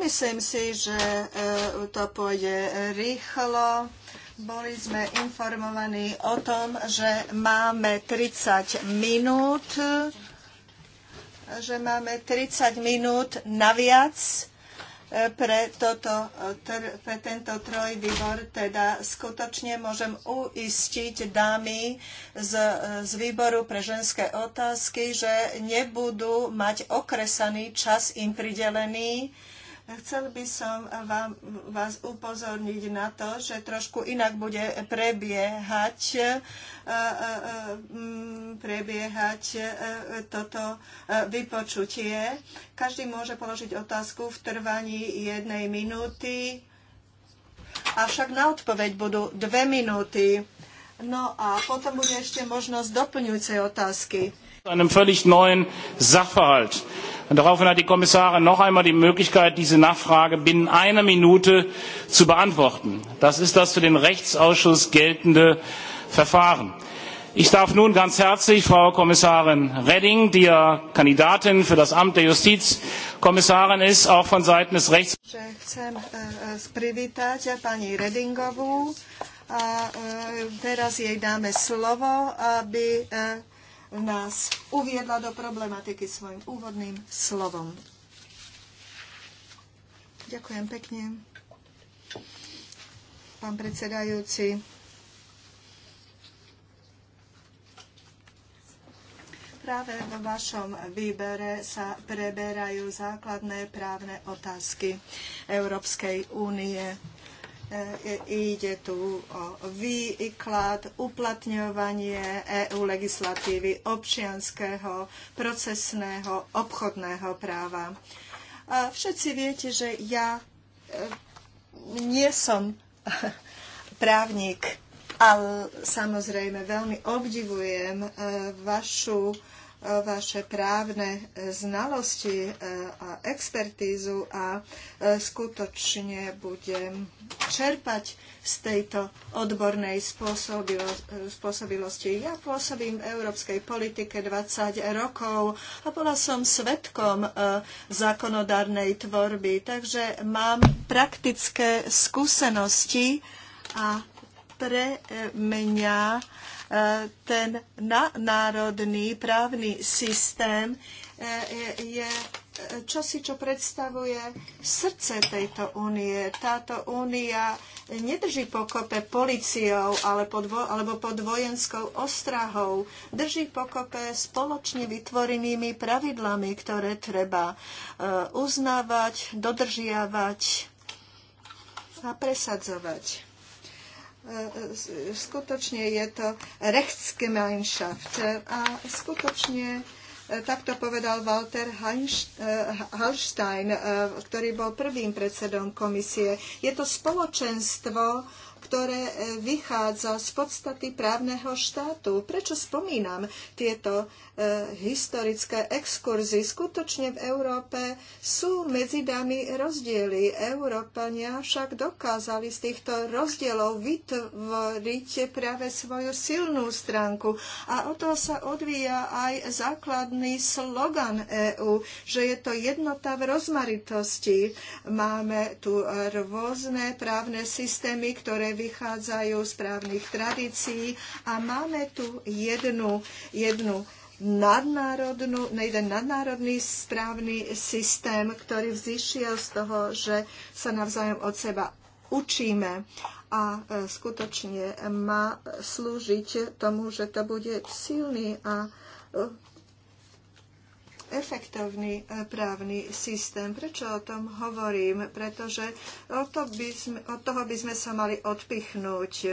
Myslím si, že e, to pôjde rýchlo. Boli sme informovaní o tom, že máme 30 minút že máme 30 minút naviac e, pre, toto, e, pre tento trojvýbor. Teda skutočne môžem uistiť dámy z, e, z výboru pre ženské otázky, že nebudú mať okresaný čas im pridelený Chcel by som vám, vás upozorniť na to, že trošku inak bude prebiehať, e, e, e, prebiehať toto vypočutie. Každý môže položiť otázku v trvaní jednej minúty, avšak na odpoveď budú dve minúty. No a potom bude ešte možnosť doplňujúcej otázky. Einem völlig neuen Sachverhalt. Und daraufhin hat die Kommissarin noch einmal die Möglichkeit, diese Nachfrage binnen einer Minute zu beantworten. Das ist das für den Rechtsausschuss geltende Verfahren. Ich darf nun ganz herzlich Frau Kommissarin Reding, die ja Kandidatin für das Amt der Justizkommissarin ist, auch von Seiten des Rechts. Chcem eh, eh, pani Redingovú a eh, teraz jej dáme slovo, aby nás uviedla do problematiky svojim úvodným slovom. Ďakujem pekne. Pán predsedajúci, práve v vašom výbere sa preberajú základné právne otázky Európskej únie E, ide tu o výklad, uplatňovanie EU legislatívy občianského, procesného, obchodného práva. A všetci viete, že ja e, nie som právnik, ale samozrejme veľmi obdivujem e, vašu vaše právne e, znalosti e, a expertízu a e, skutočne budem čerpať z tejto odbornej spôsobilosti. Ja pôsobím v európskej politike 20 rokov a bola som svetkom zákonodárnej tvorby, takže mám praktické skúsenosti a pre mňa ten národný právny systém e, je e, čosi, čo predstavuje srdce tejto únie. Táto únia nedrží pokope policiou alebo pod, alebo pod vojenskou ostrahou. Drží pokope spoločne vytvorenými pravidlami, ktoré treba e, uznávať, dodržiavať a presadzovať. E, e, skutočne je to Rechtsgemeinschaft e, a skutočne takto povedal Walter Hallstein, ktorý bol prvým predsedom komisie. Je to spoločenstvo ktoré e, vychádza z podstaty právneho štátu. Prečo spomínam tieto e, historické exkurzy? Skutočne v Európe sú medzi nami rozdiely. Európania však dokázali z týchto rozdielov vytvoriť práve svoju silnú stránku. A o to sa odvíja aj základný slogan EÚ, že je to jednota v rozmaritosti. Máme tu rôzne právne systémy, ktoré vychádzajú z právnych tradícií a máme tu jednu, jednu nadnárodnú, jeden nadnárodný správny systém, ktorý vzýšiel z toho, že sa navzájom od seba učíme a e, skutočne má slúžiť tomu, že to bude silný a e, efektívny e, právny systém. Prečo o tom hovorím? Pretože od toho by sme, od toho by sme sa mali odpichnúť. E,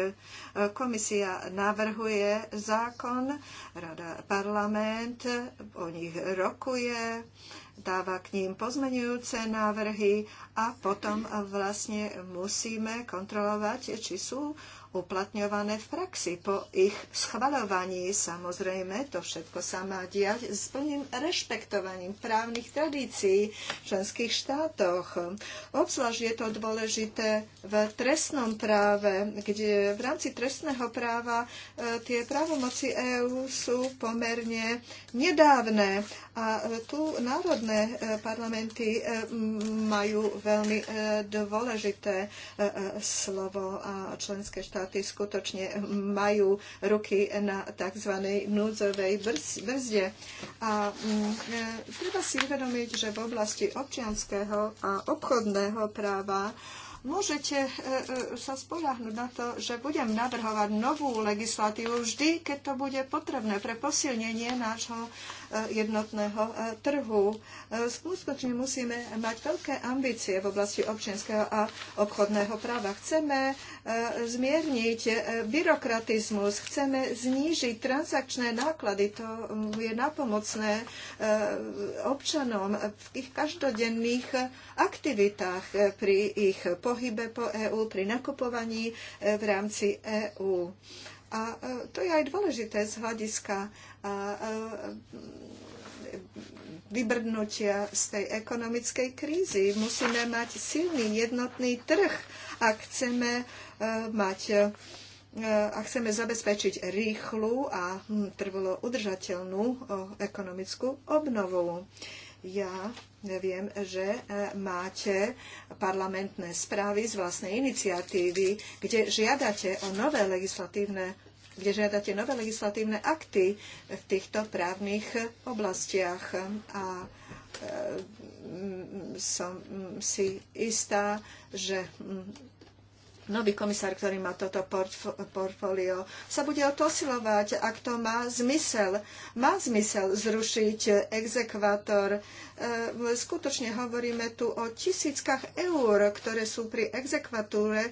komisia navrhuje zákon, rada parlament o nich rokuje, dáva k ním pozmenujúce návrhy a potom vlastne musíme kontrolovať, či sú uplatňované v praxi. Po ich schvaľovaní samozrejme to všetko sa má diať s plným rešpektovaním právnych tradícií v členských štátoch. Obzvlášť je to dôležité v trestnom práve, kde v rámci trestného práva e, tie právomoci EÚ sú pomerne nedávne a e, tu národné e, parlamenty majú veľmi dôležité slovo a členské štáty štáty skutočne majú ruky na tzv. núdzovej brzde. A mm, e, treba si uvedomiť, že v oblasti občianského a obchodného práva môžete e, e, sa spoľahnúť na to, že budem navrhovať novú legislatívu vždy, keď to bude potrebné pre posilnenie nášho jednotného e, trhu. E, skutočne musíme mať veľké ambície v oblasti občianského a obchodného práva. Chceme e, zmierniť byrokratizmus, chceme znížiť transakčné náklady. To je napomocné občanom v ich každodenných aktivitách pri ich pohybe po EÚ, pri nakupovaní v rámci EÚ. A e, to je aj dôležité z hľadiska e, vybrnutia z tej ekonomickej krízy. Musíme mať silný jednotný trh, ak chceme e, mať a chceme zabezpečiť rýchlu a hm, trvalo udržateľnú ekonomickú obnovu. Ja viem, že e, máte parlamentné správy z vlastnej iniciatívy, kde žiadate o nové legislatívne kde žiadate nové legislatívne akty v týchto právnych oblastiach. A e, som si istá, že nový komisár, ktorý má toto portfólio, sa bude o to osilovať, ak to má zmysel. Má zmysel zrušiť exekvátor. E, skutočne hovoríme tu o tisíckach eur, ktoré sú pri exekvatúre e,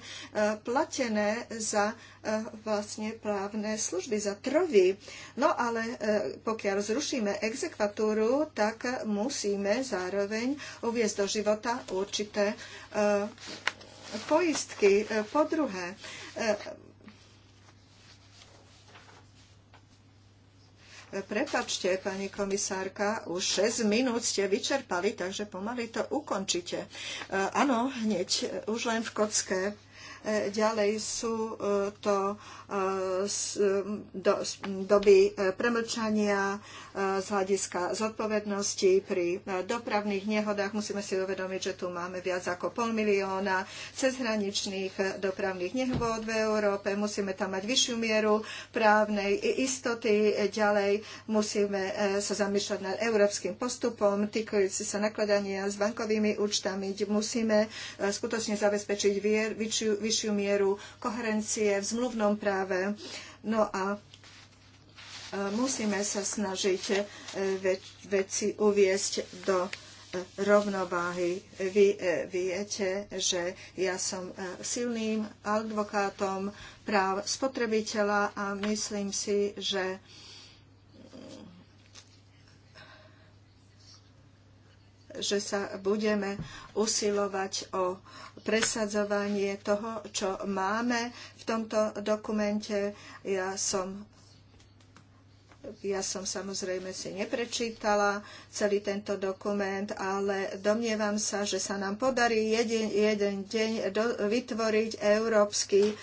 platené za e, vlastne právne služby, za trovy. No ale pokiaľ zrušíme exekvatúru, tak musíme zároveň uviezť do života určité poistky. E, po druhé, e, Prepačte, pani komisárka, už 6 minút ste vyčerpali, takže pomaly to ukončite. E, áno, hneď, už len v kocke. Ďalej sú e, to e, e, doby premlčania z hľadiska zodpovednosti pri dopravných nehodách. Musíme si uvedomiť, že tu máme viac ako pol milióna cezhraničných dopravných nehôd v Európe. Musíme tam mať vyššiu mieru právnej istoty. Ďalej musíme sa zamýšľať nad európskym postupom týkajúci sa nakladania s bankovými účtami. Musíme skutočne zabezpečiť vyššiu vyššiu mieru koherencie v zmluvnom práve. No a e, musíme sa snažiť e, veci uviesť do e, rovnováhy. Vy viete, že ja som silným advokátom práv spotrebiteľa a myslím si, že že sa budeme usilovať o, presadzovanie toho, čo máme v tomto dokumente. Ja som ja som samozrejme si neprečítala celý tento dokument, ale domnievam sa, že sa nám podarí jeden, jeden deň do, vytvoriť Európsky e,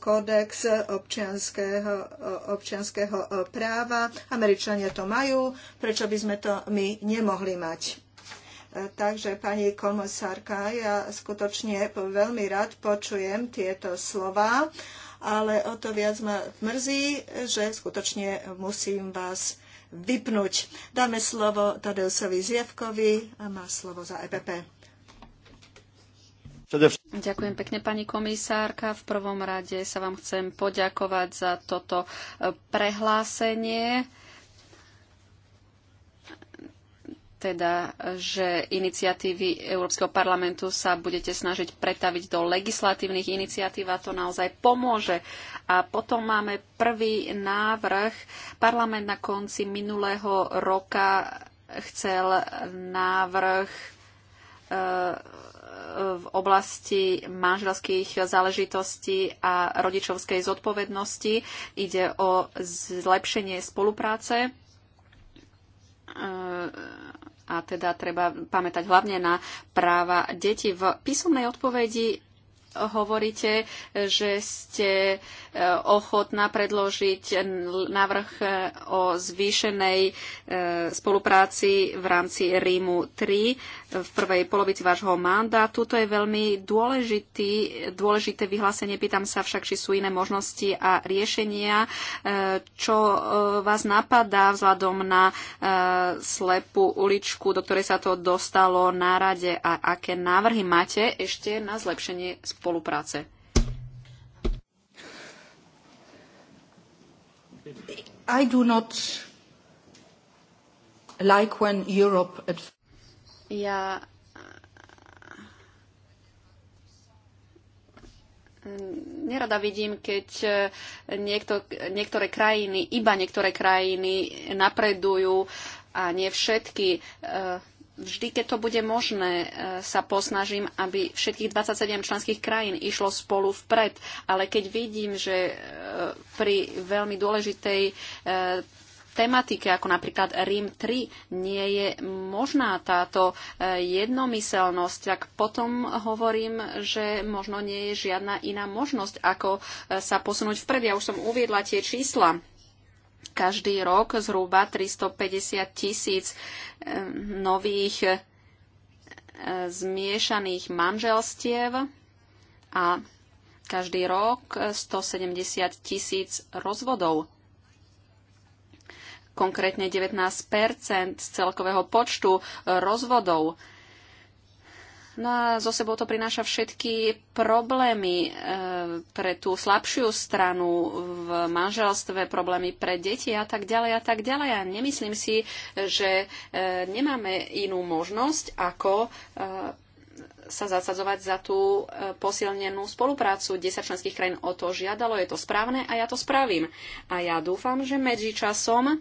kódex občianského, občianského práva. Američania to majú, prečo by sme to my nemohli mať? Takže, pani komisárka, ja skutočne veľmi rád počujem tieto slova, ale o to viac ma mrzí, že skutočne musím vás vypnúť. Dáme slovo Tadeusovi Zjevkovi a má slovo za EPP. Ďakujem pekne, pani komisárka. V prvom rade sa vám chcem poďakovať za toto e, prehlásenie. teda, že iniciatívy Európskeho parlamentu sa budete snažiť pretaviť do legislatívnych iniciatív a to naozaj pomôže. A potom máme prvý návrh. Parlament na konci minulého roka chcel návrh e, v oblasti manželských záležitostí a rodičovskej zodpovednosti. Ide o zlepšenie spolupráce e, a teda treba pamätať hlavne na práva detí. V písomnej odpovedi hovoríte, že ste e, ochotná predložiť návrh e, o zvýšenej e, spolupráci v rámci Rímu 3 v prvej polovici vášho mandátu. To je veľmi dôležitý, dôležité vyhlásenie. Pýtam sa však, či sú iné možnosti a riešenia. E, čo e, vás napadá vzhľadom na e, slepú uličku, do ktorej sa to dostalo na rade a aké návrhy máte ešte na zlepšenie spolupráce? I do not like when Europe at ja nerada vidím, keď e, niekto, niektoré krajiny, iba niektoré krajiny napredujú a nie všetky. E, vždy, keď to bude možné, e, sa posnažím, aby všetkých 27 členských krajín išlo spolu vpred. Ale keď vidím, že pri veľmi dôležitej tematike, ako napríklad Rím 3, nie je možná táto e, jednomyselnosť, tak potom hovorím, že možno nie je žiadna iná možnosť, ako e, sa posunúť vpred. Ja už som uviedla tie čísla. Každý rok zhruba 350 tisíc e, nových zmiešaných manželstiev a každý rok 170 tisíc rozvodov konkrétne 19 z celkového počtu e, rozvodov. No a zo sebou to prináša všetky problémy e, pre tú slabšiu stranu v manželstve, problémy pre deti a tak ďalej a tak ďalej. A nemyslím si, že e, nemáme inú možnosť, ako sa zasadzovať za tú posilnenú spoluprácu. 10 členských krajín o to žiadalo, je to správne a ja to spravím. A ja dúfam, že medzičasom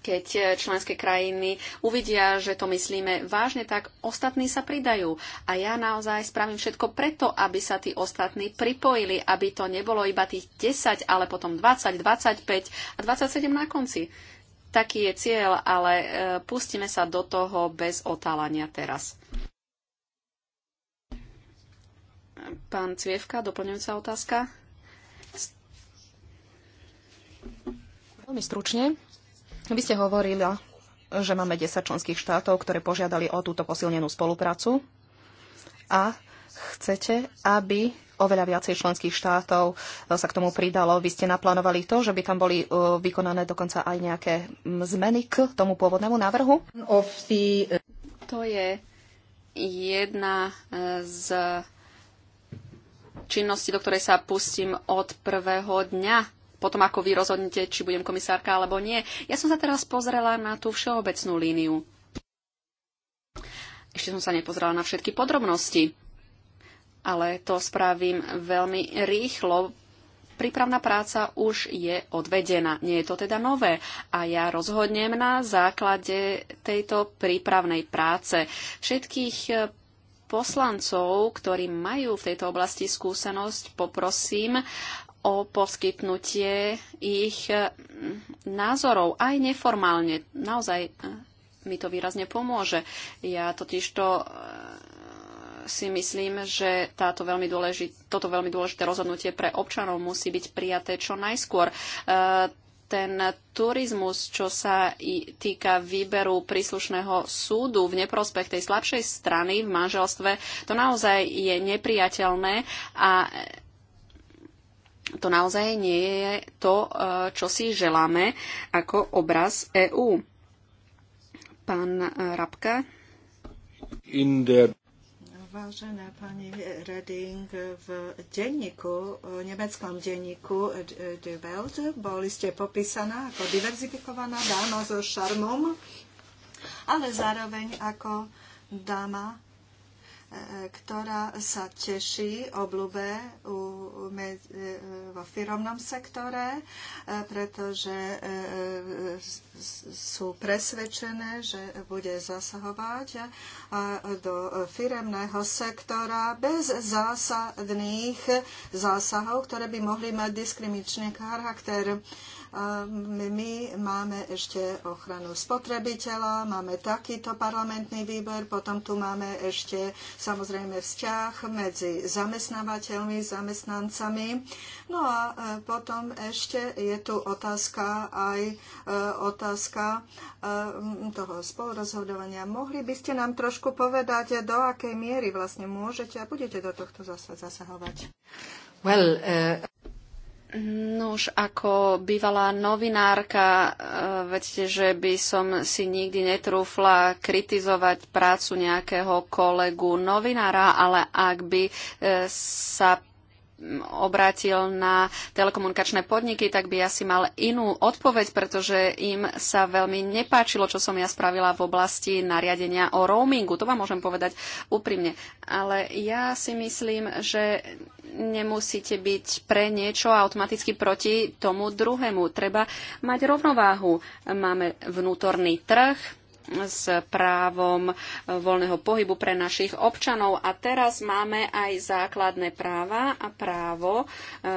keď e, členské krajiny uvidia, že to myslíme vážne, tak ostatní sa pridajú. A ja naozaj spravím všetko preto, aby sa tí ostatní pripojili, aby to nebolo iba tých 10, ale potom 20, 25 a 27 na konci. Taký je cieľ, ale e, pustíme sa do toho bez otálania teraz. Pán Cvievka, doplňujúca otázka. Veľmi stručne vy ste hovorili, že máme 10 členských štátov, ktoré požiadali o túto posilnenú spoluprácu a chcete, aby oveľa viacej členských štátov e, sa k tomu pridalo. Vy ste naplánovali to, že by tam boli e, vykonané dokonca aj nejaké zmeny k tomu pôvodnému návrhu? E, to je jedna z činností, do ktorej sa pustím od prvého dňa potom, ako vy rozhodnete, či budem komisárka alebo nie. Ja som sa teraz pozrela na tú všeobecnú líniu. Ešte som sa nepozrela na všetky podrobnosti, ale to spravím veľmi rýchlo. Prípravná práca už je odvedená, nie je to teda nové a ja rozhodnem na základe tejto prípravnej práce. Všetkých eh, poslancov, ktorí majú v tejto oblasti skúsenosť, poprosím o poskytnutie ich eh, názorov aj neformálne. Naozaj eh, mi to výrazne pomôže. Ja totižto eh, si myslím, že táto veľmi dôležit, toto veľmi dôležité rozhodnutie pre občanov musí byť prijaté čo najskôr. Ten turizmus, čo sa týka výberu príslušného súdu v neprospech tej slabšej strany v manželstve, to naozaj je nepriateľné a to naozaj nie je to, e, čo si želáme ako obraz EÚ. Pán e, Rabka. In the... Vážená pani Reding, v denníku, v e, nemeckom denníku The Welt boli ste popísaná ako diverzifikovaná dáma so šarmom, ale zároveň ako dáma ktorá sa teší obľúbe e, vo firomnom sektore, e, pretože e, sú presvedčené, že bude zasahovať do firemného sektora bez zásadných zásahov, ktoré by mohli mať diskriminačný charakter. My máme ešte ochranu spotrebiteľa, máme takýto parlamentný výber, potom tu máme ešte samozrejme vzťah medzi zamestnávateľmi, zamestnancami. No a e, potom ešte je tu otázka aj e, otázka e, toho spolurozhodovania. Mohli by ste nám trošku povedať, do akej miery vlastne môžete a budete do tohto zasahovať? Well, uh... No už ako bývalá novinárka, eh, vedzte, že by som si nikdy netrúfla kritizovať prácu nejakého kolegu novinára, ale ak by eh, sa obrátil na telekomunikačné podniky, tak by asi mal inú odpoveď, pretože im sa veľmi nepáčilo, čo som ja spravila v oblasti nariadenia o roamingu. To vám môžem povedať úprimne. Ale ja si myslím, že nemusíte byť pre niečo automaticky proti tomu druhému. Treba mať rovnováhu. Máme vnútorný trh, s právom e, voľného pohybu pre našich občanov. A teraz máme aj základné práva a právo e,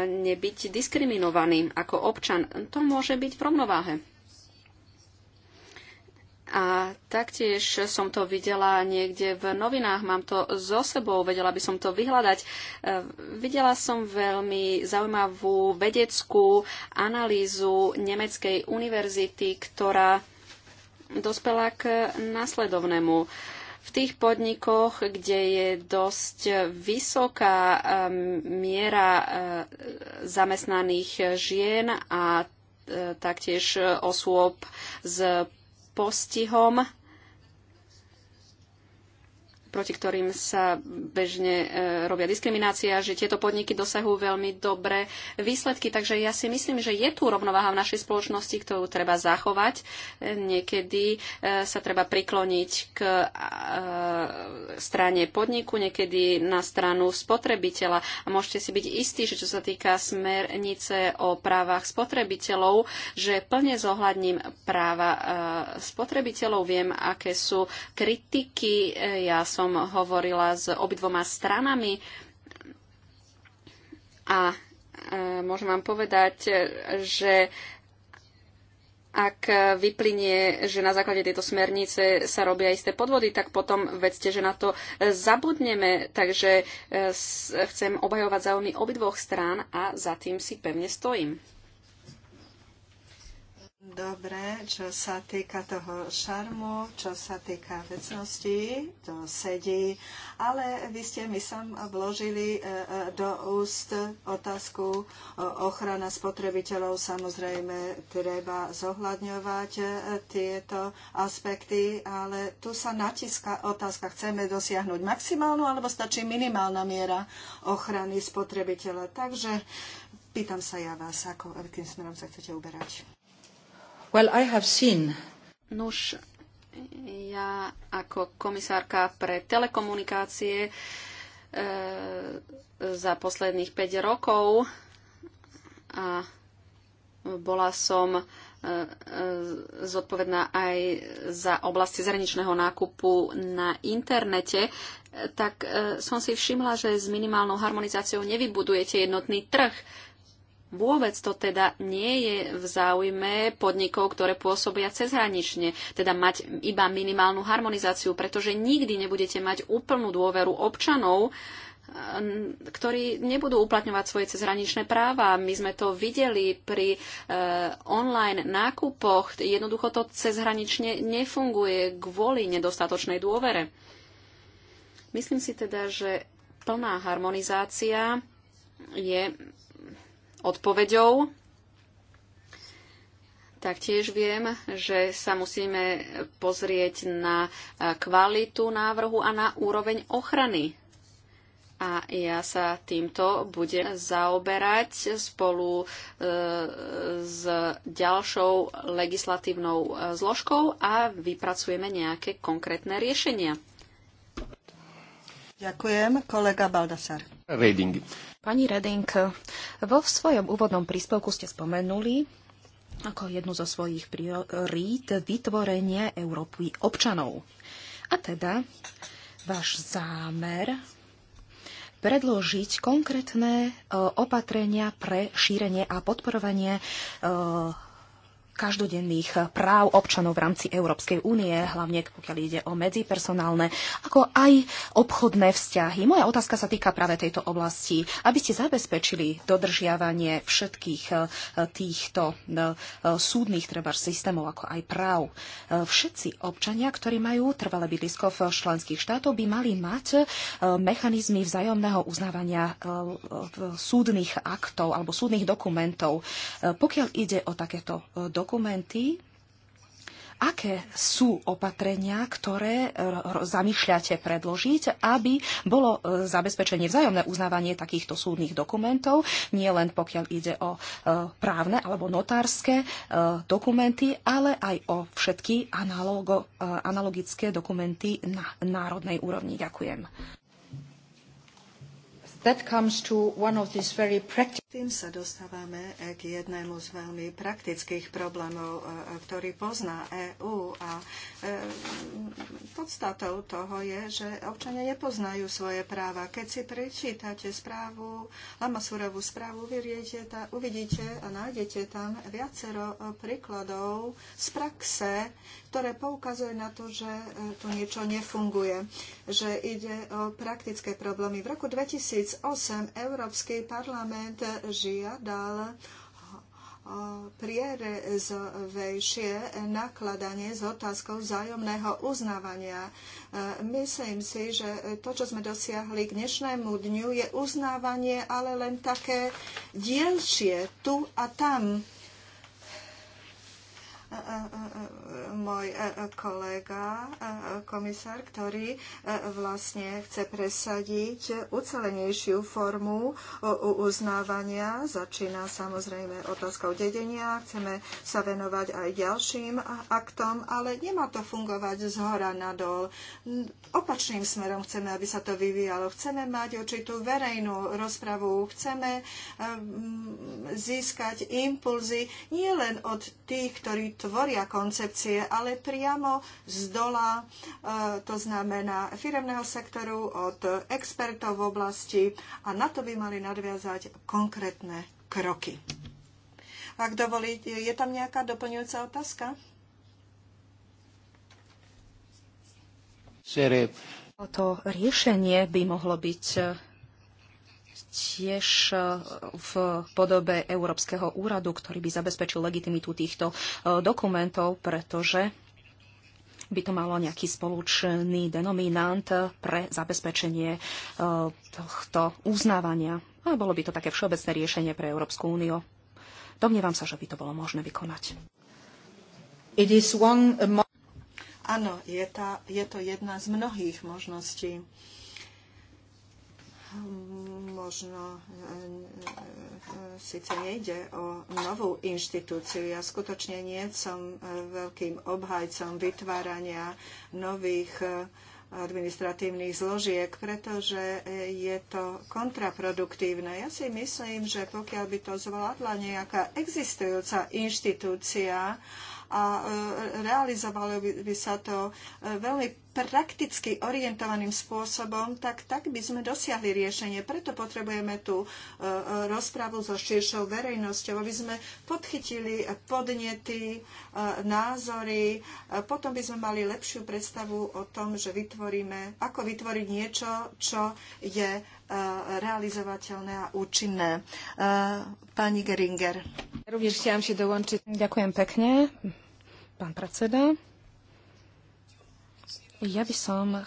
nebyť diskriminovaný ako občan. To môže byť v rovnováhe. A taktiež som to videla niekde v novinách, mám to so sebou, vedela by som to vyhľadať. E, videla som veľmi zaujímavú vedeckú analýzu nemeckej univerzity, ktorá dospela k nasledovnému. V tých podnikoch, kde je dosť vysoká ehm, miera ehm, zamestnaných žien a e, taktiež osôb s postihom, proti ktorým sa bežne e, robia diskriminácia, že tieto podniky dosahujú veľmi dobré výsledky. Takže ja si myslím, že je tu rovnováha v našej spoločnosti, ktorú treba zachovať. E, niekedy e, sa treba prikloniť k strane podniku, niekedy na stranu spotrebiteľa. A môžete si byť istí, že čo sa týka smernice o právach spotrebiteľov, že plne zohľadním práva spotrebiteľov. Viem, aké sú kritiky. Ja som som hovorila s obidvoma stranami a e, môžem vám povedať, že ak vyplynie, že na základe tejto smernice sa robia isté podvody, tak potom vedzte, že na to zabudneme. Takže e, chcem obhajovať záujmy obidvoch strán a za tým si pevne stojím. Dobre, čo sa týka toho šarmu, čo sa týka vecnosti, to sedí, ale vy ste mi sam vložili e, e, do úst otázku e, ochrana spotrebiteľov. Samozrejme, treba zohľadňovať tieto aspekty, ale tu sa natiská otázka, chceme dosiahnuť maximálnu alebo stačí minimálna miera ochrany spotrebiteľa. Takže pýtam sa ja vás, ako, akým smerom sa chcete uberať. Well, I have seen... Nuž, ja ako komisárka pre telekomunikácie e, za posledných 5 rokov a bola som e, e, zodpovedná aj za oblasti zraničného nákupu na internete, e, tak som si všimla, že s minimálnou harmonizáciou nevybudujete jednotný trh. Vôbec to teda nie je v záujme podnikov, ktoré pôsobia cezhranične, teda mať iba minimálnu harmonizáciu, pretože nikdy nebudete mať úplnú dôveru občanov, eh, ktorí nebudú uplatňovať svoje cezhraničné práva. My sme to videli pri e, online nákupoch. Jednoducho to cezhranične nefunguje kvôli nedostatočnej dôvere. Myslím si teda, že plná harmonizácia je odpoveďou. Taktiež viem, že sa musíme pozrieť na eh, kvalitu návrhu a na úroveň ochrany. A ja sa týmto budem zaoberať spolu eh, s ďalšou legislatívnou eh, zložkou a vypracujeme nejaké konkrétne riešenia. Ďakujem, kolega Baldasar. Pani Reding, vo svojom úvodnom príspevku ste spomenuli ako jednu zo svojich priorít vytvorenie Európy občanov. A teda váš zámer predložiť konkrétne e, opatrenia pre šírenie a podporovanie e, každodenných eh, práv občanov v rámci Európskej únie, hlavne pokiaľ ide o medzipersonálne, ako aj obchodné vzťahy. Moja otázka sa týka práve tejto oblasti, aby ste zabezpečili dodržiavanie všetkých eh, týchto eh, súdnych treba systémov, ako aj práv. Všetci občania, ktorí majú trvalé bydlisko v členských štátoch, by mali mať mechanizmy vzájomného uznávania súdnych aktov alebo súdnych dokumentov. Pokiaľ ide o takéto dokumenty, dokumenty, aké sú opatrenia, ktoré zamýšľate predložiť, aby bolo e, zabezpečenie vzájomné uznávanie takýchto súdnych dokumentov, nie len pokiaľ ide o e, právne alebo notárske e, dokumenty, ale aj o všetky analogo, analogické dokumenty na národnej úrovni. Ďakujem. That comes to one of these very practical... Tým sa dostávame eh, k jednému z veľmi praktických problémov, eh, eh, ktorý pozná EÚ a podstatou toho je, že občania nepoznajú svoje práva. Keď si prečítate správu, Lamasurovú správu, uvidíte a nájdete tam viacero príkladov z praxe, ktoré poukazuje na to, že e, tu niečo nefunguje, že ide o praktické problémy. V roku 2008 Európsky parlament žiadal prierezovejšie nakladanie s otázkou vzájomného uznávania. E, myslím si, že to, čo sme dosiahli k dnešnému dňu, je uznávanie, ale len také dielšie tu a tam môj kolega, komisár, ktorý vlastne chce presadiť ucelenejšiu formu uznávania. Začína samozrejme otázkou dedenia. Chceme sa venovať aj ďalším aktom, ale nemá to fungovať z hora na dol. Opačným smerom chceme, aby sa to vyvíjalo. Chceme mať určitú verejnú rozpravu. Chceme získať impulzy nielen od tých, ktorí tvoria koncepcie, ale priamo z dola, eh, to znamená firemného sektoru od expertov v oblasti a na to by mali nadviazať konkrétne kroky. Ak dovolíte, je tam nejaká doplňujúca otázka? Toto riešenie by mohlo byť eh, tiež e, v podobe Európskeho úradu, ktorý by zabezpečil legitimitu týchto e, dokumentov, pretože by to malo nejaký spoločný denominant pre zabezpečenie e, tohto uznávania. A bolo by to také všeobecné riešenie pre Európsku úniu. Domnievam sa, že by to bolo možné vykonať. It is one among... Áno, je, tá, je to jedna z mnohých možností možno e, e, e, síce nejde o novú inštitúciu. Ja skutočne nie som veľkým obhajcom vytvárania nových administratívnych zložiek, pretože je to kontraproduktívne. Ja si myslím, že pokiaľ by to zvládla nejaká existujúca inštitúcia a realizovalo by sa to veľmi prakticky orientovaným spôsobom, tak, tak by sme dosiahli riešenie. Preto potrebujeme tú e, e, rozpravu so širšou verejnosťou, aby sme podchytili podnety, e, názory. Potom by sme mali lepšiu predstavu o tom, že vytvoríme, ako vytvoriť niečo, čo je realizovateľné a účinné. Pani Geringer. Rovnež dołączyć. Ďakujem pekne, pán predseda. Ja by som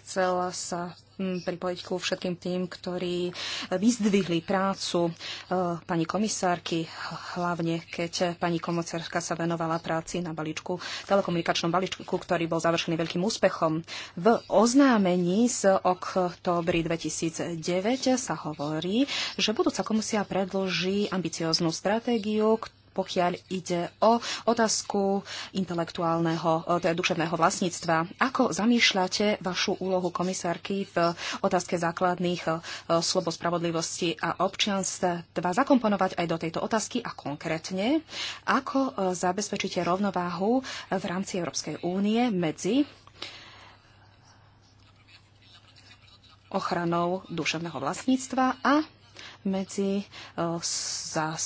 chcela sa hm, pripojiť ku všetkým tým, ktorí vyzdvihli prácu eh, pani komisárky, hlavne keď pani komisárka sa venovala práci na balíčku, telekomunikačnom balíčku, ktorý bol završený veľkým úspechom. V oznámení z októbri 2009 sa hovorí, že budúca komisia predloží ambicióznu stratégiu, ktorú pokiaľ ide o otázku intelektuálneho, e, teda duševného vlastníctva. Ako zamýšľate vašu úlohu komisárky v otázke základných e, slobod spravodlivosti a občianstva zakomponovať aj do tejto otázky a konkrétne, ako e, zabezpečíte rovnováhu v rámci Európskej únie medzi ochranou duševného vlastníctva a medzi zas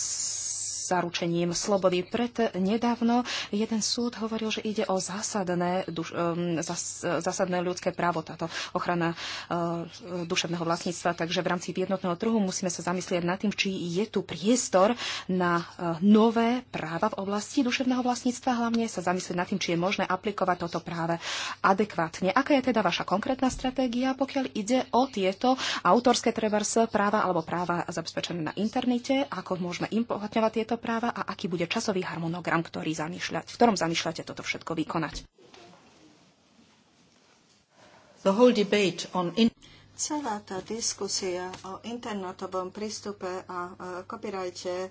zaručením slobody. Pred nedávno jeden súd hovoril, že ide o zásadné, duš, um, zas, zásadné ľudské právo, táto ochrana uh, duševného vlastníctva. Takže v rámci jednotného trhu musíme sa zamyslieť nad tým, či je tu priestor na uh, nové práva v oblasti duševného vlastníctva. Hlavne sa zamyslieť nad tým, či je možné aplikovať toto práve adekvátne. Aká je teda vaša konkrétna stratégia, pokiaľ ide o tieto autorské trebárs práva alebo práva zabezpečené na internete, ako môžeme pohľadňovať tieto práva a aký bude časový harmonogram, ktorý v ktorom zamýšľate toto všetko vykonať? The whole debate on in- celá tá diskusia o internetovom prístupe a e, copyrighte e,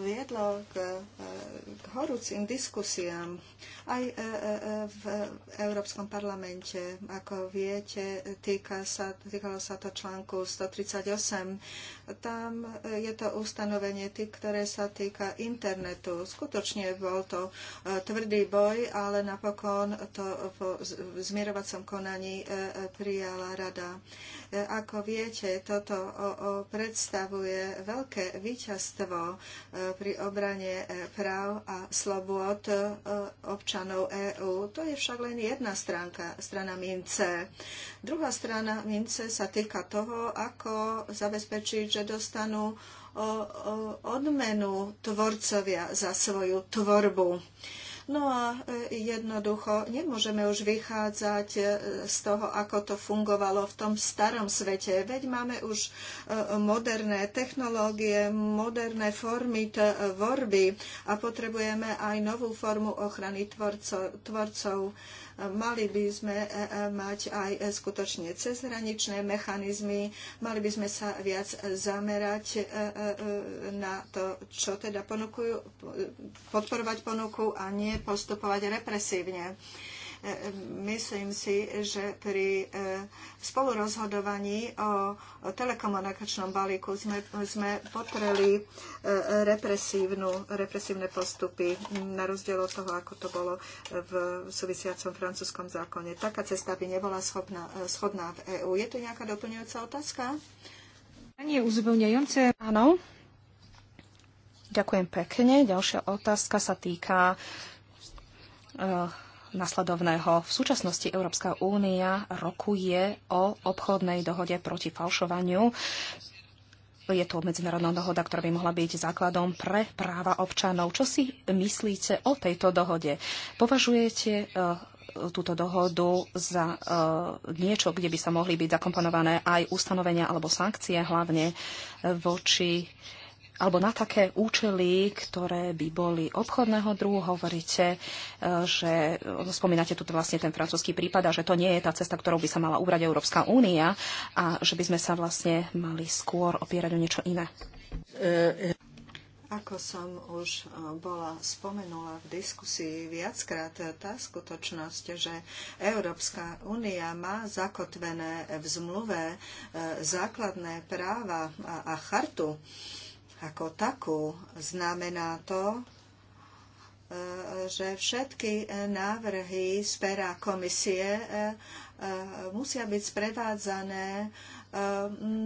viedlo k e, horúcim diskusiám aj e, e, e, v Európskom parlamente. Ako viete, týka sa, týkalo sa to článku 138. Tam je to ustanovenie, tý, ktoré sa týka internetu. Skutočne bol to tvrdý boj, ale napokon to v zmierovacom konaní prijala rada. Ako viete, toto predstavuje veľké víťazstvo pri obrane práv a a slobod e, občanov EÚ. To je však len jedna stránka, strana mince. Druhá strana mince sa týka toho, ako zabezpečiť, že dostanú e, e, odmenu tvorcovia za svoju tvorbu No a e, jednoducho nemôžeme už vychádzať e, z toho, ako to fungovalo v tom starom svete. Veď máme už e, moderné technológie, moderné formy tvorby a potrebujeme aj novú formu ochrany tvorcov. tvorcov Mali by sme e, e, mať aj e, skutočne cezhraničné mechanizmy, mali by sme sa viac zamerať na to, čo teda ponukujú, podporovať ponuku a nie postupovať represívne. Myslím si, že pri e, spolurozhodovaní o telekomunikačnom balíku sme, sme potreli e, represívne postupy, na rozdiel od toho, ako to bolo v súvisiacom francúzskom zákone. Taká cesta by nebola schopná, e, schodná v EÚ. Je tu nejaká doplňujúca otázka? Ani uzupełniające. Áno. Ďakujem pekne. Ďalšia otázka sa týka uh, nasledovného. V súčasnosti Európska únia rokuje o obchodnej dohode proti falšovaniu. Je to medzinárodná dohoda, ktorá by mohla byť základom pre práva občanov. Čo si myslíte o tejto dohode? Považujete e, túto dohodu za uh, niečo, kde by sa mohli byť zakomponované aj ustanovenia alebo sankcie, hlavne voči alebo na také účely, ktoré by boli obchodného druhu. Hovoríte, e, že no, spomínate tu vlastne ten francúzsky prípad a že to nie je tá cesta, ktorou by sa mala ubrať Európska únia a že by sme sa vlastne mali skôr opierať o niečo iné. Ako som už e, bola spomenula v diskusii viackrát, tá skutočnosť, že Európska únia má zakotvené v zmluve e, základné práva a, a chartu, ako takú. Znamená to, e, že všetky návrhy z pera komisie e, e, musia byť sprevádzané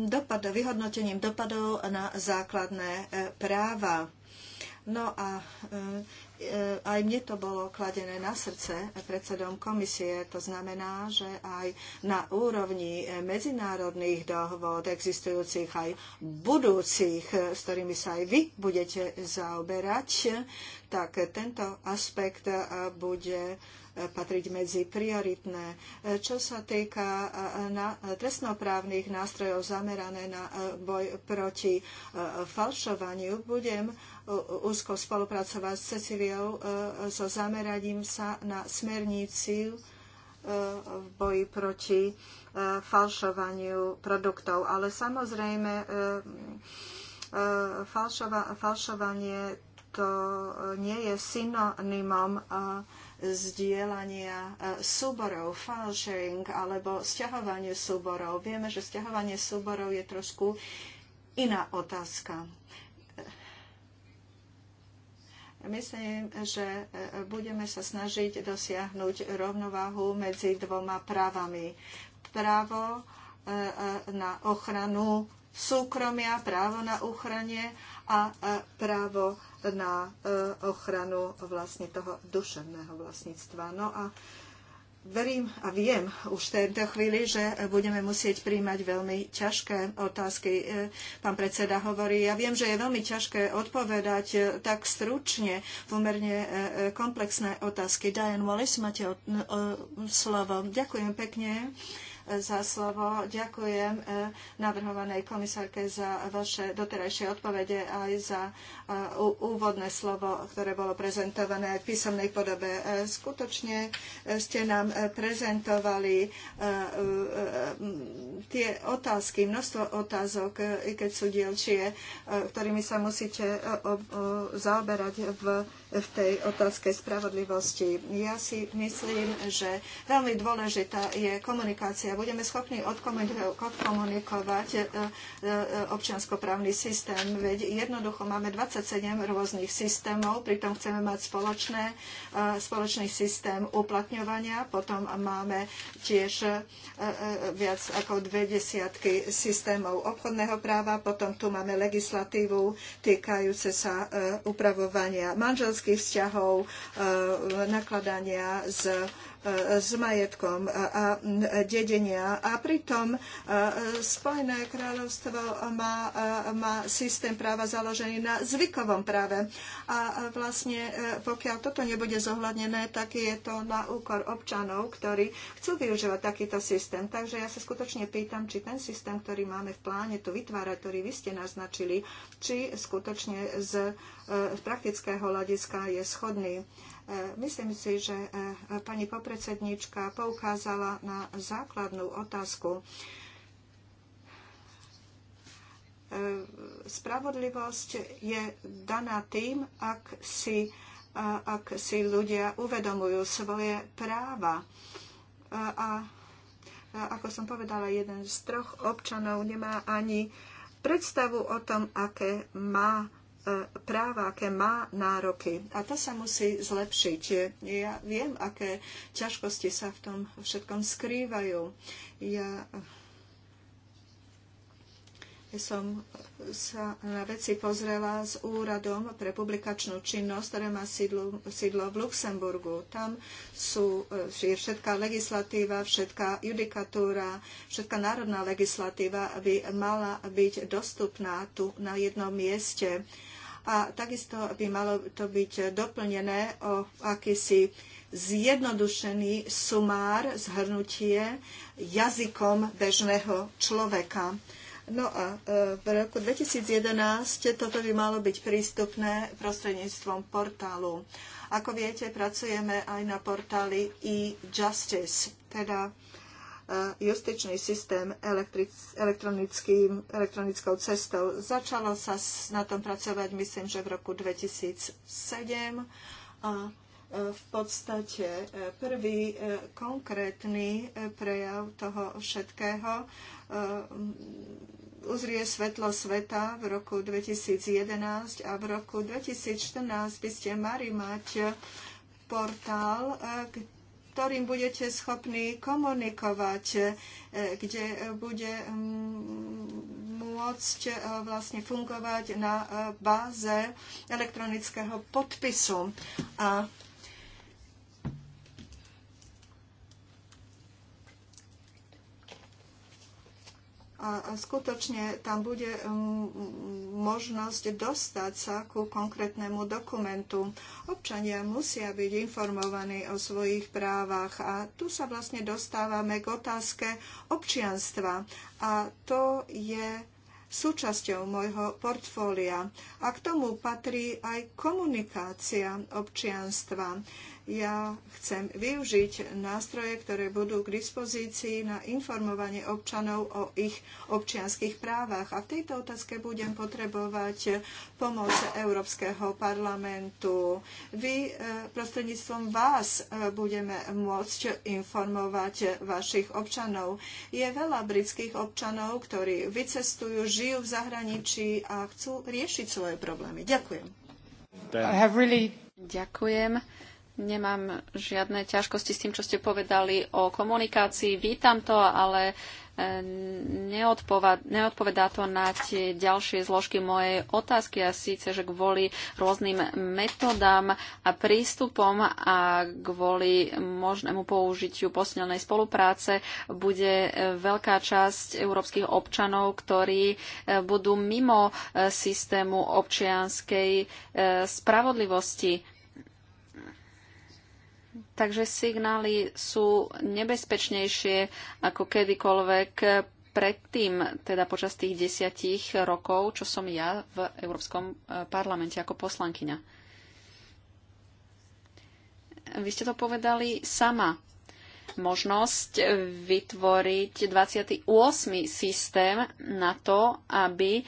dopad, vyhodnotením dopadov na základné práva. No a E, aj mne to bolo kladené na srdce predsedom komisie. To znamená, že aj na úrovni e, medzinárodných dohôd existujúcich aj budúcich, e, s ktorými sa aj vy budete zaoberať, tak tento aspekt bude patriť medzi prioritné. Čo sa týka trestnoprávnych nástrojov zamerané na boj proti falšovaniu, budem úzko spolupracovať s Ceciliou e, so zameraním sa na smernici e, v boji proti e, falšovaniu produktov. Ale samozrejme, falšova, falšovanie to nie je synonymom zdieľania súborov, falšering alebo stiahovanie súborov. Vieme, že stiahovanie súborov je trošku iná otázka. Myslím, že e, budeme sa snažiť dosiahnuť rovnováhu medzi dvoma právami. Právo e, e, na ochranu súkromia, právo na ochranie a právo na ochranu vlastne toho duševného vlastníctva. No a verím a viem už v tejto chvíli, že budeme musieť príjmať veľmi ťažké otázky. E, pán predseda hovorí, ja viem, že je veľmi ťažké odpovedať e, tak stručne, pomerne e, komplexné otázky. Diane Wallace, máte slovo. Ďakujem pekne za slovo. Ďakujem e, navrhovanej komisárke za vaše doterajšie odpovede aj za e, úvodné slovo, ktoré bolo prezentované v písomnej podobe. E, skutočne ste nám prezentovali tie otázky, množstvo otázok, keď sú dielčie, ktorými sa musíte zaoberať v v tej otázke spravodlivosti. Ja si myslím, že veľmi dôležitá je komunikácia. Budeme schopní odkomunikovať e, e, občianskoprávny systém, veď jednoducho máme 27 rôznych systémov, pritom chceme mať spoločné, e, spoločný systém uplatňovania, potom máme tiež viac ako dve desiatky systémov obchodného práva, potom tu máme legislatívu týkajúce sa upravovania manželstva, ľudských vzťahov, eh, nakladania s E, s majetkom a dedenia. A pritom e, Spojené kráľovstvo má, e, má systém práva založený na zvykovom práve. A vlastne pokiaľ toto nebude zohľadnené, tak je to na úkor občanov, ktorí chcú využívať takýto systém. Takže ja sa skutočne pýtam, či ten systém, ktorý máme v pláne tu vytvárať, ktorý vy ste naznačili, či skutočne z, z praktického hľadiska je schodný. E, myslím si, že e, pani popredsednička poukázala na základnú otázku. E, spravodlivosť je daná tým, ak si, ak si ľudia uvedomujú svoje práva. A ako som povedala, jeden z troch občanov nemá ani predstavu o tom, aké má E, práva, aké má nároky. A to sa musí zlepšiť. Ja viem, aké ťažkosti sa v tom všetkom skrývajú. Ja som sa na veci pozrela s úradom pre publikačnú činnosť, ktoré má sídlo, sídlo v Luxemburgu. Tam sú, e, je všetká legislatíva, všetká judikatúra, všetká národná legislatíva by mala byť dostupná tu na jednom mieste a takisto by malo to byť doplnené o akýsi zjednodušený sumár, zhrnutie jazykom bežného človeka. No a e, v roku 2011 toto by malo byť prístupné prostredníctvom portálu. Ako viete, pracujeme aj na portáli e-justice, teda justičný systém elektronickou cestou. Začalo sa na tom pracovať, myslím, že v roku 2007 a e, v podstate e, prvý e, konkrétny prejav toho všetkého uzrie svetlo sveta v roku 2011 a v roku 2014 by ste mali mať portál, kde ktorým budete schopní komunikovať, e, kde bude mm, môcť e, vlastne fungovať na e, báze elektronického podpisu. A a skutočne tam bude um, možnosť dostať sa ku konkrétnemu dokumentu. Občania musia byť informovaní o svojich právach a tu sa vlastne dostávame k otázke občianstva a to je súčasťou môjho portfólia. A k tomu patrí aj komunikácia občianstva. Ja chcem využiť nástroje, ktoré budú k dispozícii na informovanie občanov o ich občianských právach. A v tejto otázke budem potrebovať pomoc Európskeho parlamentu. Vy e, prostredníctvom vás e, budeme môcť informovať vašich občanov. Je veľa britských občanov, ktorí vycestujú, žijú v zahraničí a chcú riešiť svoje problémy. Ďakujem. Really... Ďakujem. Nemám žiadne ťažkosti s tým, čo ste povedali o komunikácii. Vítam to, ale e, neodpovedá to na tie ďalšie zložky mojej otázky a síce, že kvôli rôznym metodám a prístupom a kvôli možnému použitiu posilnej spolupráce bude e, veľká časť európskych občanov, ktorí e, budú mimo systému občianskej spravodlivosti Takže signály sú nebezpečnejšie ako kedykoľvek predtým, teda počas tých desiatich rokov, čo som ja v Európskom e, parlamente ako poslankyňa. Vy ste to povedali sama možnosť vytvoriť 28. systém na to, aby e,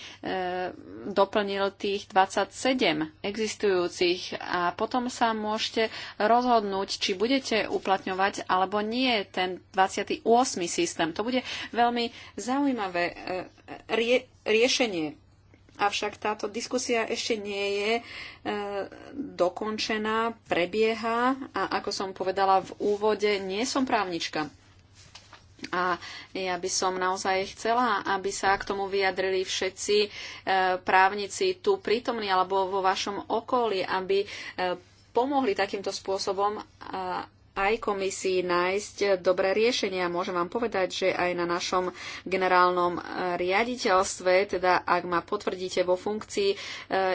doplnil tých 27 existujúcich a potom sa môžete rozhodnúť, či budete uplatňovať alebo nie ten 28. systém. To bude veľmi zaujímavé e, e, riešenie Avšak táto diskusia ešte nie je e, dokončená, prebieha a ako som povedala v úvode, nie som právnička. A ja by som naozaj chcela, aby sa k tomu vyjadrili všetci e, právnici tu prítomní alebo vo vašom okolí, aby e, pomohli takýmto spôsobom a aj komisii nájsť dobré riešenia. Môžem vám povedať, že aj na našom generálnom e, riaditeľstve, teda ak ma potvrdíte vo funkcii, e,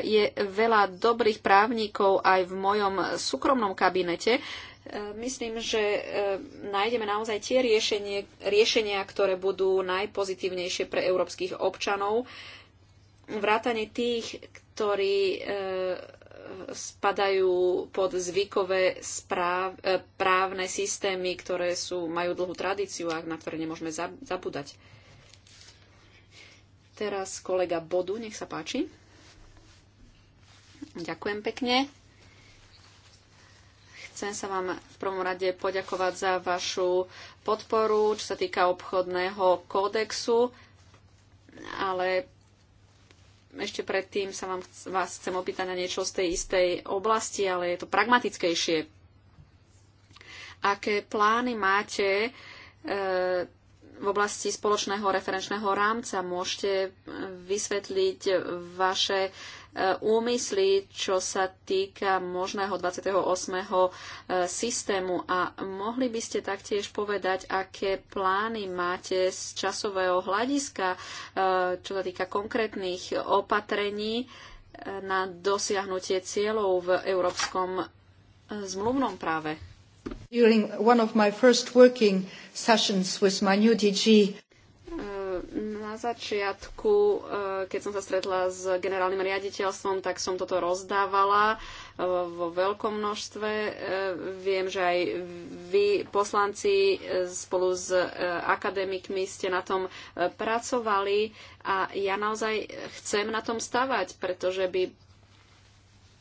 je veľa dobrých právnikov aj v mojom súkromnom kabinete. E, myslím, že nájdeme naozaj tie riešenie, riešenia, ktoré budú najpozitívnejšie pre európskych občanov, vrátane tých, ktorí spadajú pod zvykové správ, e, právne systémy, ktoré sú, majú dlhú tradíciu a na ktoré nemôžeme zabúdať. Teraz kolega Bodu, nech sa páči. Ďakujem pekne. Chcem sa vám v prvom rade poďakovať za vašu podporu, čo sa týka obchodného kódexu, ale ešte predtým sa vám, vás chcem opýtať na niečo z tej istej oblasti, ale je to pragmatickejšie. Aké plány máte e, v oblasti spoločného referenčného rámca? Môžete e, vysvetliť vaše úmysly, čo sa týka možného 28. E, systému. A mohli by ste taktiež povedať, aké plány máte z časového hľadiska, e, čo sa týka konkrétnych opatrení e, na dosiahnutie cieľov v európskom zmluvnom práve. During one of my first working sessions with my new DG na začiatku, e, keď som sa stretla s generálnym riaditeľstvom, tak som toto rozdávala e, vo veľkom množstve. E, viem, že aj vy, poslanci, spolu s akademikmi ste na tom pracovali a ja naozaj chcem na tom stavať, pretože by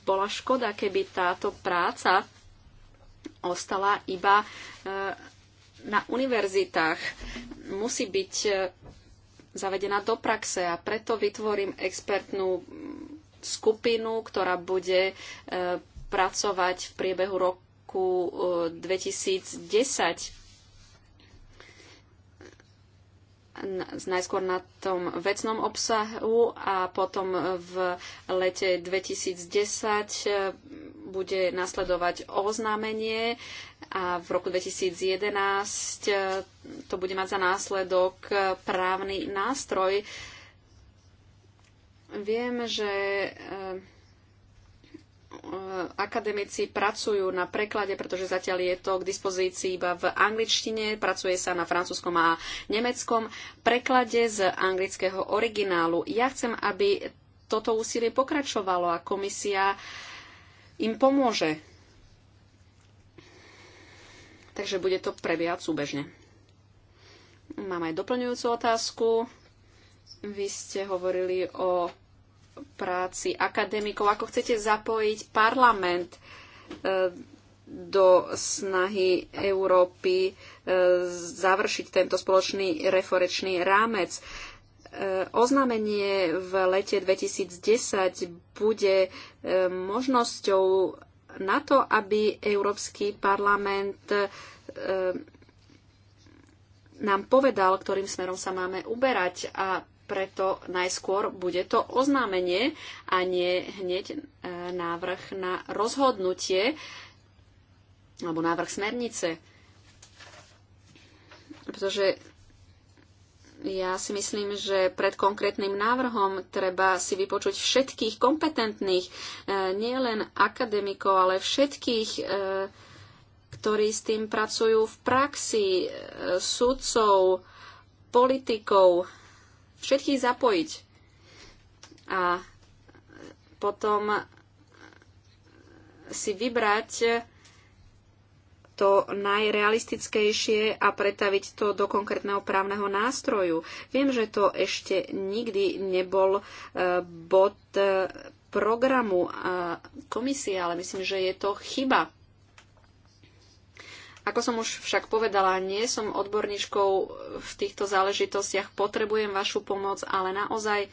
bola škoda, keby táto práca ostala iba na univerzitách. Musí byť zavedená do praxe a preto vytvorím expertnú skupinu, ktorá bude e, pracovať v priebehu roku 2010 e, najskôr na tom vecnom obsahu a potom v lete 2010 e, bude nasledovať oznámenie a v roku 2011 e, to bude mať za následok e, právny nástroj. Viem, že Eh, akademici pracujú na preklade, pretože zatiaľ je to k dispozícii iba v angličtine, pracuje sa na francúzskom a nemeckom preklade z anglického originálu. Ja chcem, aby toto úsilie pokračovalo a komisia im pomôže. Takže bude to prebiehať súbežne. Mám aj doplňujúcu otázku. Vy ste hovorili o práci akademikov, ako chcete zapojiť parlament e, do snahy Európy e, završiť tento spoločný reforečný rámec. E, oznámenie v lete 2010 bude možnosťou na to, aby Európsky parlament nám povedal, ktorým smerom sa máme uberať a preto najskôr bude to oznámenie a nie hneď e, návrh na rozhodnutie alebo návrh smernice. Pretože ja si myslím, že pred konkrétnym návrhom treba si vypočuť všetkých kompetentných, e, nielen akademikov, ale všetkých, e, ktorí s tým pracujú v praxi, sudcov, politikov, všetkých zapojiť. A potom si vybrať to najrealistickejšie a pretaviť to do konkrétneho právneho nástroju. Viem, že to ešte nikdy nebol e, bod e, programu komisie, ale myslím, že je to chyba. Ako som už však povedala, nie som odborníčkou v týchto záležitostiach, potrebujem vašu pomoc, ale naozaj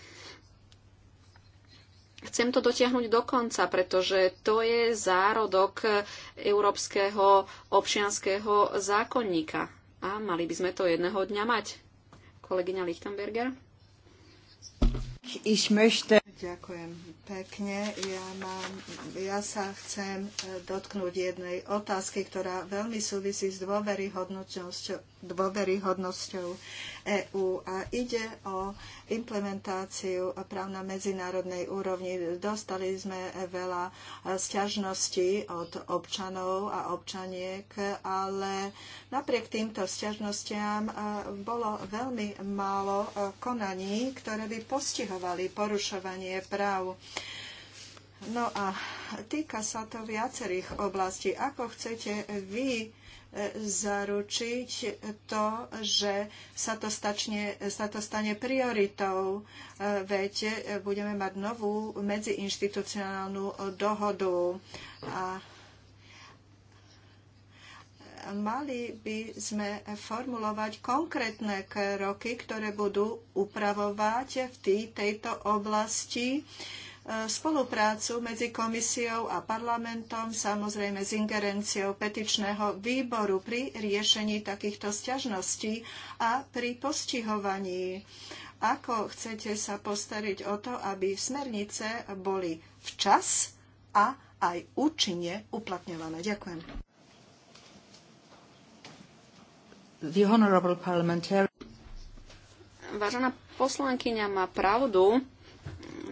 chcem to dotiahnuť do konca, pretože to je zárodok európskeho občianského zákonníka. A mali by sme to jedného dňa mať. Kolegyňa Lichtenberger. Möchte... Ďakujem pekne. Ja, mám, ja sa chcem e, dotknúť jednej otázky, ktorá veľmi súvisí s dôveryhodnosťou, dôveryhodnosťou EÚ a ide o implementáciu práv na medzinárodnej úrovni. Dostali sme veľa sťažností od občanov a občaniek, ale napriek týmto sťažnostiam e, bolo veľmi málo e, konaní, ktoré by postihovali porušovanie práv. No a týka sa to viacerých oblastí. Ako chcete vy zaručiť to, že sa to, stačne, sa to stane prioritou, e, veď e, budeme mať novú medziinstitucionálnu dohodu. A mali by sme formulovať konkrétne kroky, ktoré budú upravovať v tý, tejto oblasti spoluprácu medzi komisiou a parlamentom, samozrejme s ingerenciou petičného výboru pri riešení takýchto sťažností a pri postihovaní. Ako chcete sa postariť o to, aby smernice boli včas a aj účinne uplatňované? Ďakujem. The honorable parliamentary... Vážená poslankyňa má pravdu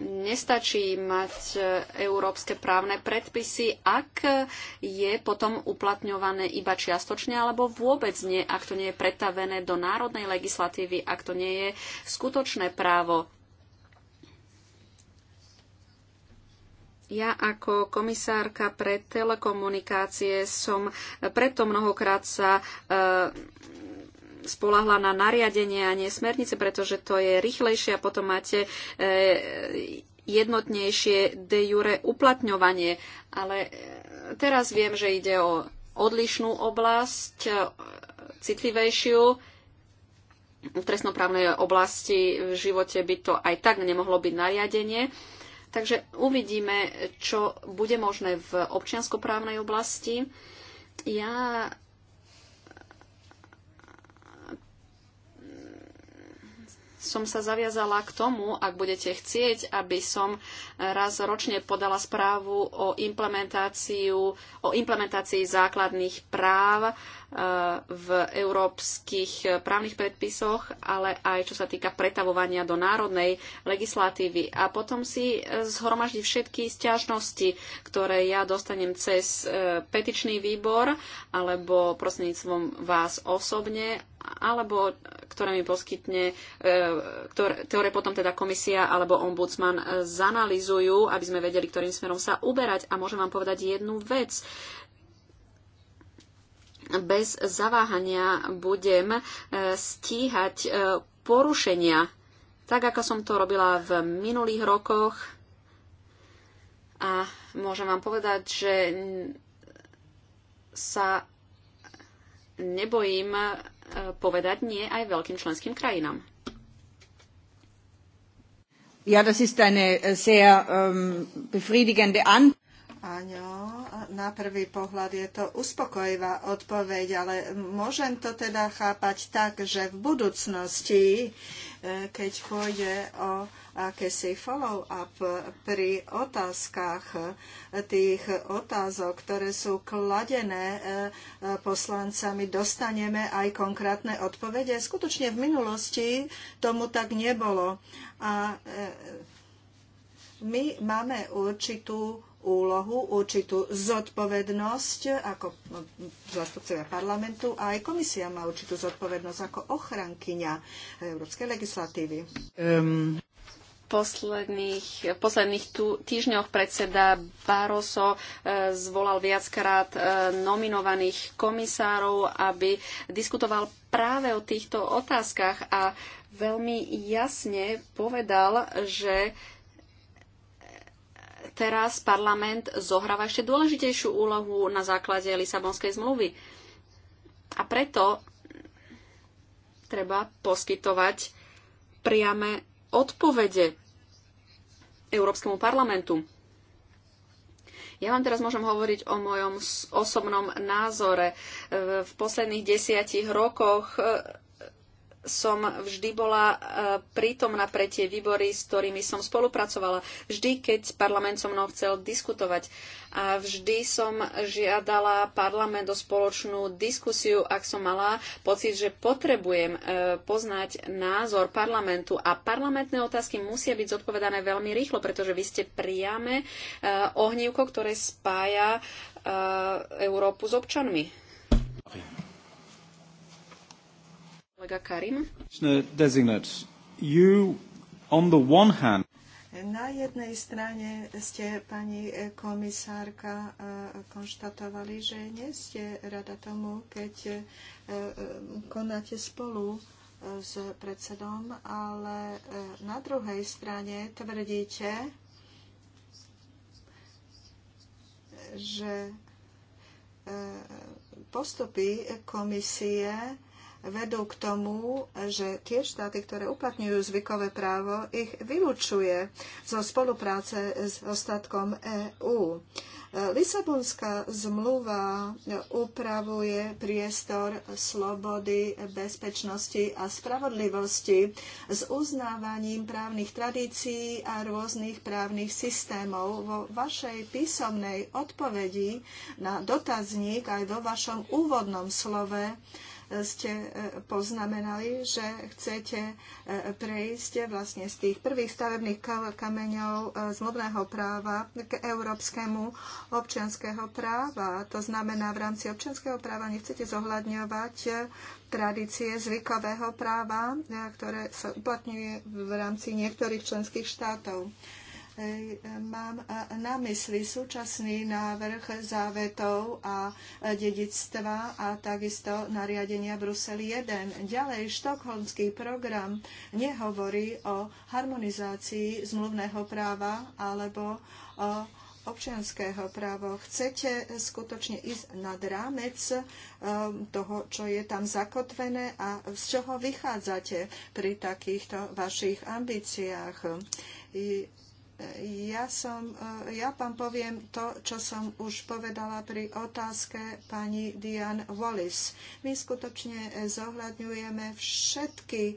nestačí mať e, európske právne predpisy, ak je potom uplatňované iba čiastočne alebo vôbec nie, ak to nie je pretavené do národnej legislatívy, ak to nie je skutočné právo. Ja ako komisárka pre telekomunikácie som preto mnohokrát sa e, spolahla na nariadenie a nie smernice, pretože to je rýchlejšie a potom máte e, jednotnejšie de jure uplatňovanie. Ale e, teraz viem, že ide o odlišnú oblasť, e, citlivejšiu. V trestnoprávnej oblasti v živote by to aj tak nemohlo byť nariadenie. Takže uvidíme, čo bude možné v občianskoprávnej oblasti. Ja som sa zaviazala k tomu, ak budete chcieť, aby som raz ročne podala správu o, implementáciu, o implementácii základných práv v európskych právnych predpisoch, ale aj čo sa týka pretavovania do národnej legislatívy. A potom si e, zhromaždí všetky stiažnosti, ktoré ja dostanem cez e, petičný výbor alebo prostredníctvom vás osobne alebo ktoré mi poskytne, e, ktoré, ktoré potom teda komisia alebo ombudsman zanalizujú, aby sme vedeli, ktorým smerom sa uberať. A môžem vám povedať jednu vec bez zaváhania budem e, stíhať e, porušenia, tak ako som to robila v minulých rokoch. A môžem vám povedať, že sa nebojím e, povedať nie aj veľkým členským krajinám. Ja, das ist eine äh, sehr um, befriedigende Antwort. Áno, na prvý pohľad je to uspokojivá odpoveď, ale môžem to teda chápať tak, že v budúcnosti, e, keď pôjde o akési follow-up pri otázkach tých otázok, ktoré sú kladené e, poslancami, dostaneme aj konkrétne odpovede. Skutočne v minulosti tomu tak nebolo. A e, my máme určitú úlohu, určitú zodpovednosť ako zástupcovia parlamentu a aj komisia má určitú zodpovednosť ako ochrankyňa európskej legislatívy. Um. Posledných, posledných tú, týždňoch predseda Barroso e, zvolal viackrát e, nominovaných komisárov, aby diskutoval práve o týchto otázkach a veľmi jasne povedal, že teraz parlament zohráva ešte dôležitejšiu úlohu na základe Lisabonskej zmluvy. A preto treba poskytovať priame odpovede Európskemu parlamentu. Ja vám teraz môžem hovoriť o mojom osobnom názore. V posledných desiatich rokoch som vždy bola e, prítomná pre tie výbory, s ktorými som spolupracovala. Vždy, keď parlament so mnou chcel diskutovať. A vždy som žiadala parlament o spoločnú diskusiu, ak som mala pocit, že potrebujem e, poznať názor parlamentu. A parlamentné otázky musia byť zodpovedané veľmi rýchlo, pretože vy ste priame e, ohnívko, ktoré spája Európu s občanmi. Kolega Karim. you on the one hand na jednej strane ste, pani komisárka, eh, konštatovali, že nie ste rada tomu, keď eh, eh, konáte spolu s predsedom, ale na druhej strane tvrdíte, že postupy komisie vedú k tomu, že tie štáty, ktoré uplatňujú zvykové právo, ich vylúčuje zo spolupráce s ostatkom EÚ. Lisabonská zmluva upravuje priestor slobody, bezpečnosti a spravodlivosti s uznávaním právnych tradícií a rôznych právnych systémov. Vo vašej písomnej odpovedi na dotazník aj vo vašom úvodnom slove ste e, poznamenali, že chcete e, prejsť vlastne z tých prvých stavebných kameňov e, zmluvného práva k európskemu občianského práva. To znamená, v rámci občianského práva nechcete zohľadňovať tradície zvykového práva, ktoré sa uplatňuje v rámci niektorých členských štátov. Mám e, na mysli súčasný návrh závetov a e, dedictva a takisto nariadenia Brusel 1. Ďalej, štokholmský program nehovorí o harmonizácii zmluvného práva alebo o občianského právo. Chcete skutočne ísť nad rámec e, toho, čo je tam zakotvené a z čoho vychádzate pri takýchto vašich ambíciách. I ja, som, e, ja vám poviem to, čo som už povedala pri otázke pani Diane Wallis. My skutočne e, zohľadňujeme všetky e,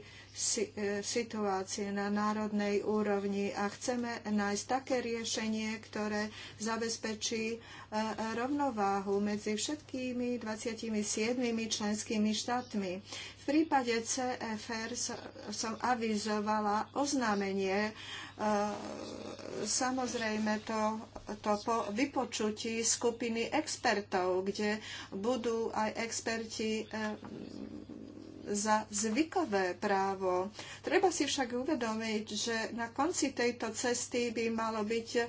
situácie na národnej úrovni a chceme nájsť také riešenie, ktoré zabezpečí rovnováhu medzi všetkými 27 členskými štátmi. V prípade CFR som avizovala oznámenie samozrejme to, to po vypočutí skupiny expertov, kde budú aj experti e, za zvykové právo. Treba si však uvedomiť, že na konci tejto cesty by malo byť e,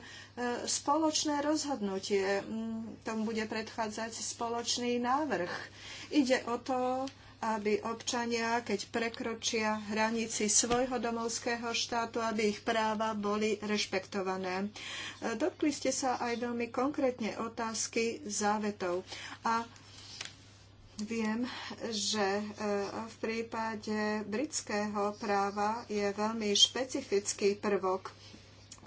spoločné rozhodnutie. Mm, tomu bude predchádzať spoločný návrh. Ide o to, aby občania, keď prekročia hranici svojho domovského štátu, aby ich práva boli rešpektované. Dotkli ste sa aj veľmi konkrétne otázky závetov. A Viem, že e, v prípade britského práva je veľmi špecifický prvok.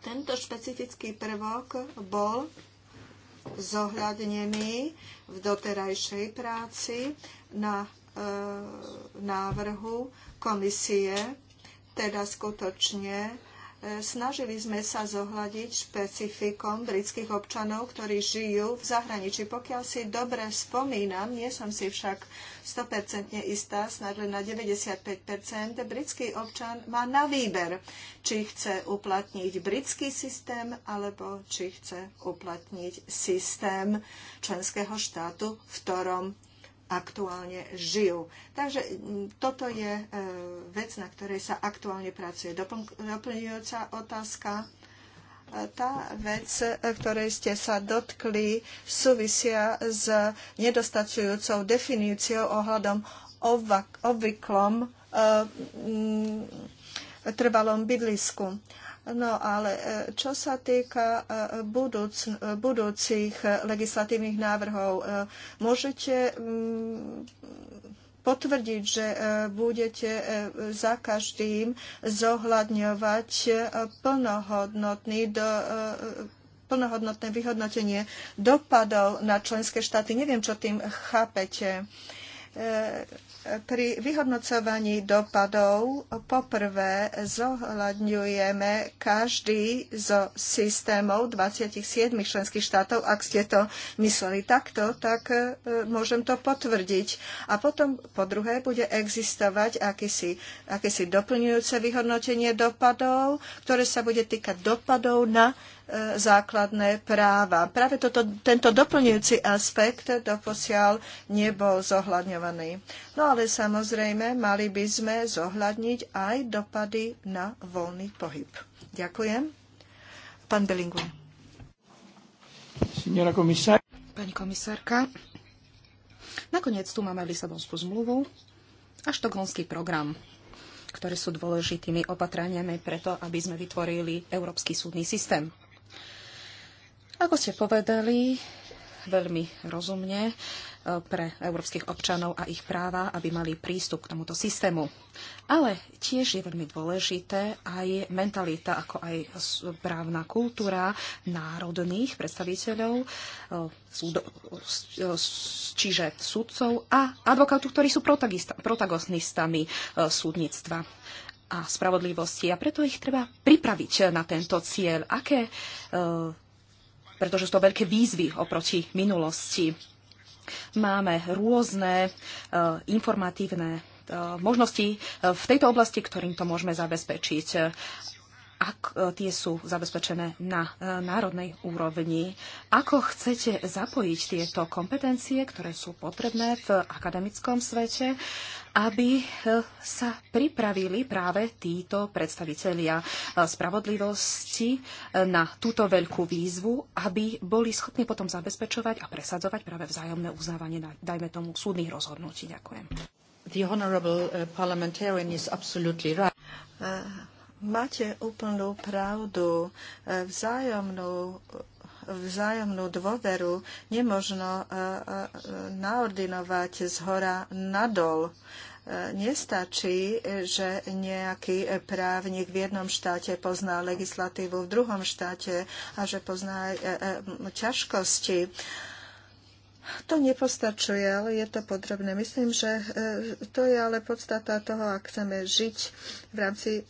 Tento špecifický prvok bol zohľadnený v doterajšej práci na E, návrhu komisie, teda skutočne e, snažili sme sa zohľadiť špecifikom britských občanov, ktorí žijú v zahraničí. Pokiaľ si dobre spomínam, nie som si však 100% istá, snad len na 95%, britský občan má na výber, či chce uplatniť britský systém, alebo či chce uplatniť systém členského štátu, v ktorom aktuálne žijú. Takže toto je e, vec, na ktorej sa aktuálne pracuje. Doplňujúca otázka. E, tá vec, e, ktorej ste sa dotkli, súvisia s nedostačujúcou definíciou ohľadom obvyklom trvalom bydlisku. No ale e, čo sa týka e, budúc, budúcich legislatívnych návrhov, e, môžete mm, potvrdiť, že budete za každým zohľadňovať plnohodnotný do, plnohodnotné vyhodnotenie dopadov na členské štáty. Neviem, čo tým chápete pri vyhodnocovaní dopadov poprvé zohľadňujeme každý zo systémov 27 členských štátov. Ak ste to mysleli takto, tak e, môžem to potvrdiť. A potom po druhé bude existovať akési, akési doplňujúce vyhodnotenie dopadov, ktoré sa bude týkať dopadov na základné práva. Práve toto, tento doplňujúci aspekt doposiaľ nebol zohľadňovaný. No ale samozrejme, mali by sme zohľadniť aj dopady na voľný pohyb. Ďakujem. Pán Belingu. Pani komisárka, nakoniec tu máme Lisabonskú zmluvu a štokholmský program ktoré sú dôležitými opatraniami preto, aby sme vytvorili európsky súdny systém. Ako ste povedali, veľmi rozumne eh, pre európskych občanov a ich práva, aby mali prístup k tomuto systému. Ale tiež je veľmi dôležité aj mentalita, ako aj právna kultúra národných predstaviteľov, eh, eh, čiže súdcov a advokátov, ktorí sú protagonistami súdnictva a spravodlivosti. A preto ich treba pripraviť na tento cieľ. Aké pretože sú to veľké výzvy oproti minulosti. Máme rôzne e, informatívne e, možnosti e, v tejto oblasti, ktorým to môžeme zabezpečiť. Ak tie sú zabezpečené na národnej úrovni, ako chcete zapojiť tieto kompetencie, ktoré sú potrebné v akademickom svete aby eh, sa pripravili práve títo predstavitelia eh, spravodlivosti eh, na túto veľkú výzvu, aby boli schopní potom zabezpečovať a presadzovať práve vzájomné uznávanie, dajme tomu, súdnych rozhodnutí. Ďakujem. The honorable parliamentarian is absolutely right. Máte úplnú pravdu. Vzájomnú vzájomnú dôveru nemožno naordinovať z hora nadol nestačí, že nejaký právnik v jednom štáte pozná legislatívu v druhom štáte a že pozná e, e, ťažkosti. To nepostačuje, ale je to podrobné. Myslím, že e, to je ale podstata toho, ak chceme žiť v rámci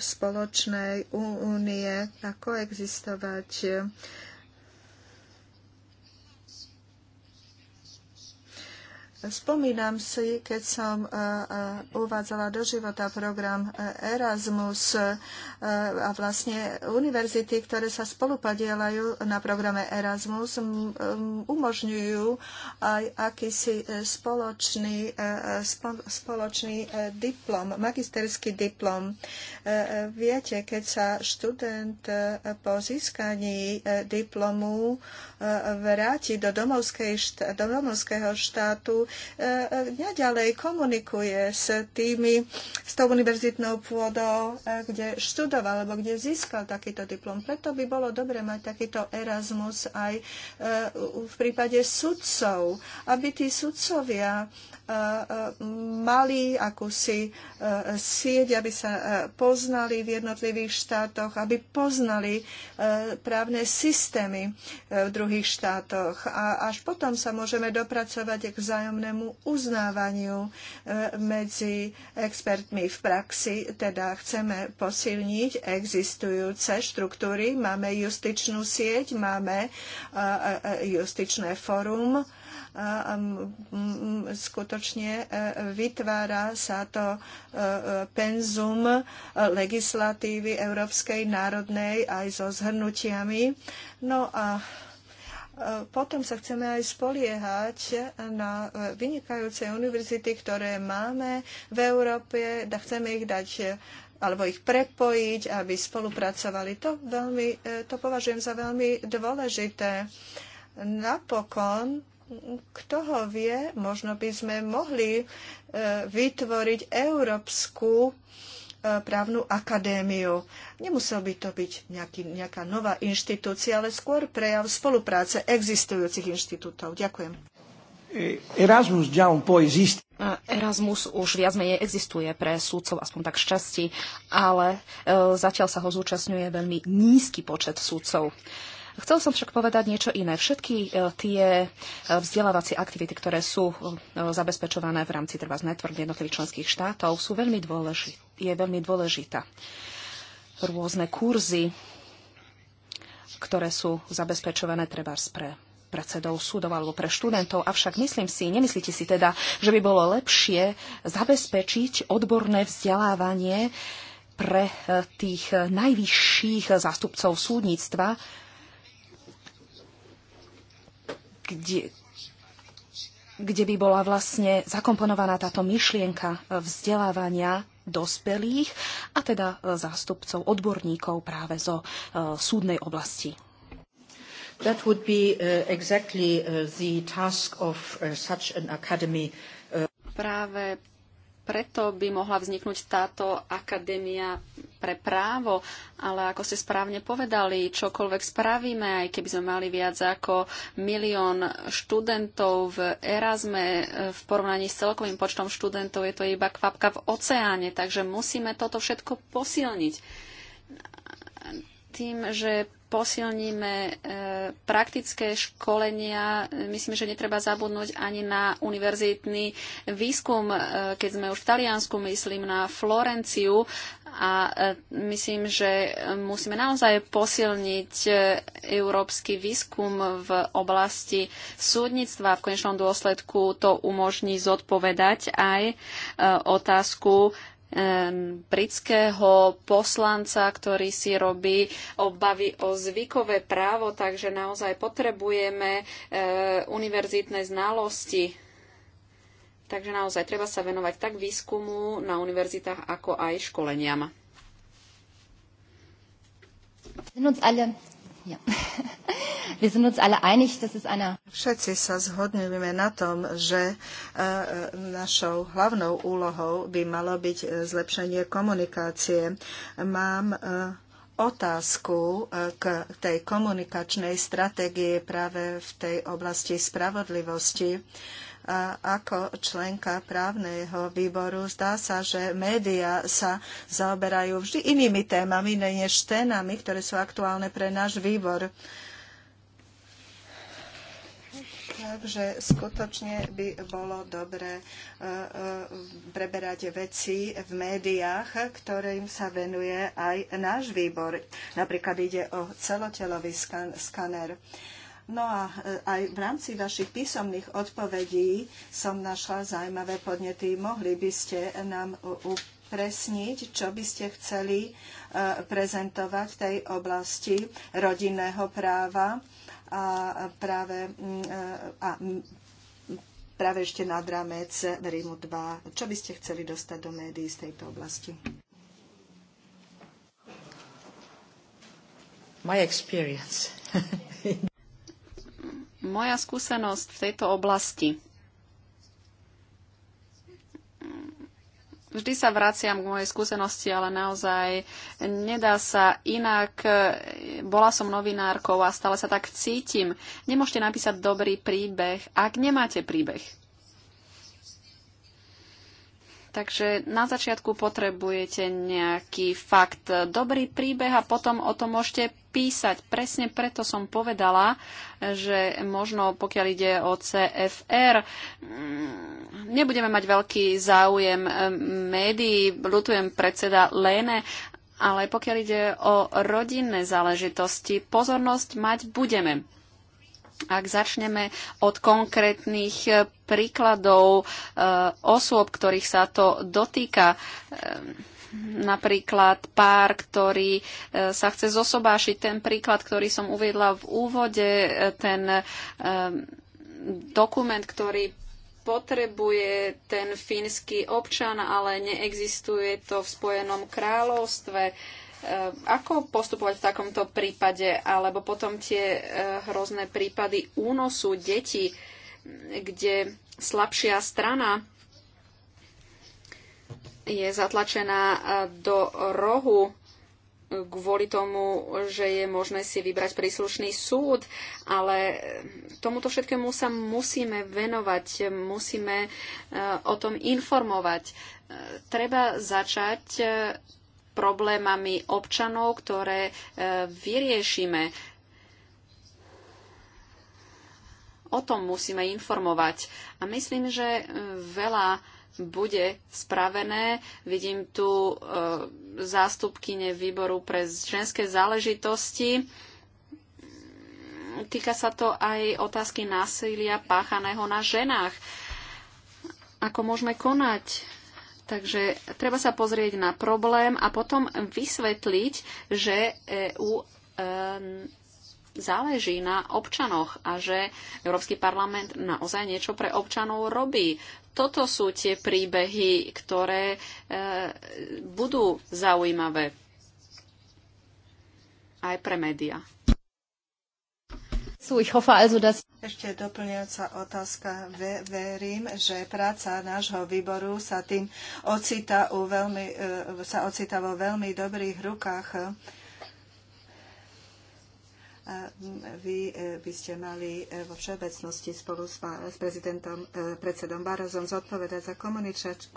spoločnej únie a koexistovať. existovať Spomínam si, keď som e, e, uvádzala do života program e, Erasmus a vlastne univerzity, ktoré sa spolupadielajú na programe Erasmus, umožňujú aj akýsi spoločný, spoločný diplom, magisterský diplom. Viete, keď sa študent po získaní diplomu vráti do domovského štátu, štátu naďalej komunikuje s tými, s tou univerzitnou pôdou, eh, kde študoval alebo kde získal takýto diplom. Preto by bolo dobre mať takýto Erasmus aj eh, v prípade sudcov, aby tí sudcovia mali akúsi e, sieť, aby sa e, poznali v jednotlivých štátoch, aby poznali e, právne systémy v druhých štátoch. A až potom sa môžeme dopracovať k vzájomnému uznávaniu medzi expertmi v praxi. Teda chceme posilniť existujúce štruktúry. Máme justičnú sieť, máme justičné fórum, a skutočne e, vytvára sa to e, e, penzum legislatívy európskej národnej aj so zhrnutiami. No a potom sa chceme aj spoliehať na vynikajúce univerzity, ktoré máme v Európe, da chceme ich dať alebo ich prepojiť, aby spolupracovali. To, veľmi, to považujem za veľmi dôležité. Napokon kto ho vie, možno by sme mohli e, vytvoriť európsku e, právnu akadémiu. Nemusel by to byť nejaký, nejaká nová inštitúcia, ale skôr prejav spolupráce existujúcich inštitútov. Ďakujem. E, Erasmus po Erasmus už viac menej existuje pre súdcov, aspoň tak šťastí, ale zatiaľ sa ho zúčastňuje veľmi nízky počet súdcov. E, Chcel som však povedať niečo iné. Všetky e, tie e, vzdelávacie aktivity, ktoré sú e, zabezpečované v rámci treba network jednotlivých členských štátov, sú veľmi dôležité. Je veľmi dôležitá. Rôzne kurzy, ktoré sú zabezpečované treba pre predsedov súdov alebo pre študentov, avšak myslím si, nemyslíte si teda, že by bolo lepšie zabezpečiť odborné vzdelávanie pre tých najvyšších zástupcov súdnictva, kde, kde by bola vlastne zakomponovaná táto myšlienka vzdelávania dospelých a teda e, zástupcov odborníkov práve zo e, súdnej oblasti. That would be uh, exactly uh, the task of uh, such an academy. Uh... Práve preto by mohla vzniknúť táto akadémia pre právo, ale ako ste správne povedali, čokoľvek spravíme, aj keby sme mali viac ako milión študentov v Erasme, e, v porovnaní s celkovým počtom študentov je to iba kvapka v oceáne, takže musíme toto všetko posilniť tým, že posilníme e, praktické školenia. Myslím, že netreba zabudnúť ani na univerzitný výskum, e, keď sme už v Taliansku, myslím na Florenciu a e, myslím, že musíme naozaj posilniť európsky výskum v oblasti súdnictva. V konečnom dôsledku to umožní zodpovedať aj otázku britského poslanca, ktorý si robí obavy o zvykové právo, takže naozaj potrebujeme eh, univerzitné znalosti. Takže naozaj treba sa venovať tak výskumu na univerzitách, ako aj školeniam. Ja. Wir sind uns alle einig, Všetci sa zhodňujeme na tom, že e, e, našou hlavnou úlohou by malo byť e, zlepšenie komunikácie. Mám otázku k tej komunikačnej strategii práve v tej oblasti spravodlivosti a ako členka právneho výboru zdá sa, že médiá sa zaoberajú vždy inými témami, než témami, ktoré sú aktuálne pre náš výbor. Takže skutočne by bolo dobre e, e, preberať veci v médiách, ktorým sa venuje aj náš výbor. Napríklad ide o celotelový skan- skaner. skaner No a e, aj v rámci vašich písomných odpovedí som našla zaujímavé podnety. Mohli by ste nám upresniť, čo by ste chceli e, prezentovať v tej oblasti rodinného práva a práve e, a práve ešte nad rámec Rímu 2. Čo by ste chceli dostať do médií z tejto oblasti? My experience. Moja skúsenosť v tejto oblasti. Vždy sa vraciam k mojej skúsenosti, ale naozaj nedá sa inak. Bola som novinárkou a stále sa tak cítim. Nemôžete napísať dobrý príbeh, ak nemáte príbeh. Takže na začiatku potrebujete nejaký fakt, dobrý príbeh a potom o tom môžete písať. Presne preto som povedala, že možno pokiaľ ide o CFR, mm, nebudeme mať veľký záujem mm, médií, lutujem predseda Lene, ale pokiaľ ide o rodinné záležitosti, pozornosť mať budeme. Ak začneme od konkrétnych eh, príkladov eh, osôb, ktorých sa to dotýka, eh, napríklad pár, ktorý sa chce zosobášiť. Ten príklad, ktorý som uviedla v úvode, ten dokument, ktorý potrebuje ten fínsky občan, ale neexistuje to v Spojenom kráľovstve Ehm, ako postupovať v takomto prípade? Alebo potom tie eh, hrozné prípady únosu detí, kde slabšia strana je zatlačená eh, do rohu eh, kvôli tomu, že je možné si vybrať príslušný súd, ale tomuto všetkému sa musíme venovať, musíme o tom informovať. Treba začať problémami občanov, ktoré e, vyriešime. O tom musíme informovať. A myslím, že e, veľa bude spravené. Vidím tu e, zástupkyne výboru pre ženské záležitosti. Týka sa to aj otázky násilia páchaného na ženách. Ako môžeme konať? Takže treba sa pozrieť na problém a potom vysvetliť, že EU záleží na občanoch a že Európsky parlament naozaj niečo pre občanov robí. Toto sú tie príbehy, ktoré e, budú zaujímavé aj pre médiá. So, ich hoffe also, dass... Ešte doplňujúca otázka. Verím, že práca nášho výboru sa tým ocita, u veľmi, e, sa ocita vo veľmi dobrých rukách vy e, by ste mali e, vo všeobecnosti spolu s, prezidentom, e, predsedom Barozom zodpovedať za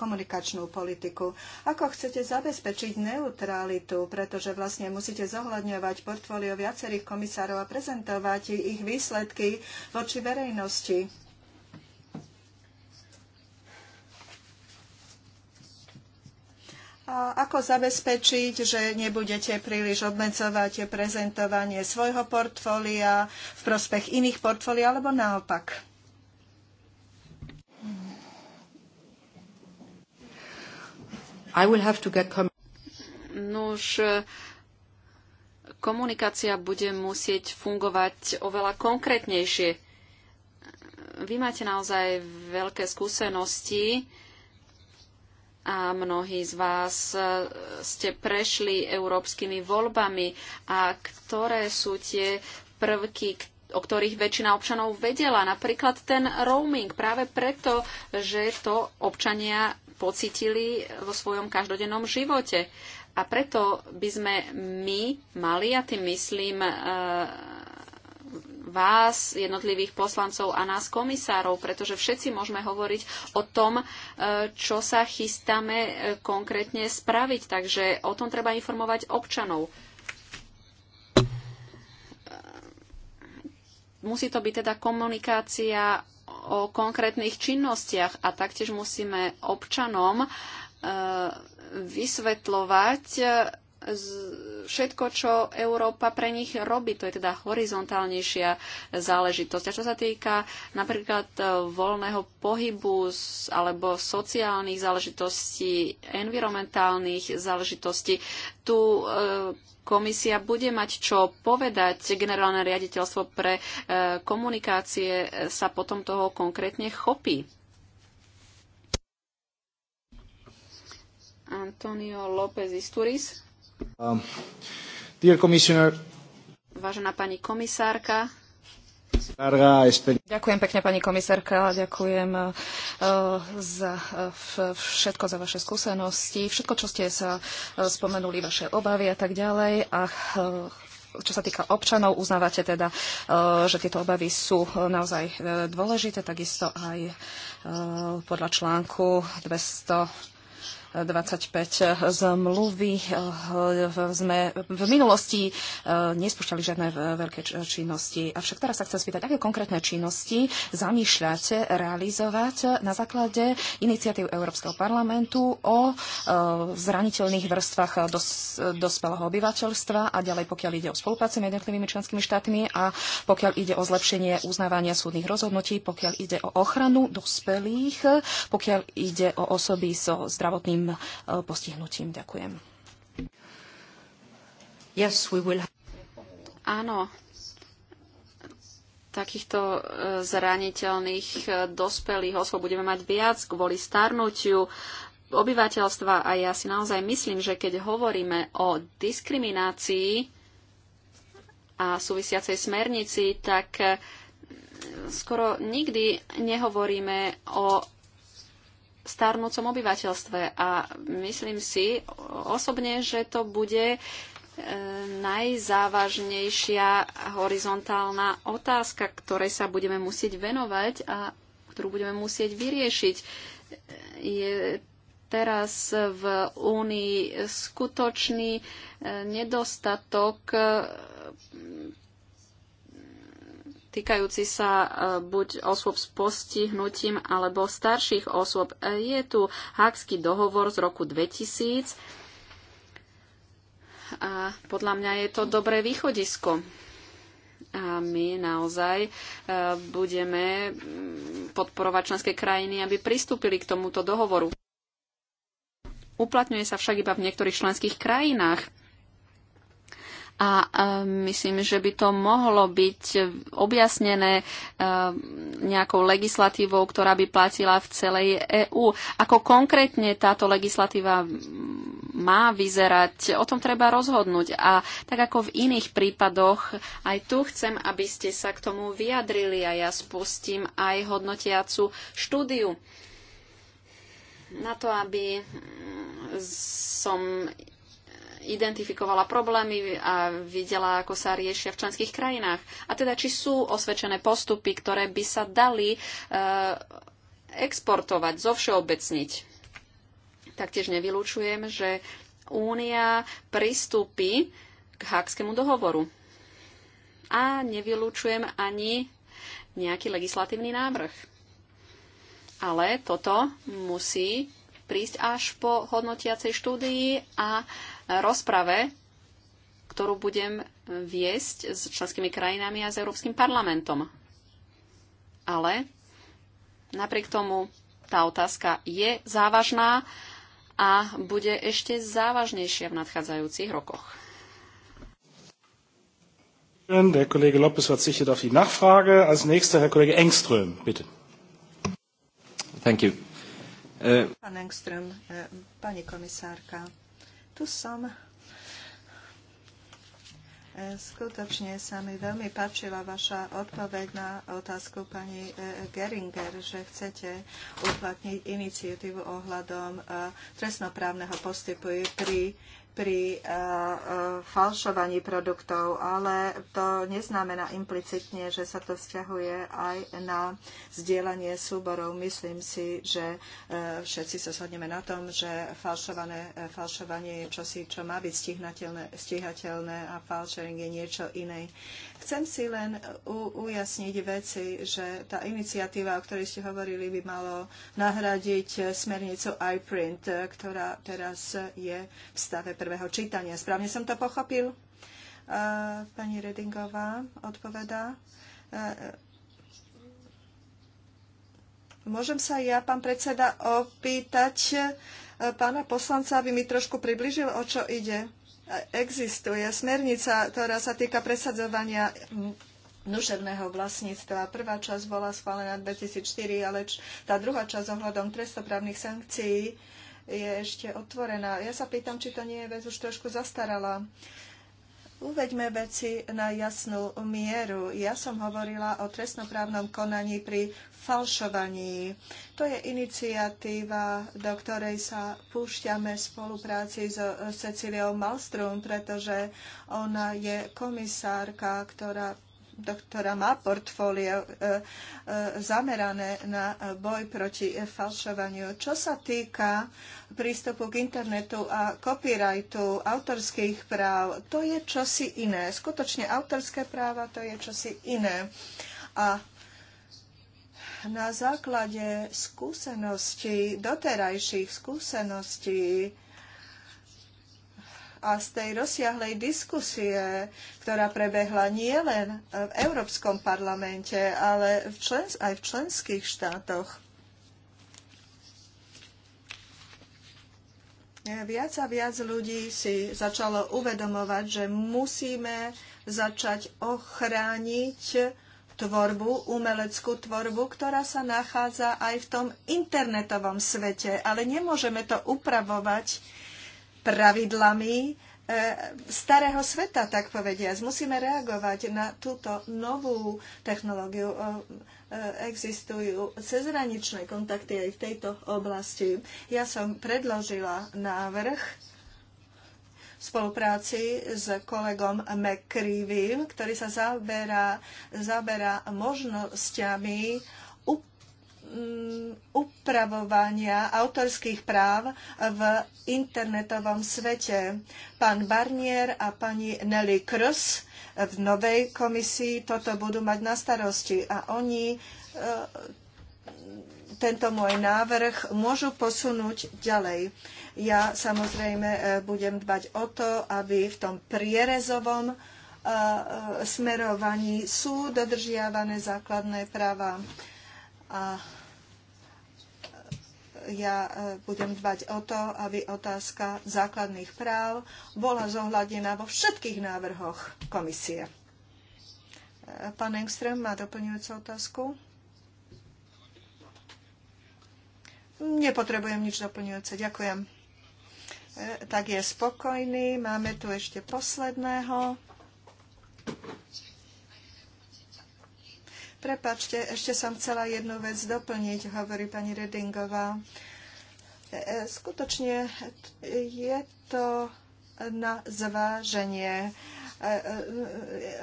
komunikačnú politiku. Ako chcete zabezpečiť neutralitu, pretože vlastne musíte zohľadňovať portfólio viacerých komisárov a prezentovať ich výsledky voči verejnosti? A ako zabezpečiť, že nebudete príliš obmedzovať prezentovanie svojho portfólia v prospech iných portfólia, alebo naopak? I will have to get Nož, komunikácia bude musieť fungovať oveľa konkrétnejšie. Vy máte naozaj veľké skúsenosti a mnohí z vás e, ste prešli európskymi voľbami a ktoré sú tie prvky, o ktorých väčšina občanov vedela. Napríklad ten roaming, práve preto, že to občania pocitili vo svojom každodennom živote. A preto by sme my mali, a tým myslím e, vás, jednotlivých poslancov a nás, komisárov, pretože všetci môžeme hovoriť o tom, e, čo sa chystáme e, konkrétne spraviť. Takže o tom treba informovať občanov. E, musí to byť teda komunikácia o konkrétnych činnostiach a taktiež musíme občanom vysvetľovať všetko, čo Európa pre nich robí. To je teda horizontálnejšia záležitosť. A čo sa týka napríklad e, voľného pohybu alebo sociálnych záležitostí, environmentálnych záležitostí, tu e, komisia bude mať čo povedať. Generálne riaditeľstvo pre e, komunikácie sa potom toho konkrétne chopí. Antonio López Isturiz. Um, dear commissioner. Vážená pani komisárka, Ďakujem pekne, pani komisárka, ďakujem uh, za uh, všetko, za vaše skúsenosti, všetko, čo ste sa uh, spomenuli, vaše obavy a tak ďalej. A uh, čo sa týka občanov, uznávate teda, uh, že tieto obavy sú uh, naozaj dôležité, takisto aj podľa článku 200 25 zmluvy. Sme v minulosti e, nespúšťali žiadne veľké činnosti. Avšak teraz sa chcem spýtať, aké konkrétne činnosti zamýšľate realizovať na základe iniciatív Európskeho parlamentu o e, zraniteľných vrstvách dospelého obyvateľstva a ďalej pokiaľ ide o spoluprácu medzi jednotlivými členskými štátmi a pokiaľ ide o zlepšenie uznávania súdnych rozhodnutí, pokiaľ ide o ochranu dospelých, pokiaľ ide o osoby so zdravotným trestným e, postihnutím. Ďakujem. Yes, we will... Áno, takýchto e, zraniteľných e, dospelých osôb budeme mať viac kvôli starnutiu obyvateľstva a ja si naozaj myslím, že keď hovoríme o diskriminácii a súvisiacej smernici, tak skoro nikdy nehovoríme o starnúcom obyvateľstve. A myslím si osobne, že to bude e, najzávažnejšia horizontálna otázka, ktorej sa budeme musieť venovať a ktorú budeme musieť vyriešiť. Je teraz v Únii skutočný e, nedostatok e, týkajúci sa e, buď osôb s postihnutím alebo starších osôb. E, je tu Hákský dohovor z roku 2000 a podľa mňa je to dobré východisko. A my naozaj e, budeme mm, podporovať členské krajiny, aby pristúpili k tomuto dohovoru. Uplatňuje sa však iba v niektorých členských krajinách a e, myslím, že by to mohlo byť objasnené e, nejakou legislatívou, ktorá by platila v celej EÚ. Ako konkrétne táto legislatíva má vyzerať, o tom treba rozhodnúť. A tak ako v iných prípadoch, aj tu chcem, aby ste sa k tomu vyjadrili a ja spustím aj hodnotiacu štúdiu na to, aby som identifikovala problémy a videla, ako sa riešia v členských krajinách. A teda, či sú osvedčené postupy, ktoré by sa dali e, exportovať, zovšeobecniť. Taktiež nevylučujem, že Únia pristúpi k Hákskému dohovoru. A nevylučujem ani nejaký legislatívny návrh. Ale toto musí prísť až po hodnotiacej štúdii a rozprave, ktorú budem viesť s členskými krajinami a s Európskym parlamentom. Ale napriek tomu tá otázka je závažná a bude ešte závažnejšia v nadchádzajúcich rokoch. Der Kollege verzichtet auf die Nachfrage. Als nächster Herr Kollege Engström, bitte. Thank you. Uh... Pán Engström, eh, pani komisárka, tu som. E, skutočne sa mi veľmi páčila vaša odpoveď na otázku pani e, Geringer, že chcete uplatniť iniciatívu ohľadom e, trestnoprávneho postupu pri pri eh, eh, falšovaní produktov, ale to neznamená implicitne, že sa to vzťahuje aj na zdieľanie súborov. Myslím si, že eh, všetci sa shodneme na tom, že falšované, falšovanie je čosi, čo má byť stíhateľné a falšering je niečo iné. Chcem si len ujasniť veci, že tá iniciatíva, o ktorej ste hovorili, by malo nahradiť smernicu iPrint, ktorá teraz je v stave prvého čítania. Správne som to pochopil? Pani Redingová odpovedá. Môžem sa ja, pán predseda, opýtať e, pána poslanca, aby mi trošku približil, o čo ide? existuje smernica, ktorá sa týka presadzovania duševného vlastníctva. Prvá časť bola schválená 2004, ale tá druhá časť ohľadom trestoprávnych sankcií je ešte otvorená. Ja sa pýtam, či to nie je vec už trošku zastarala. Uh, Uveďme veci na jasnú mieru. Ja som hovorila o trestnoprávnom konaní pri falšovaní. To je iniciatíva, do ktorej sa púšťame v spolupráci so Ceciliou Malstrom, pretože ona je komisárka, ktorá ktorá má portfólio e, e, zamerané na boj proti falšovaniu. Čo sa týka prístupu k internetu a copyrightu, autorských práv, to je čosi iné. Skutočne autorské práva to je čosi iné. A na základe skúseností, doterajších skúseností, a z tej rozsiahlej diskusie, ktorá prebehla nie len v Európskom parlamente, ale v člen, aj v členských štátoch. Viac a viac ľudí si začalo uvedomovať, že musíme začať ochrániť tvorbu, umeleckú tvorbu, ktorá sa nachádza aj v tom internetovom svete. Ale nemôžeme to upravovať pravidlami e, starého sveta, tak povediať. Musíme reagovať na túto novú technológiu. E, existujú cezhraničné kontakty aj v tejto oblasti. Ja som predložila návrh v spolupráci s kolegom McCreevym, ktorý sa zaoberá, zaoberá možnosťami Mm, upravovania autorských práv v internetovom svete. Pán Barnier a pani Nelly Kroes v novej komisii toto budú mať na starosti a oni e, tento môj návrh môžu posunúť ďalej. Ja samozrejme e, budem dbať o to, aby v tom prierezovom e, smerovaní sú dodržiavané základné práva. A ja e, budem dbať o to, aby otázka základných práv bola zohľadená vo všetkých návrhoch komisie. E, pán Engström má doplňujúcu otázku. Nepotrebujem nič doplňujúce. Ďakujem. E, tak je spokojný. Máme tu ešte posledného. Prepačte, ešte som chcela jednu vec doplniť, hovorí pani Redingová. E, e, skutočne je to na zváženie e,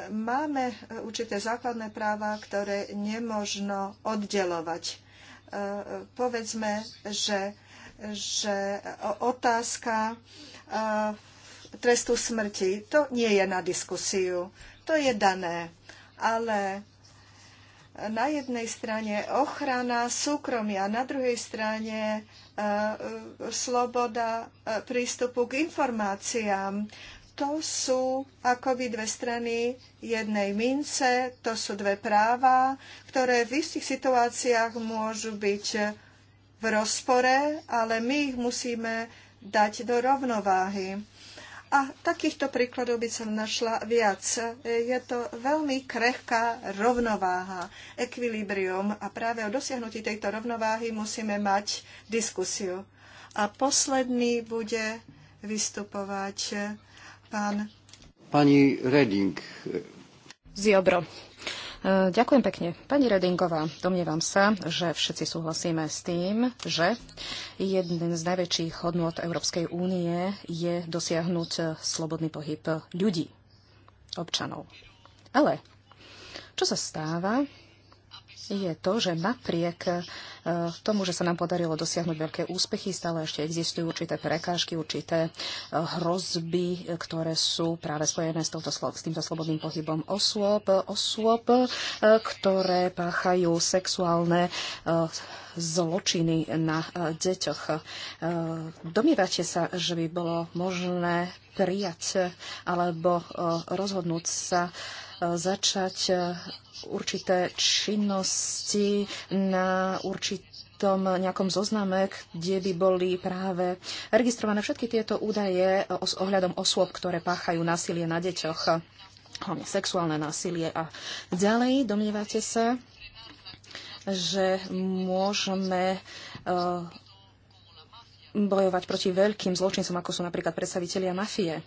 máme určité základné práva, ktoré nemožno oddelovať. Povedzme, že, že otázka trestu smrti, to nie je na diskusiu, to je dané. Ale na jednej strane ochrana súkromia, na druhej strane e, sloboda e, prístupu k informáciám. To sú akoby dve strany jednej mince, to sú dve práva, ktoré v istých situáciách môžu byť v rozpore, ale my ich musíme dať do rovnováhy a takýchto príkladov by som našla viac. Je to veľmi krehká rovnováha, ekvilibrium a práve o dosiahnutí tejto rovnováhy musíme mať diskusiu. A posledný bude vystupovať pán... Pani Reding. Ziobro. E, ďakujem pekne. Pani Redingová, domnievam sa, že všetci súhlasíme s tým, že jeden z najväčších hodnot Európskej únie je dosiahnuť slobodný pohyb ľudí, občanov. Ale čo sa stáva, je to, že napriek e, tomu, že sa nám podarilo dosiahnuť veľké úspechy, stále ešte existujú určité prekážky, určité e, hrozby, ktoré sú práve spojené s, touto, s týmto slobodným pohybom osôb, osôb, e, ktoré páchajú sexuálne zločiny na deťoch. Domývate sa, že by bolo možné prijať alebo rozhodnúť sa E, začať e, určité činnosti na určitom nejakom zozname, kde by boli práve registrované všetky tieto údaje s ohľadom osôb, ktoré páchajú násilie na deťoch, hlavne sexuálne násilie a ďalej. Domnievate sa, že môžeme e, bojovať proti veľkým zločincom, ako sú napríklad predstavitelia mafie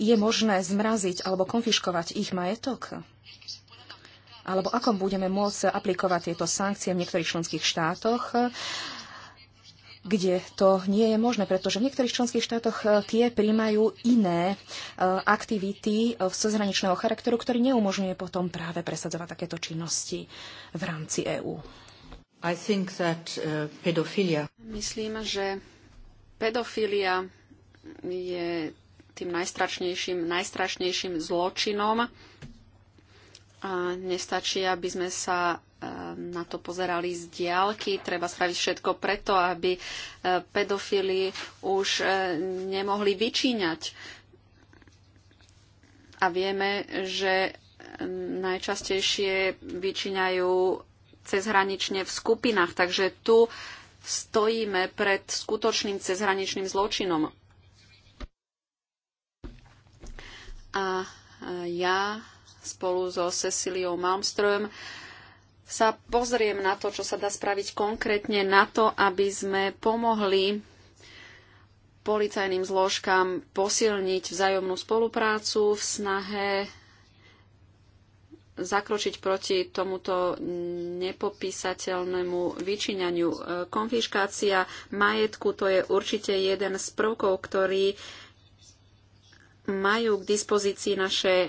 je možné zmraziť alebo konfiškovať ich majetok? Alebo ako budeme môcť aplikovať tieto sankcie v niektorých členských štátoch? kde to nie je možné, pretože v niektorých členských štátoch eh, tie príjmajú iné eh, aktivity v eh, cezhraničného charakteru, ktorý neumožňuje potom práve presadzovať takéto činnosti v rámci EÚ. Myslím, že pedofilia je tým najstrašnejším, najstrašnejším zločinom. A nestačí, aby sme sa e, na to pozerali z diálky. Treba spraviť všetko preto, aby e, pedofili už e, nemohli vyčíňať. A vieme, že najčastejšie vyčíňajú cezhranične v skupinách. Takže tu stojíme pred skutočným cezhraničným zločinom. a e, ja spolu so Ceciliou Malmström sa pozriem na to, čo sa dá spraviť konkrétne na to, aby sme pomohli policajným zložkám posilniť vzájomnú spoluprácu v snahe zakročiť proti tomuto nepopísateľnému vyčíňaniu. E, konfiškácia majetku to je určite jeden z prvkov, ktorý majú k dispozícii naše e,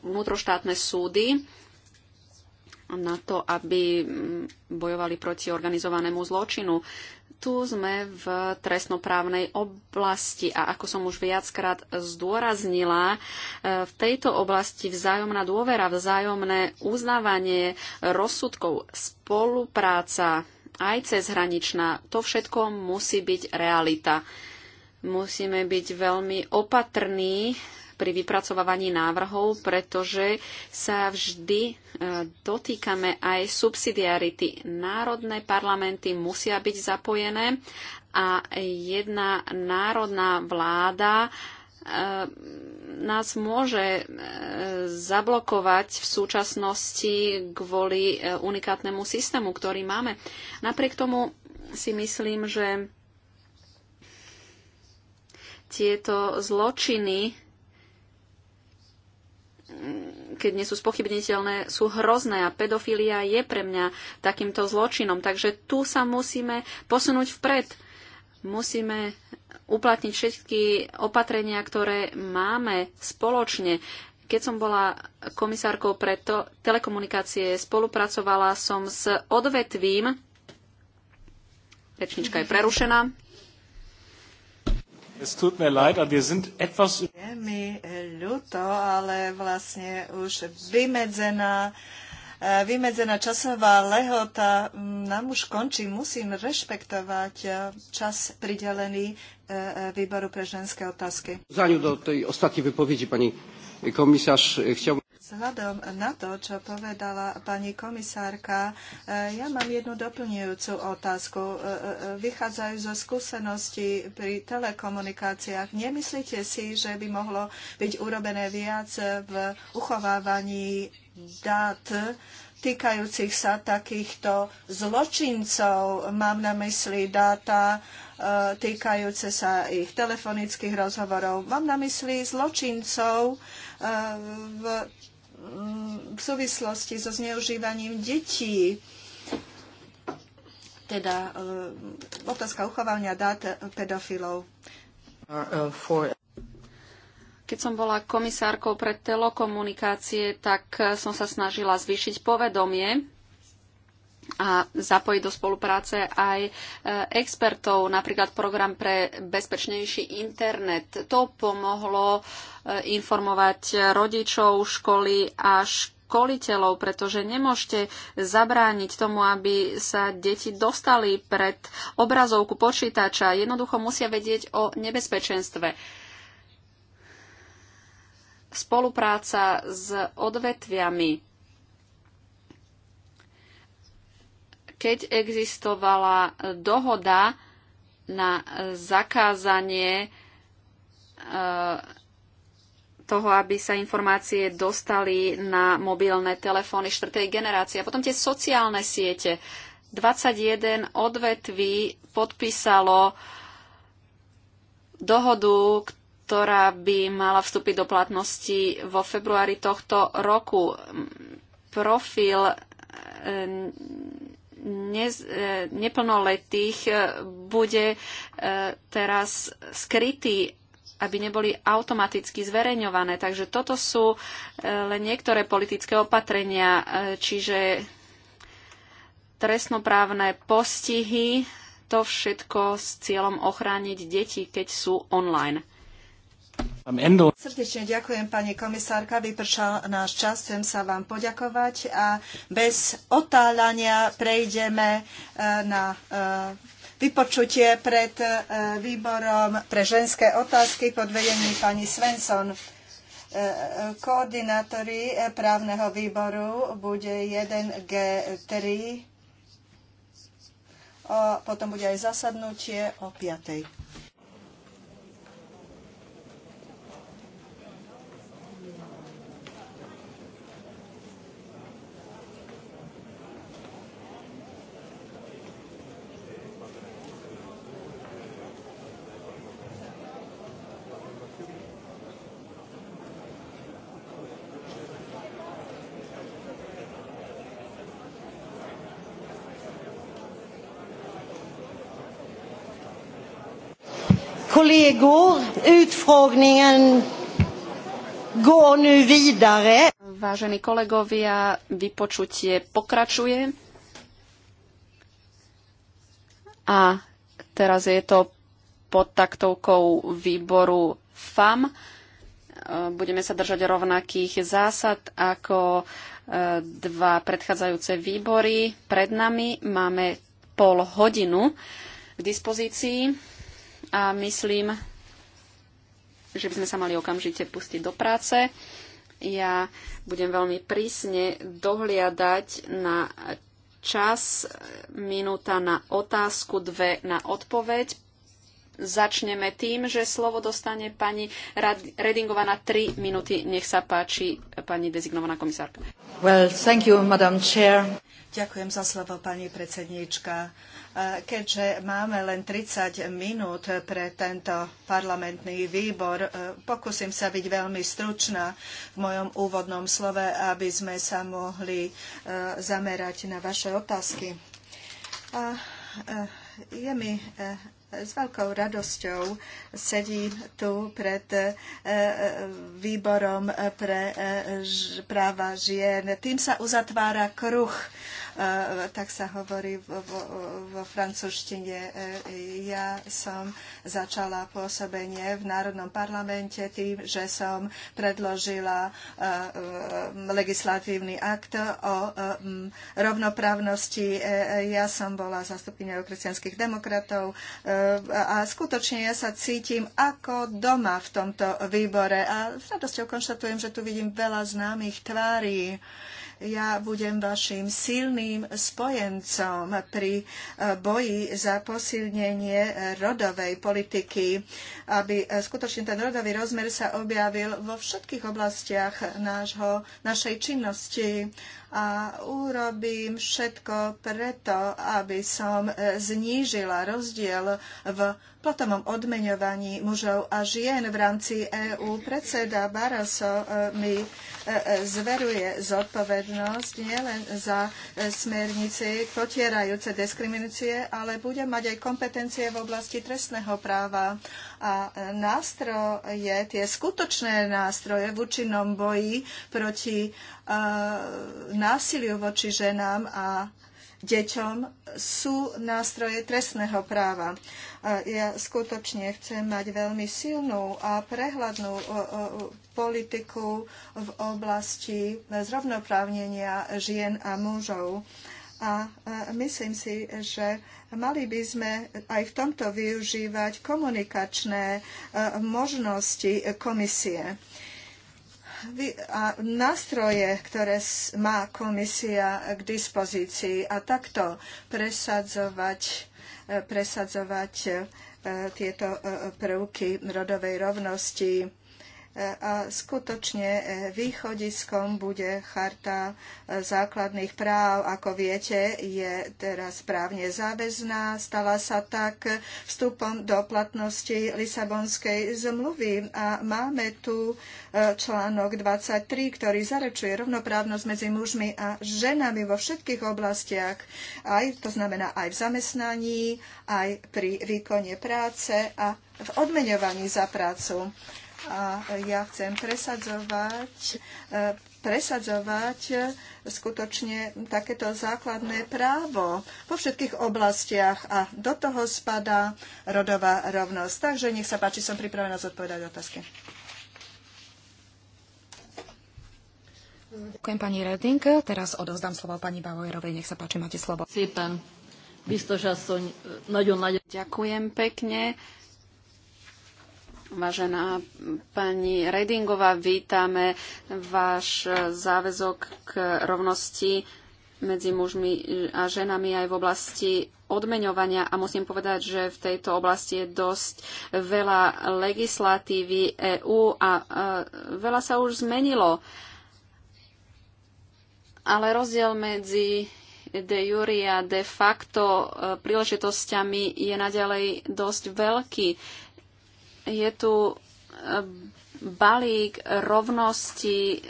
vnútroštátne súdy na to, aby mm, bojovali proti organizovanému zločinu. Tu sme v trestnoprávnej oblasti a ako som už viackrát zdôraznila, e, v tejto oblasti vzájomná dôvera, vzájomné uznávanie rozsudkov, spolupráca aj cezhraničná, to všetko musí byť realita musíme byť veľmi opatrní pri vypracovávaní návrhov, pretože sa vždy e, dotýkame aj subsidiarity. Národné parlamenty musia byť zapojené a jedna národná vláda e, nás môže e, zablokovať v súčasnosti kvôli unikátnemu systému, ktorý máme. Napriek tomu si myslím, že tieto zločiny, keď nie sú spochybniteľné, sú hrozné a pedofilia je pre mňa takýmto zločinom. Takže tu sa musíme posunúť vpred. Musíme uplatniť všetky opatrenia, ktoré máme spoločne. Keď som bola komisárkou pre to, telekomunikácie, spolupracovala som s odvetvím, rečnička je prerušená, Es tut mir leid, wir sind etwas... Je mi eh, ľúto, ale vlastne už vymedzená eh, vymedzená časová lehota mm, nám už končí. Musím rešpektovať eh, čas pridelený Výboru pre ženské otázky. Zaniu do tej ostatnej vypovedi, pani komisáš, chcel... Vzhľadom na to, čo povedala pani komisárka, e, ja mám jednu doplňujúcu otázku. E, e, vychádzajú zo skúseností pri telekomunikáciách. Nemyslíte si, že by mohlo byť urobené viac v uchovávaní dát týkajúcich sa takýchto zločincov? Mám na mysli dáta týkajúce sa ich telefonických rozhovorov. Mám na mysli zločincov v v súvislosti so zneužívaním detí. Teda e, otázka uchovania dát pedofilov. Keď som bola komisárkou pre telekomunikácie, tak som sa snažila zvýšiť povedomie a zapojiť do spolupráce aj e, expertov, napríklad program pre bezpečnejší internet. To pomohlo e, informovať rodičov, školy a školiteľov, pretože nemôžete zabrániť tomu, aby sa deti dostali pred obrazovku počítača. Jednoducho musia vedieť o nebezpečenstve spolupráca s odvetviami keď existovala dohoda na zakázanie e, toho, aby sa informácie dostali na mobilné telefóny 4. generácie. A potom tie sociálne siete. 21 odvetví podpísalo dohodu, ktorá by mala vstúpiť do platnosti vo februári tohto roku. Profil e, nez, e, neplnoletých e, bude e, teraz skrytý aby neboli automaticky zverejňované. Takže toto sú len niektoré politické opatrenia, čiže trestnoprávne postihy, to všetko s cieľom ochrániť deti, keď sú online. Srdečne ďakujem, pani komisárka. Vypršal náš čas. Chcem sa vám poďakovať a bez otáľania prejdeme e, na e, vypočutie pred e, výborom pre ženské otázky pod vedením pani Svensson. Koordinátori právneho výboru bude 1G3 potom bude aj zasadnutie o 5. Kollegor, utfrågningen går nu vidare. Vážení kolegovia, vypočutie pokračuje. A teraz je to pod taktovkou výboru FAM. E, budeme sa držať rovnakých zásad ako e, dva predchádzajúce výbory. Pred nami máme pol hodinu k dispozícii a myslím, že by sme sa mali okamžite pustiť do práce. Ja budem veľmi prísne dohliadať na čas, minúta na otázku, dve na odpoveď, Začneme tým, že slovo dostane pani Redingová na 3 minúty. Nech sa páči, pani dezignovaná komisárka. Well, thank you, Madam Chair. Ďakujem za slovo, pani predsedníčka. Keďže máme len 30 minút pre tento parlamentný výbor, e, pokúsim sa byť veľmi stručná v mojom úvodnom slove, aby sme sa mohli e, zamerať na vaše otázky. E, je mi s veľkou radosťou sedím tu pred e, e, výborom pre e, práva žien. Tým sa uzatvára kruh Eh, tak sa hovorí vo francúzštine. Eh, ja som začala pôsobenie v Národnom parlamente tým, že som predložila eh, legislatívny akt o mm, rovnoprávnosti. Ja som bola zastupňou kresťanských demokratov a skutočne ja sa cítim ako doma v tomto výbore a s radosťou konštatujem, že tu vidím veľa známych tvári. Ja budem vašim silným spojencom pri e, boji za posilnenie rodovej politiky, aby e, skutočne ten rodový rozmer sa objavil vo všetkých oblastiach nášho, našej činnosti a urobím všetko preto, aby som e, znížila rozdiel v platovom odmeňovaní mužov a žien v rámci EÚ. Predseda Barroso e, mi e, zveruje zodpovednosť nielen za smernici potierajúce diskriminácie, ale bude mať aj kompetencie v oblasti trestného práva a nástroje, tie skutočné nástroje v účinnom boji proti násiliu voči ženám a deťom sú nástroje trestného práva. Ja skutočne chcem mať veľmi silnú a prehľadnú politiku v oblasti zrovnoprávnenia žien a mužov. A myslím si, že mali by sme aj v tomto využívať komunikačné e, možnosti komisie a nástroje, ktoré má komisia k dispozícii a takto presadzovať, eh, presadzovať eh, tieto eh, prvky rodovej rovnosti E, a skutočne e, východiskom bude Charta e, základných práv. Ako viete, je teraz právne záväzná. Stala sa tak vstupom do platnosti Lisabonskej zmluvy a máme tu článok 23, ktorý zarečuje rovnoprávnosť medzi mužmi a ženami vo všetkých oblastiach, aj, to znamená aj v zamestnaní, aj pri výkone práce a v odmeňovaní za prácu a ja chcem presadzovať, e, presadzovať e, skutočne takéto základné právo vo všetkých oblastiach a do toho spadá rodová rovnosť. Takže nech sa páči, som pripravená zodpovedať otázky. Ďakujem pani Redding. Teraz odozdám slovo pani Bavojerovej. Nech sa páči, máte slovo. Ďakujem pekne. Vážená pani Redingová, vítame váš záväzok k rovnosti medzi mužmi a ženami aj v oblasti odmeňovania a musím povedať, že v tejto oblasti je dosť veľa legislatívy EÚ a e, veľa sa už zmenilo. Ale rozdiel medzi de jure a de facto e, príležitosťami je naďalej dosť veľký je tu eh, balík rovnosti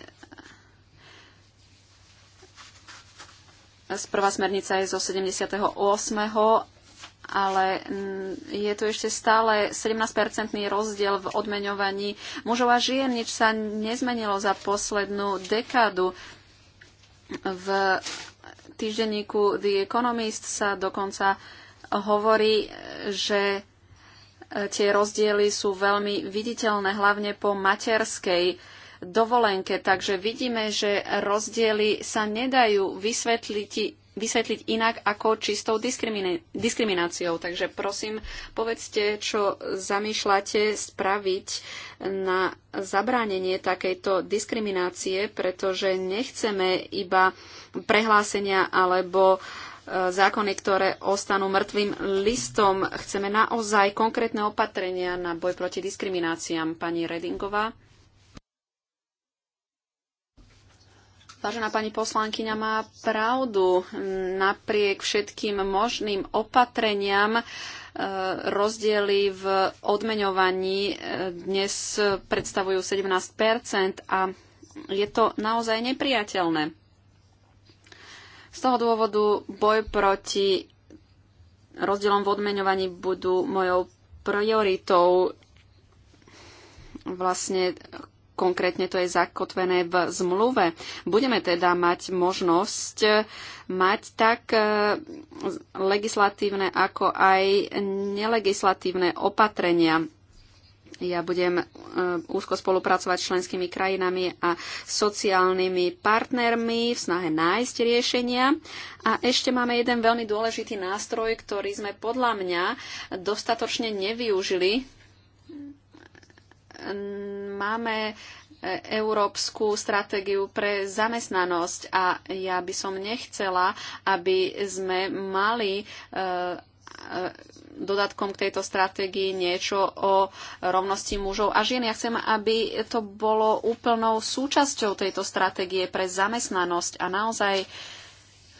eh, Prvá smernica je zo 78. ale mm, je tu ešte stále 17-percentný rozdiel v odmeňovaní mužov a žien. Nič sa nezmenilo za poslednú dekádu. V týždenníku The Economist sa dokonca hovorí, že E, tie rozdiely sú veľmi viditeľné, hlavne po materskej dovolenke. Takže vidíme, že rozdiely sa nedajú vysvetliť vysvetliť inak ako čistou diskrimináciou. Takže prosím, povedzte, čo zamýšľate spraviť na zabránenie takejto diskriminácie, pretože nechceme iba prehlásenia alebo zákony, ktoré ostanú mŕtvým listom. Chceme naozaj konkrétne opatrenia na boj proti diskrimináciám. Pani Redingová. Vážená pani poslankyňa má pravdu. Napriek všetkým možným opatreniam e, rozdiely v odmeňovaní e, dnes predstavujú 17 a je to naozaj nepriateľné z toho dôvodu boj proti rozdielom v odmeňovaní budú mojou prioritou. Vlastne konkrétne to je zakotvené v zmluve. Budeme teda mať možnosť mať tak e, legislatívne ako aj nelegislatívne opatrenia. Ja budem e, úzko spolupracovať s členskými krajinami a sociálnymi partnermi v snahe nájsť riešenia. A ešte máme jeden veľmi dôležitý nástroj, ktorý sme podľa mňa dostatočne nevyužili. Máme e, európsku stratégiu pre zamestnanosť a ja by som nechcela, aby sme mali e, dodatkom k tejto stratégii niečo o rovnosti mužov a žien. Ja chcem, aby to bolo úplnou súčasťou tejto stratégie pre zamestnanosť a naozaj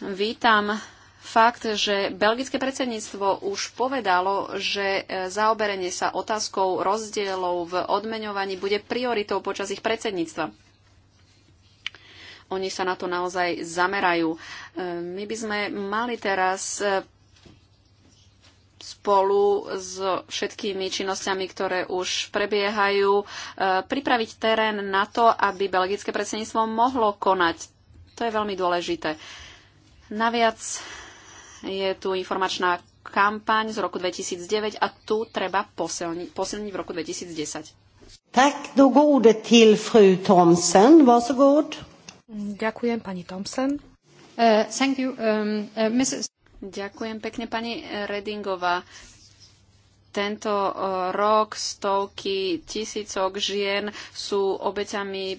vítam fakt, že belgické predsedníctvo už povedalo, že e, zaoberenie sa otázkou rozdielov v odmeňovaní bude prioritou počas ich predsedníctva. Oni sa na to naozaj zamerajú. E, my by sme mali teraz e, spolu s všetkými činnosťami, ktoré už prebiehajú, e, pripraviť terén na to, aby belgické predsedníctvo mohlo konať. To je veľmi dôležité. Naviac je tu informačná kampaň z roku 2009 a tu treba posilniť, posilniť v roku 2010. Tak, do gode til fru Thomsen. Ďakujem, pani Thomsen. Uh, thank you, um, uh, Mrs. Ďakujem pekne, pani Redingová. Tento e, rok stovky tisícok žien sú obeťami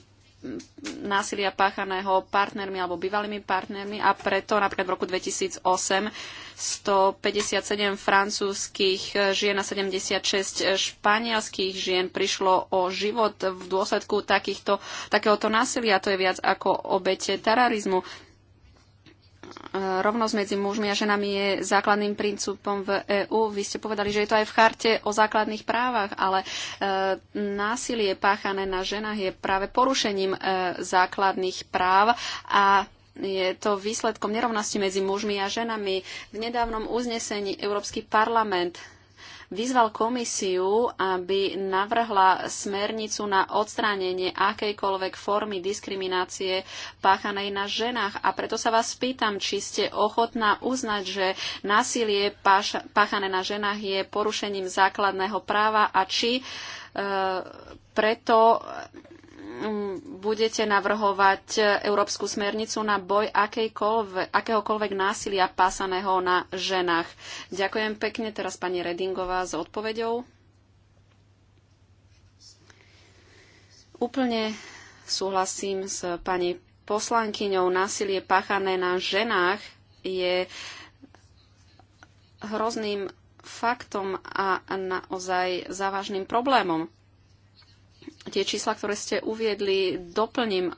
násilia páchaného partnermi alebo bývalými partnermi a preto napríklad v roku 2008 157 francúzskych žien a 76 španielských žien prišlo o život v dôsledku takýchto, takéhoto násilia. To je viac ako obete terorizmu. E, rovnosť medzi mužmi a ženami je základným princípom v EÚ. Vy ste povedali, že je to aj v charte o základných právach, ale e, násilie páchané na ženách je práve porušením e, základných práv a je to výsledkom nerovnosti medzi mužmi a ženami. V nedávnom uznesení Európsky parlament vyzval komisiu, aby navrhla smernicu na odstránenie akejkoľvek formy diskriminácie páchanej na ženách. A preto sa vás pýtam, či ste ochotná uznať, že násilie páchané na ženách je porušením základného práva a či e, preto budete navrhovať Európsku smernicu na boj akéhokoľvek násilia pásaného na ženách. Ďakujem pekne teraz pani Redingová s odpoveďou. Úplne súhlasím s pani poslankyňou. Násilie páchané na ženách je hrozným faktom a naozaj závažným problémom tie čísla, ktoré ste uviedli, doplním e,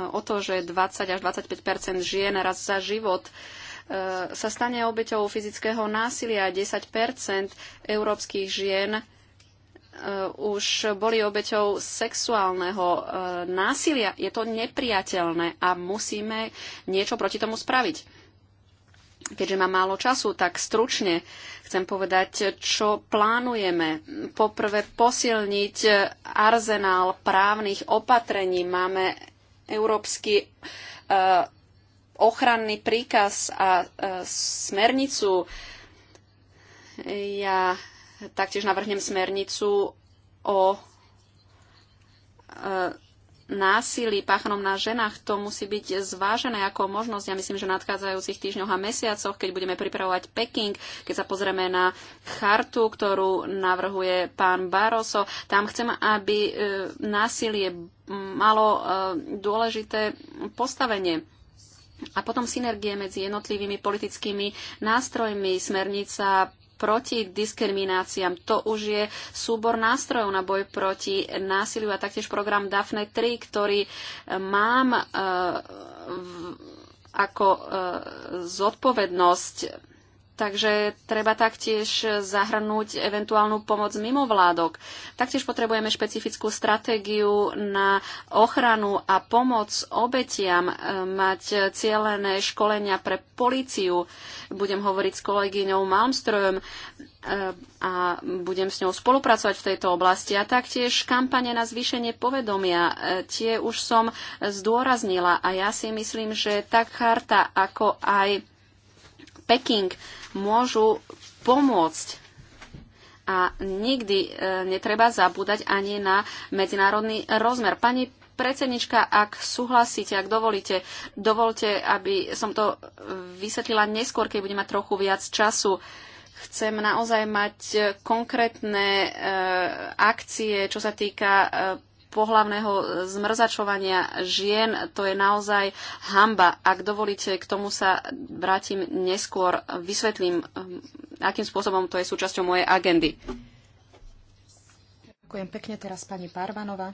o to, že 20 až 25 žien raz za život e, sa stane obeťou fyzického násilia. 10 európskych žien e, už boli obeťou sexuálneho násilia. Je to nepriateľné a musíme niečo proti tomu spraviť. Keďže mám málo času, tak stručne chcem povedať, čo plánujeme. Poprvé posilniť arzenál právnych opatrení. Máme európsky eh, ochranný príkaz a eh, smernicu. Ja taktiež navrhnem smernicu o eh, násilí páchanom na ženách, to musí byť zvážené ako možnosť. Ja myslím, že v nadchádzajúcich týždňoch a mesiacoch, keď budeme pripravovať Peking, keď sa pozrieme na chartu, ktorú navrhuje pán Barroso, tam chcem, aby e, násilie malo e, dôležité postavenie a potom synergie medzi jednotlivými politickými nástrojmi, smernica proti diskrimináciám. To už je súbor nástrojov na boj proti násiliu a taktiež program DAFNE 3, ktorý e, mám e, v, ako e, zodpovednosť Takže treba taktiež zahrnúť eventuálnu pomoc mimo vládok. Taktiež potrebujeme špecifickú stratégiu na ochranu a pomoc obetiam, e, mať cieľené školenia pre políciu. Budem hovoriť s kolegyňou Malmstrojom e, a budem s ňou spolupracovať v tejto oblasti a taktiež kampane na zvýšenie povedomia. E, tie už som zdôraznila a ja si myslím, že tak charta ako aj Peking môžu pomôcť. A nikdy e, netreba zabúdať ani na medzinárodný rozmer. Pani predsednička, ak súhlasíte, ak dovolíte, dovolte, aby som to vysvetlila neskôr, keď budeme mať trochu viac času chcem naozaj mať konkrétne e, akcie, čo sa týka e, pohlavného zmrzačovania žien, to je naozaj hamba. Ak dovolíte, k tomu sa vrátim neskôr, vysvetlím, hm, akým spôsobom to je súčasťou mojej agendy. Ďakujem pekne teraz pani Parvanova.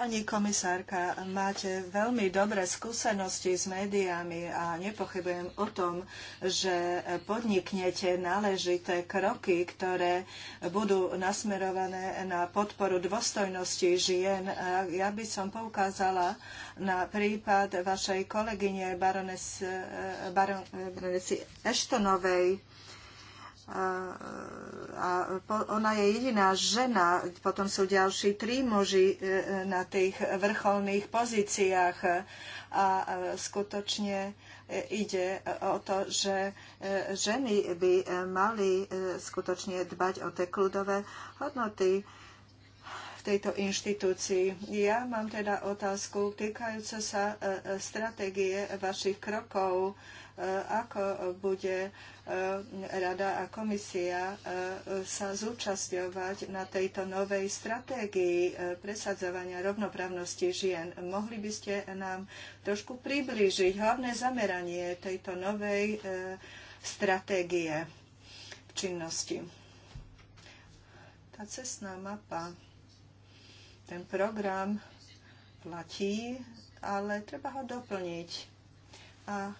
Pani komisárka, máte veľmi dobré skúsenosti s médiami a nepochybujem o tom, že podniknete náležité kroky, ktoré budú nasmerované na podporu dôstojnosti žien. Ja by som poukázala na prípad vašej kolegyne baronesi eh, eh, baronesy Eštonovej, a ona je jediná žena, potom sú ďalší tri muži e, e, na tých vrcholných pozíciách a skutočne e, ide o to, že ženy by mali skutočne dbať o tie kľudové hodnoty v tejto inštitúcii. Ja mám teda otázku týkajúce sa stratégie vašich krokov E, ako bude e, rada a komisia e, sa zúčastňovať na tejto novej stratégii presadzovania rovnoprávnosti žien. Mohli by ste nám trošku priblížiť hlavné zameranie tejto novej stratégie činnosti. Tá cestná mapa, ten program platí, ale treba ho doplniť. A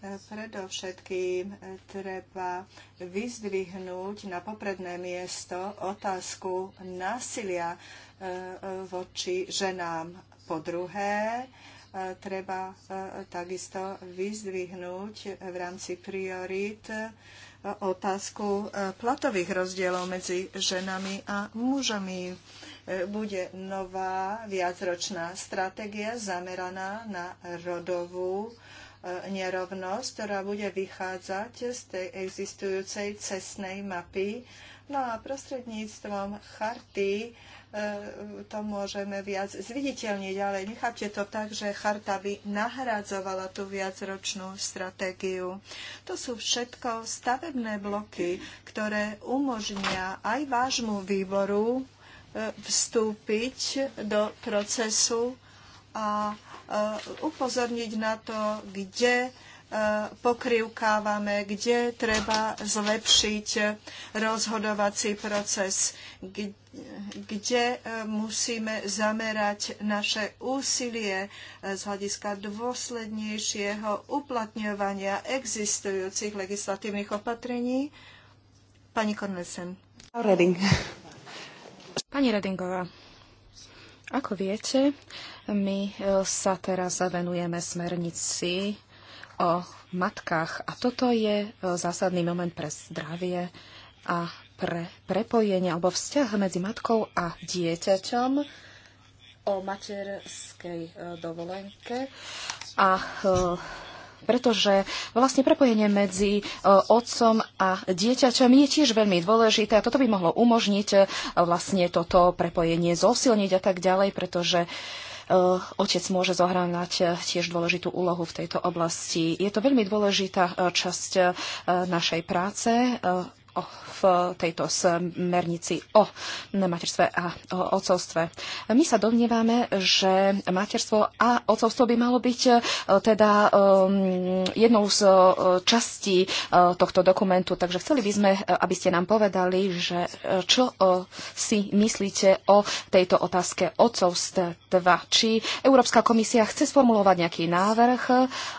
Predovšetkým e, treba vyzdvihnúť na popredné miesto otázku násilia e, voči ženám. Po druhé, e, treba takisto vyzdvihnúť v rámci priorít otázku platových rozdielov medzi ženami a mužami. Bude nová viacročná stratégia zameraná na rodovú nerovnosť, ktorá bude vychádzať z tej existujúcej cestnej mapy. No a prostredníctvom charty e, to môžeme viac zviditeľniť, ale nechápte to tak, že charta by nahradzovala tú viacročnú stratégiu. To sú všetko stavebné bloky, ktoré umožnia aj vášmu výboru e, vstúpiť do procesu a Eh, upozorniť na to, kde eh, pokrivkávame, kde treba zlepšiť rozhodovací proces, kde eh, musíme zamerať naše úsilie z hľadiska dôslednejšieho uplatňovania existujúcich legislatívnych opatrení. Pani Kornelsen. Pani Redingová. Ako viete, my e, sa teraz venujeme smernici o matkách a toto je e, zásadný moment pre zdravie a pre prepojenie alebo vzťah medzi matkou a dieťaťom o materskej e, dovolenke a pretože vlastne prepojenie medzi e, otcom a dieťaťom je tiež veľmi dôležité a toto by mohlo umožniť e, vlastne toto prepojenie zosilniť a tak ďalej, pretože e, otec môže zohrávať tiež dôležitú úlohu v tejto oblasti. Je to veľmi dôležitá časť našej práce v tejto smernici o materstve a o ocovstve. My sa domnievame, že materstvo a ocovstvo by malo byť e, teda um, jednou z e, častí e, tohto dokumentu. Takže chceli by sme, aby ste nám povedali, že čo si myslíte o tejto otázke ocovstva. Či Európska komisia chce sformulovať nejaký návrh,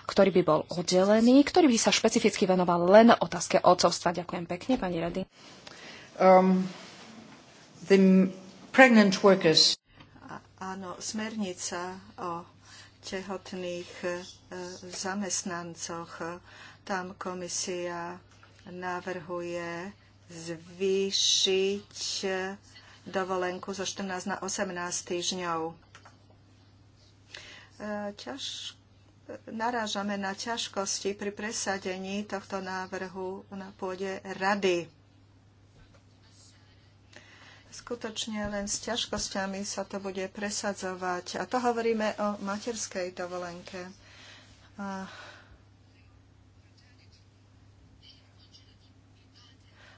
ktorý by bol oddelený, ktorý by sa špecificky venoval len otázke ocovstva. Ďakujem pekne, pani pani rady? Um, the pregnant workers. áno, smernica o tehotných e, zamestnancoch. Tam komisia navrhuje zvýšiť e, dovolenku zo 14 na 18 týždňov. E, ťažko narážame na ťažkosti pri presadení tohto návrhu na pôde rady. Skutočne len s ťažkosťami sa to bude presadzovať. A to hovoríme o materskej dovolenke. A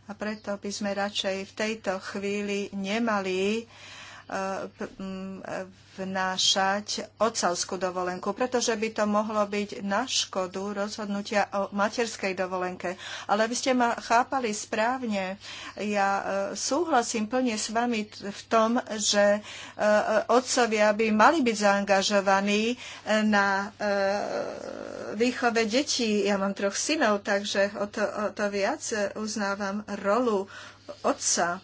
a preto by sme radšej v tejto chvíli nemali uh, vnášať otcovskú dovolenku, pretože by to mohlo byť na škodu rozhodnutia o materskej dovolenke. Ale vy ste ma chápali správne. Ja e, súhlasím plne s vami v tom, že e, otcovia by mali byť zaangažovaní e, na výchove detí. Ja mám troch synov, takže o to, o to viac uznávam rolu otca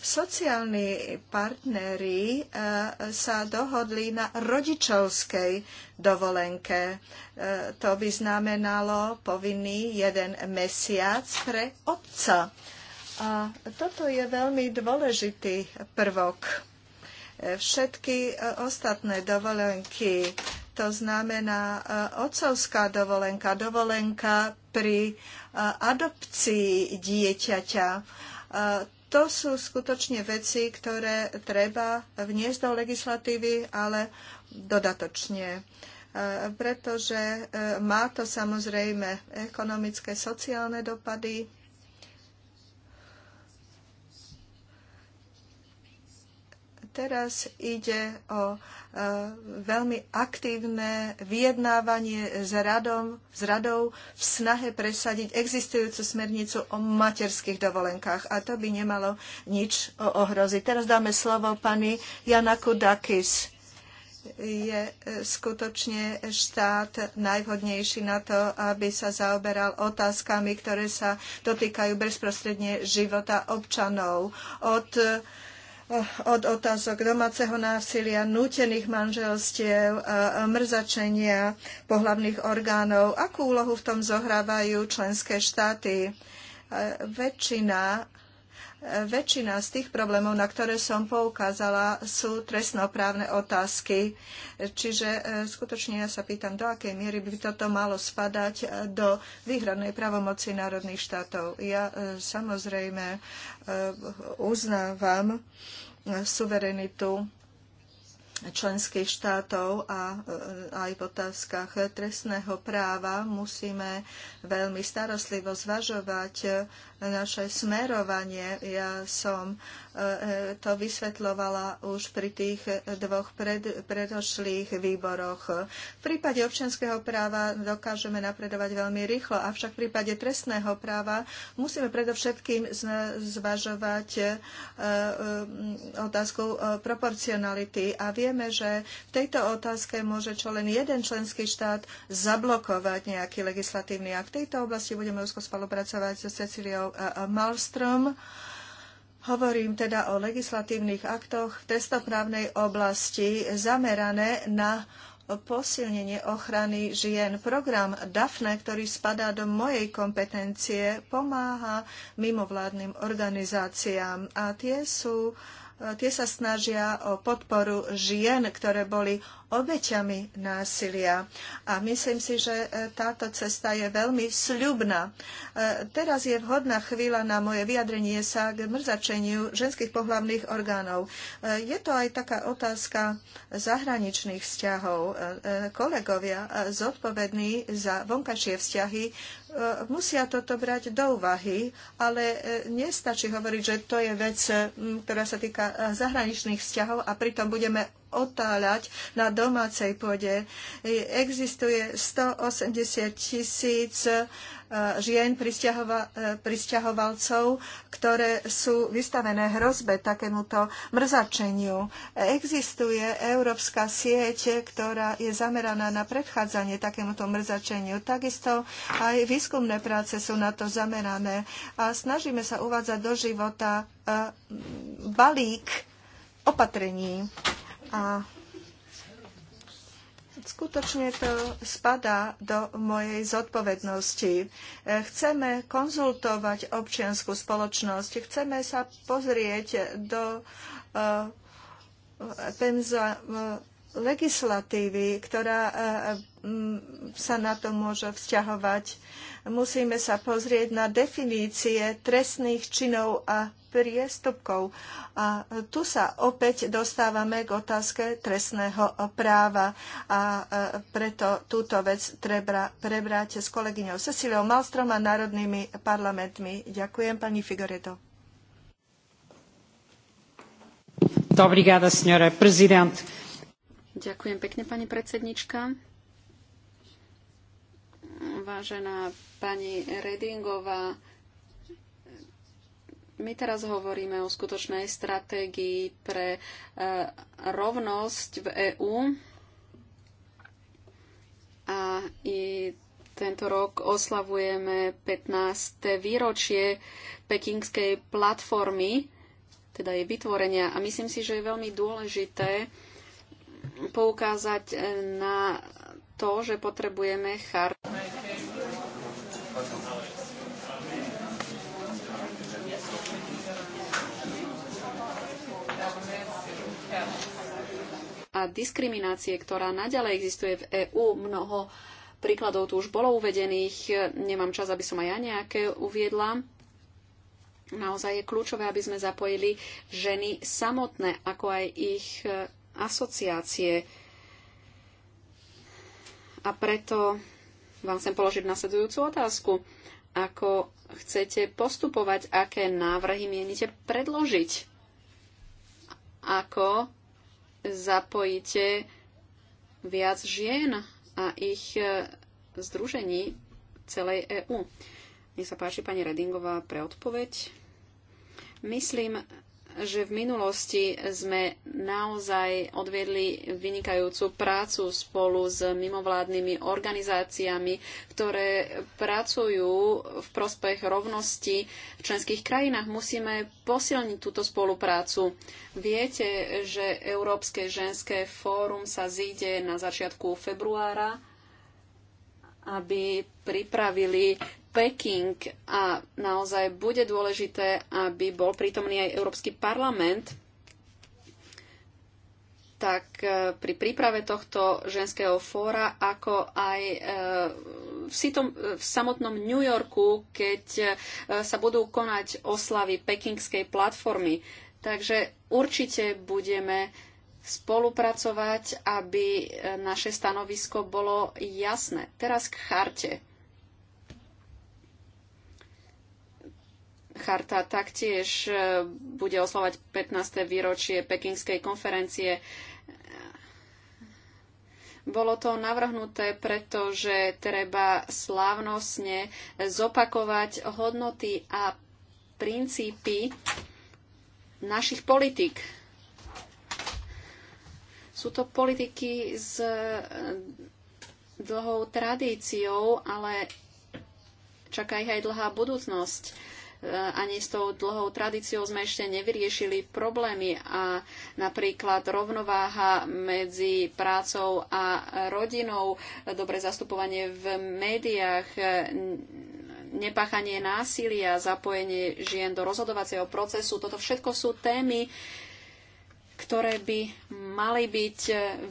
Sociálni partneri e, sa dohodli na rodičovskej dovolenke. E, to by znamenalo povinný jeden mesiac pre otca. A toto je veľmi dôležitý prvok. E, všetky ostatné dovolenky, to znamená otcovská dovolenka, dovolenka pri adopcii dieťaťa, to sú skutočne veci, ktoré treba vniesť do legislatívy, ale dodatočne e, pretože e, má to samozrejme ekonomické, sociálne dopady teraz ide o e, veľmi aktívne vyjednávanie s, radom, s radou v snahe presadiť existujúcu smernicu o materských dovolenkách. A to by nemalo nič ohroziť. Teraz dáme slovo pani Jana Kudakis je e, skutočne štát najvhodnejší na to, aby sa zaoberal otázkami, ktoré sa dotýkajú bezprostredne života občanov. Od od otázok domáceho násilia, nútených manželstiev, mrzačenia pohlavných orgánov. Akú úlohu v tom zohrávajú členské štáty? Väčšina Väčšina z tých problémov, na ktoré som poukázala, sú trestnoprávne otázky. Čiže e, skutočne ja sa pýtam, do akej miery by toto malo spadať e, do výhradnej pravomoci národných štátov. Ja e, samozrejme uznávam suverenitu členských štátov a aj v otázkach trestného práva musíme veľmi starostlivo zvažovať naše smerovanie. Ja som eh, to vysvetľovala už pri tých dvoch pred, predošlých výboroch. V prípade občianského práva dokážeme napredovať veľmi rýchlo, avšak v prípade trestného práva musíme predovšetkým zvažovať eh, eh, otázku proporcionality a vieme, že v tejto otázke môže čo len jeden členský štát zablokovať nejaký legislatívny akt. V tejto oblasti budeme úzko spolupracovať so Cecíliou Malstrom. Hovorím teda o legislatívnych aktoch v trestnoprávnej oblasti zamerané na posilnenie ochrany žien. Program DAFNE, ktorý spadá do mojej kompetencie, pomáha mimovládnym organizáciám a tie sú tie sa snažia o podporu žien, ktoré boli obeťami násilia. A myslím si, že e, táto cesta je veľmi sľubná. E, teraz je vhodná chvíľa na moje vyjadrenie sa k mrzačeniu ženských pohlavných orgánov. E, je to aj taká otázka zahraničných vzťahov. Kolegovia zodpovední za vonkajšie vzťahy musia toto brať do úvahy, ale nestačí hovoriť, že to je vec, ktorá sa týka zahraničných vzťahov a pritom budeme otáľať na domácej pôde. Existuje 180 tisíc e, žien e, pristahovalcov, ktoré sú vystavené hrozbe takémuto mrzačeniu. Existuje európska sieť, ktorá je zameraná na predchádzanie takémuto mrzačeniu. Takisto aj výskumné práce sú na to zamerané a snažíme sa uvádzať do života e, balík opatrení a skutočne to spadá do mojej zodpovednosti. E, chceme konzultovať občianskú spoločnosť, chceme sa pozrieť do e, penza legislatívy, ktorá e, sa na to môže vzťahovať. Musíme sa pozrieť na definície trestných činov a priestupkov. A tu sa opäť dostávame k otázke trestného práva a e, preto túto vec treba prebrať s kolegyňou Ceciliou Malstrom a národnými parlamentmi. Ďakujem pani Figoreto. gada, senhora prezident. Ďakujem pekne, pani predsednička. Vážená pani Redingová, my teraz hovoríme o skutočnej stratégii pre e, rovnosť v EÚ a i tento rok oslavujeme 15. výročie pekingskej platformy, teda jej vytvorenia. A myslím si, že je veľmi dôležité, poukázať e, na to, že potrebujeme char. A diskriminácie, ktorá naďalej existuje v EÚ, mnoho príkladov tu už bolo uvedených, nemám čas, aby som aj ja nejaké uviedla. Naozaj je kľúčové, aby sme zapojili ženy samotné, ako aj ich e, asociácie. A preto vám chcem položiť nasledujúcu otázku. Ako chcete postupovať, aké návrhy mienite predložiť? Ako zapojíte viac žien a ich e, združení celej EÚ? Nech sa páči pani Redingová pre odpoveď. Myslím, že v minulosti sme naozaj odviedli vynikajúcu prácu spolu s mimovládnymi organizáciami, ktoré pracujú v prospech rovnosti v členských krajinách. Musíme posilniť túto spoluprácu. Viete, že Európske ženské fórum sa zíde na začiatku februára aby pripravili Peking a naozaj bude dôležité, aby bol prítomný aj Európsky parlament, tak e, pri príprave tohto ženského fóra, ako aj e, v, sitom, v samotnom New Yorku, keď e, sa budú konať oslavy pekingskej platformy. Takže určite budeme spolupracovať, aby naše stanovisko bolo jasné. Teraz k charte. Charta taktiež e, bude oslovať 15. výročie Pekingskej konferencie. Bolo to navrhnuté, pretože treba slávnostne zopakovať hodnoty a princípy našich politik. Sú to politiky s e, dlhou tradíciou, ale čaká ich aj dlhá budúcnosť ani s tou dlhou tradíciou sme ešte nevyriešili problémy a napríklad rovnováha medzi prácou a rodinou, dobre zastupovanie v médiách, nepáchanie násilia, zapojenie žien do rozhodovacieho procesu. Toto všetko sú témy, ktoré by mali byť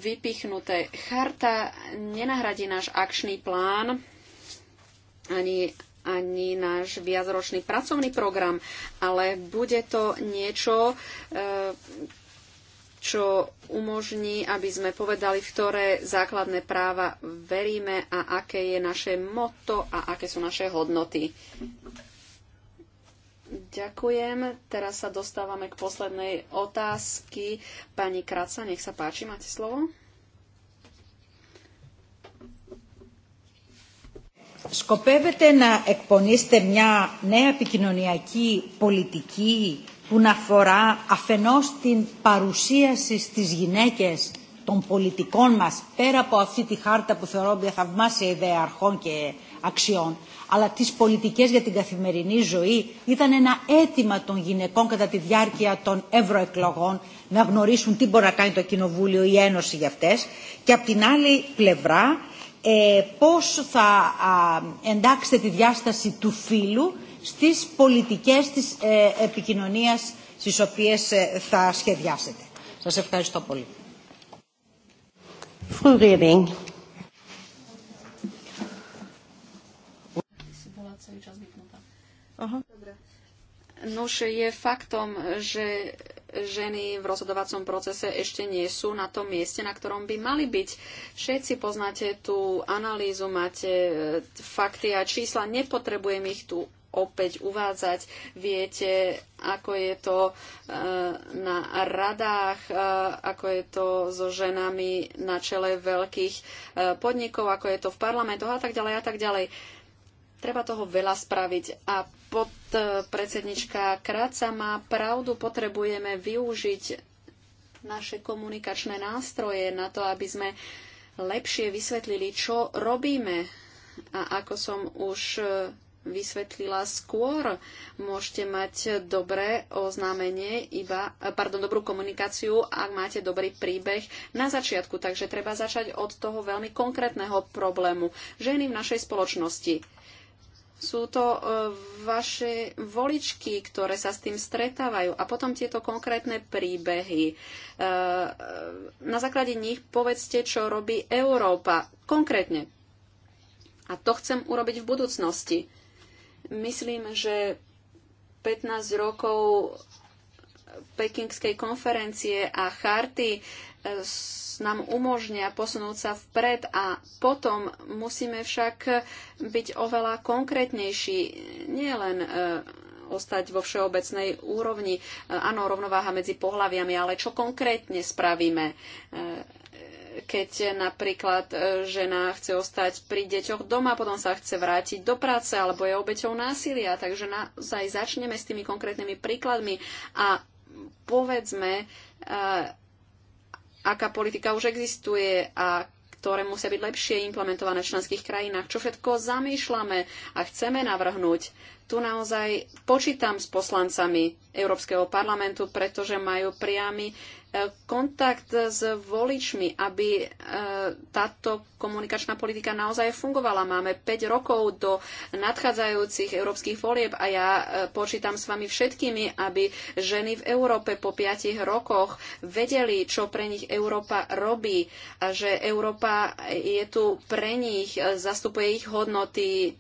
vypichnuté. Charta nenahradí náš akčný plán ani ani náš viacročný pracovný program, ale bude to niečo, e, čo umožní, aby sme povedali, v ktoré základné práva veríme a aké je naše moto a aké sú naše hodnoty. Ďakujem. Teraz sa dostávame k poslednej otázky. Pani Kraca, nech sa páči, máte slovo. σκοπεύετε να εκπονήσετε μια νέα επικοινωνιακή πολιτική που να αφορά αφενός την παρουσίαση στις γυναίκες των πολιτικών μας πέρα από αυτή τη χάρτα που θεωρώ μια θαυμάσια ιδέα αρχών και αξιών αλλά τις πολιτικές για την καθημερινή ζωή ήταν ένα αίτημα των γυναικών κατά τη διάρκεια των ευρωεκλογών να γνωρίσουν τι μπορεί να κάνει το Κοινοβούλιο ή η Ένωση για αυτές και από την άλλη πλευρά ε, πώς θα α, εντάξετε τη διάσταση του φύλου στις πολιτικές της ε, επικοινωνίας στις οποίες ε, θα σχεδιάσετε. Σας ευχαριστώ πολύ. Frau Reding. Aha. Dobre. Nuž je faktom, že ženy v rozhodovacom procese ešte nie sú na tom mieste, na ktorom by mali byť. Všetci poznáte tú analýzu, máte e, fakty a čísla, nepotrebujem ich tu opäť uvádzať. Viete, ako je to e, na radách, e, ako je to so ženami na čele veľkých podnikov, ako je to v parlamentoch a tak ďalej a tak ďalej Treba toho veľa spraviť. A podpredsednička Kráca má pravdu, potrebujeme využiť naše komunikačné nástroje na to, aby sme lepšie vysvetlili, čo robíme. A ako som už e, vysvetlila skôr, môžete mať dobré oznámenie, iba, e, pardon, dobrú komunikáciu, ak máte dobrý príbeh na začiatku. Takže treba začať od toho veľmi konkrétneho problému. Ženy v našej spoločnosti sú to e, vaše voličky, ktoré sa s tým stretávajú. A potom tieto konkrétne príbehy. E, e, na základe nich povedzte, čo robí Európa konkrétne. A to chcem urobiť v budúcnosti. Myslím, že 15 rokov pekingskej konferencie a charty nám umožnia posunúť sa vpred a potom musíme však byť oveľa konkrétnejší, nielen e, ostať vo všeobecnej úrovni. E, áno, rovnováha medzi pohľaviami, ale čo konkrétne spravíme? E, keď napríklad žena chce ostať pri deťoch doma, potom sa chce vrátiť do práce alebo je obeťou násilia. Takže naozaj začneme s tými konkrétnymi príkladmi a povedzme, aká politika už existuje a ktoré musia byť lepšie implementované v členských krajinách, čo všetko zamýšľame a chceme navrhnúť. Tu naozaj počítam s poslancami Európskeho parlamentu, pretože majú priamy kontakt s voličmi, aby e, táto komunikačná politika naozaj fungovala. Máme 5 rokov do nadchádzajúcich európskych volieb a ja e, počítam s vami všetkými, aby ženy v Európe po 5 rokoch vedeli, čo pre nich Európa robí a že Európa je tu pre nich, e, zastupuje ich hodnoty,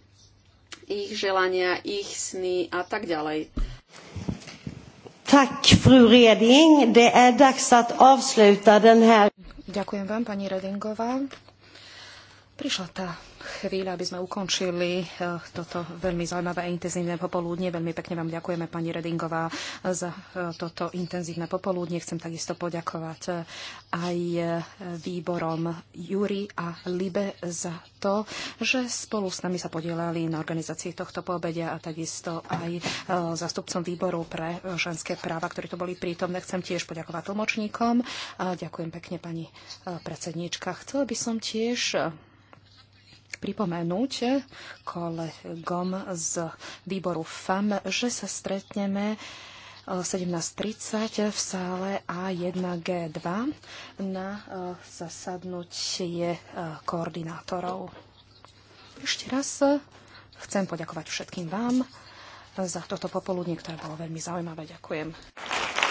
ich želania, ich sny a tak ďalej. Tack, fru Reding. Det är dags att avsluta den här... Ďakujem vám, pani Redingová. Prišla tá chvíľa, aby sme ukončili e, toto veľmi zaujímavé a intenzívne popoludne. Veľmi pekne vám ďakujeme, pani Redingová, za e, toto intenzívne popoludne. Chcem takisto poďakovať e, aj výborom Júri a Libe za to, že spolu s nami sa podielali na organizácii tohto poobedia a takisto aj zastupcom výboru pre ženské práva, ktorí tu boli prítomné. Chcem tiež poďakovať tlmočníkom. A ďakujem pekne, pani predsedníčka. Chcela by som tiež pripomenúť kolegom z výboru FAM, že sa stretneme 17.30 e, v sále A1G2 na e, zasadnutie e, koordinátorov. Ešte raz chcem poďakovať všetkým vám za toto popoludne, ktoré bolo veľmi zaujímavé. Ďakujem.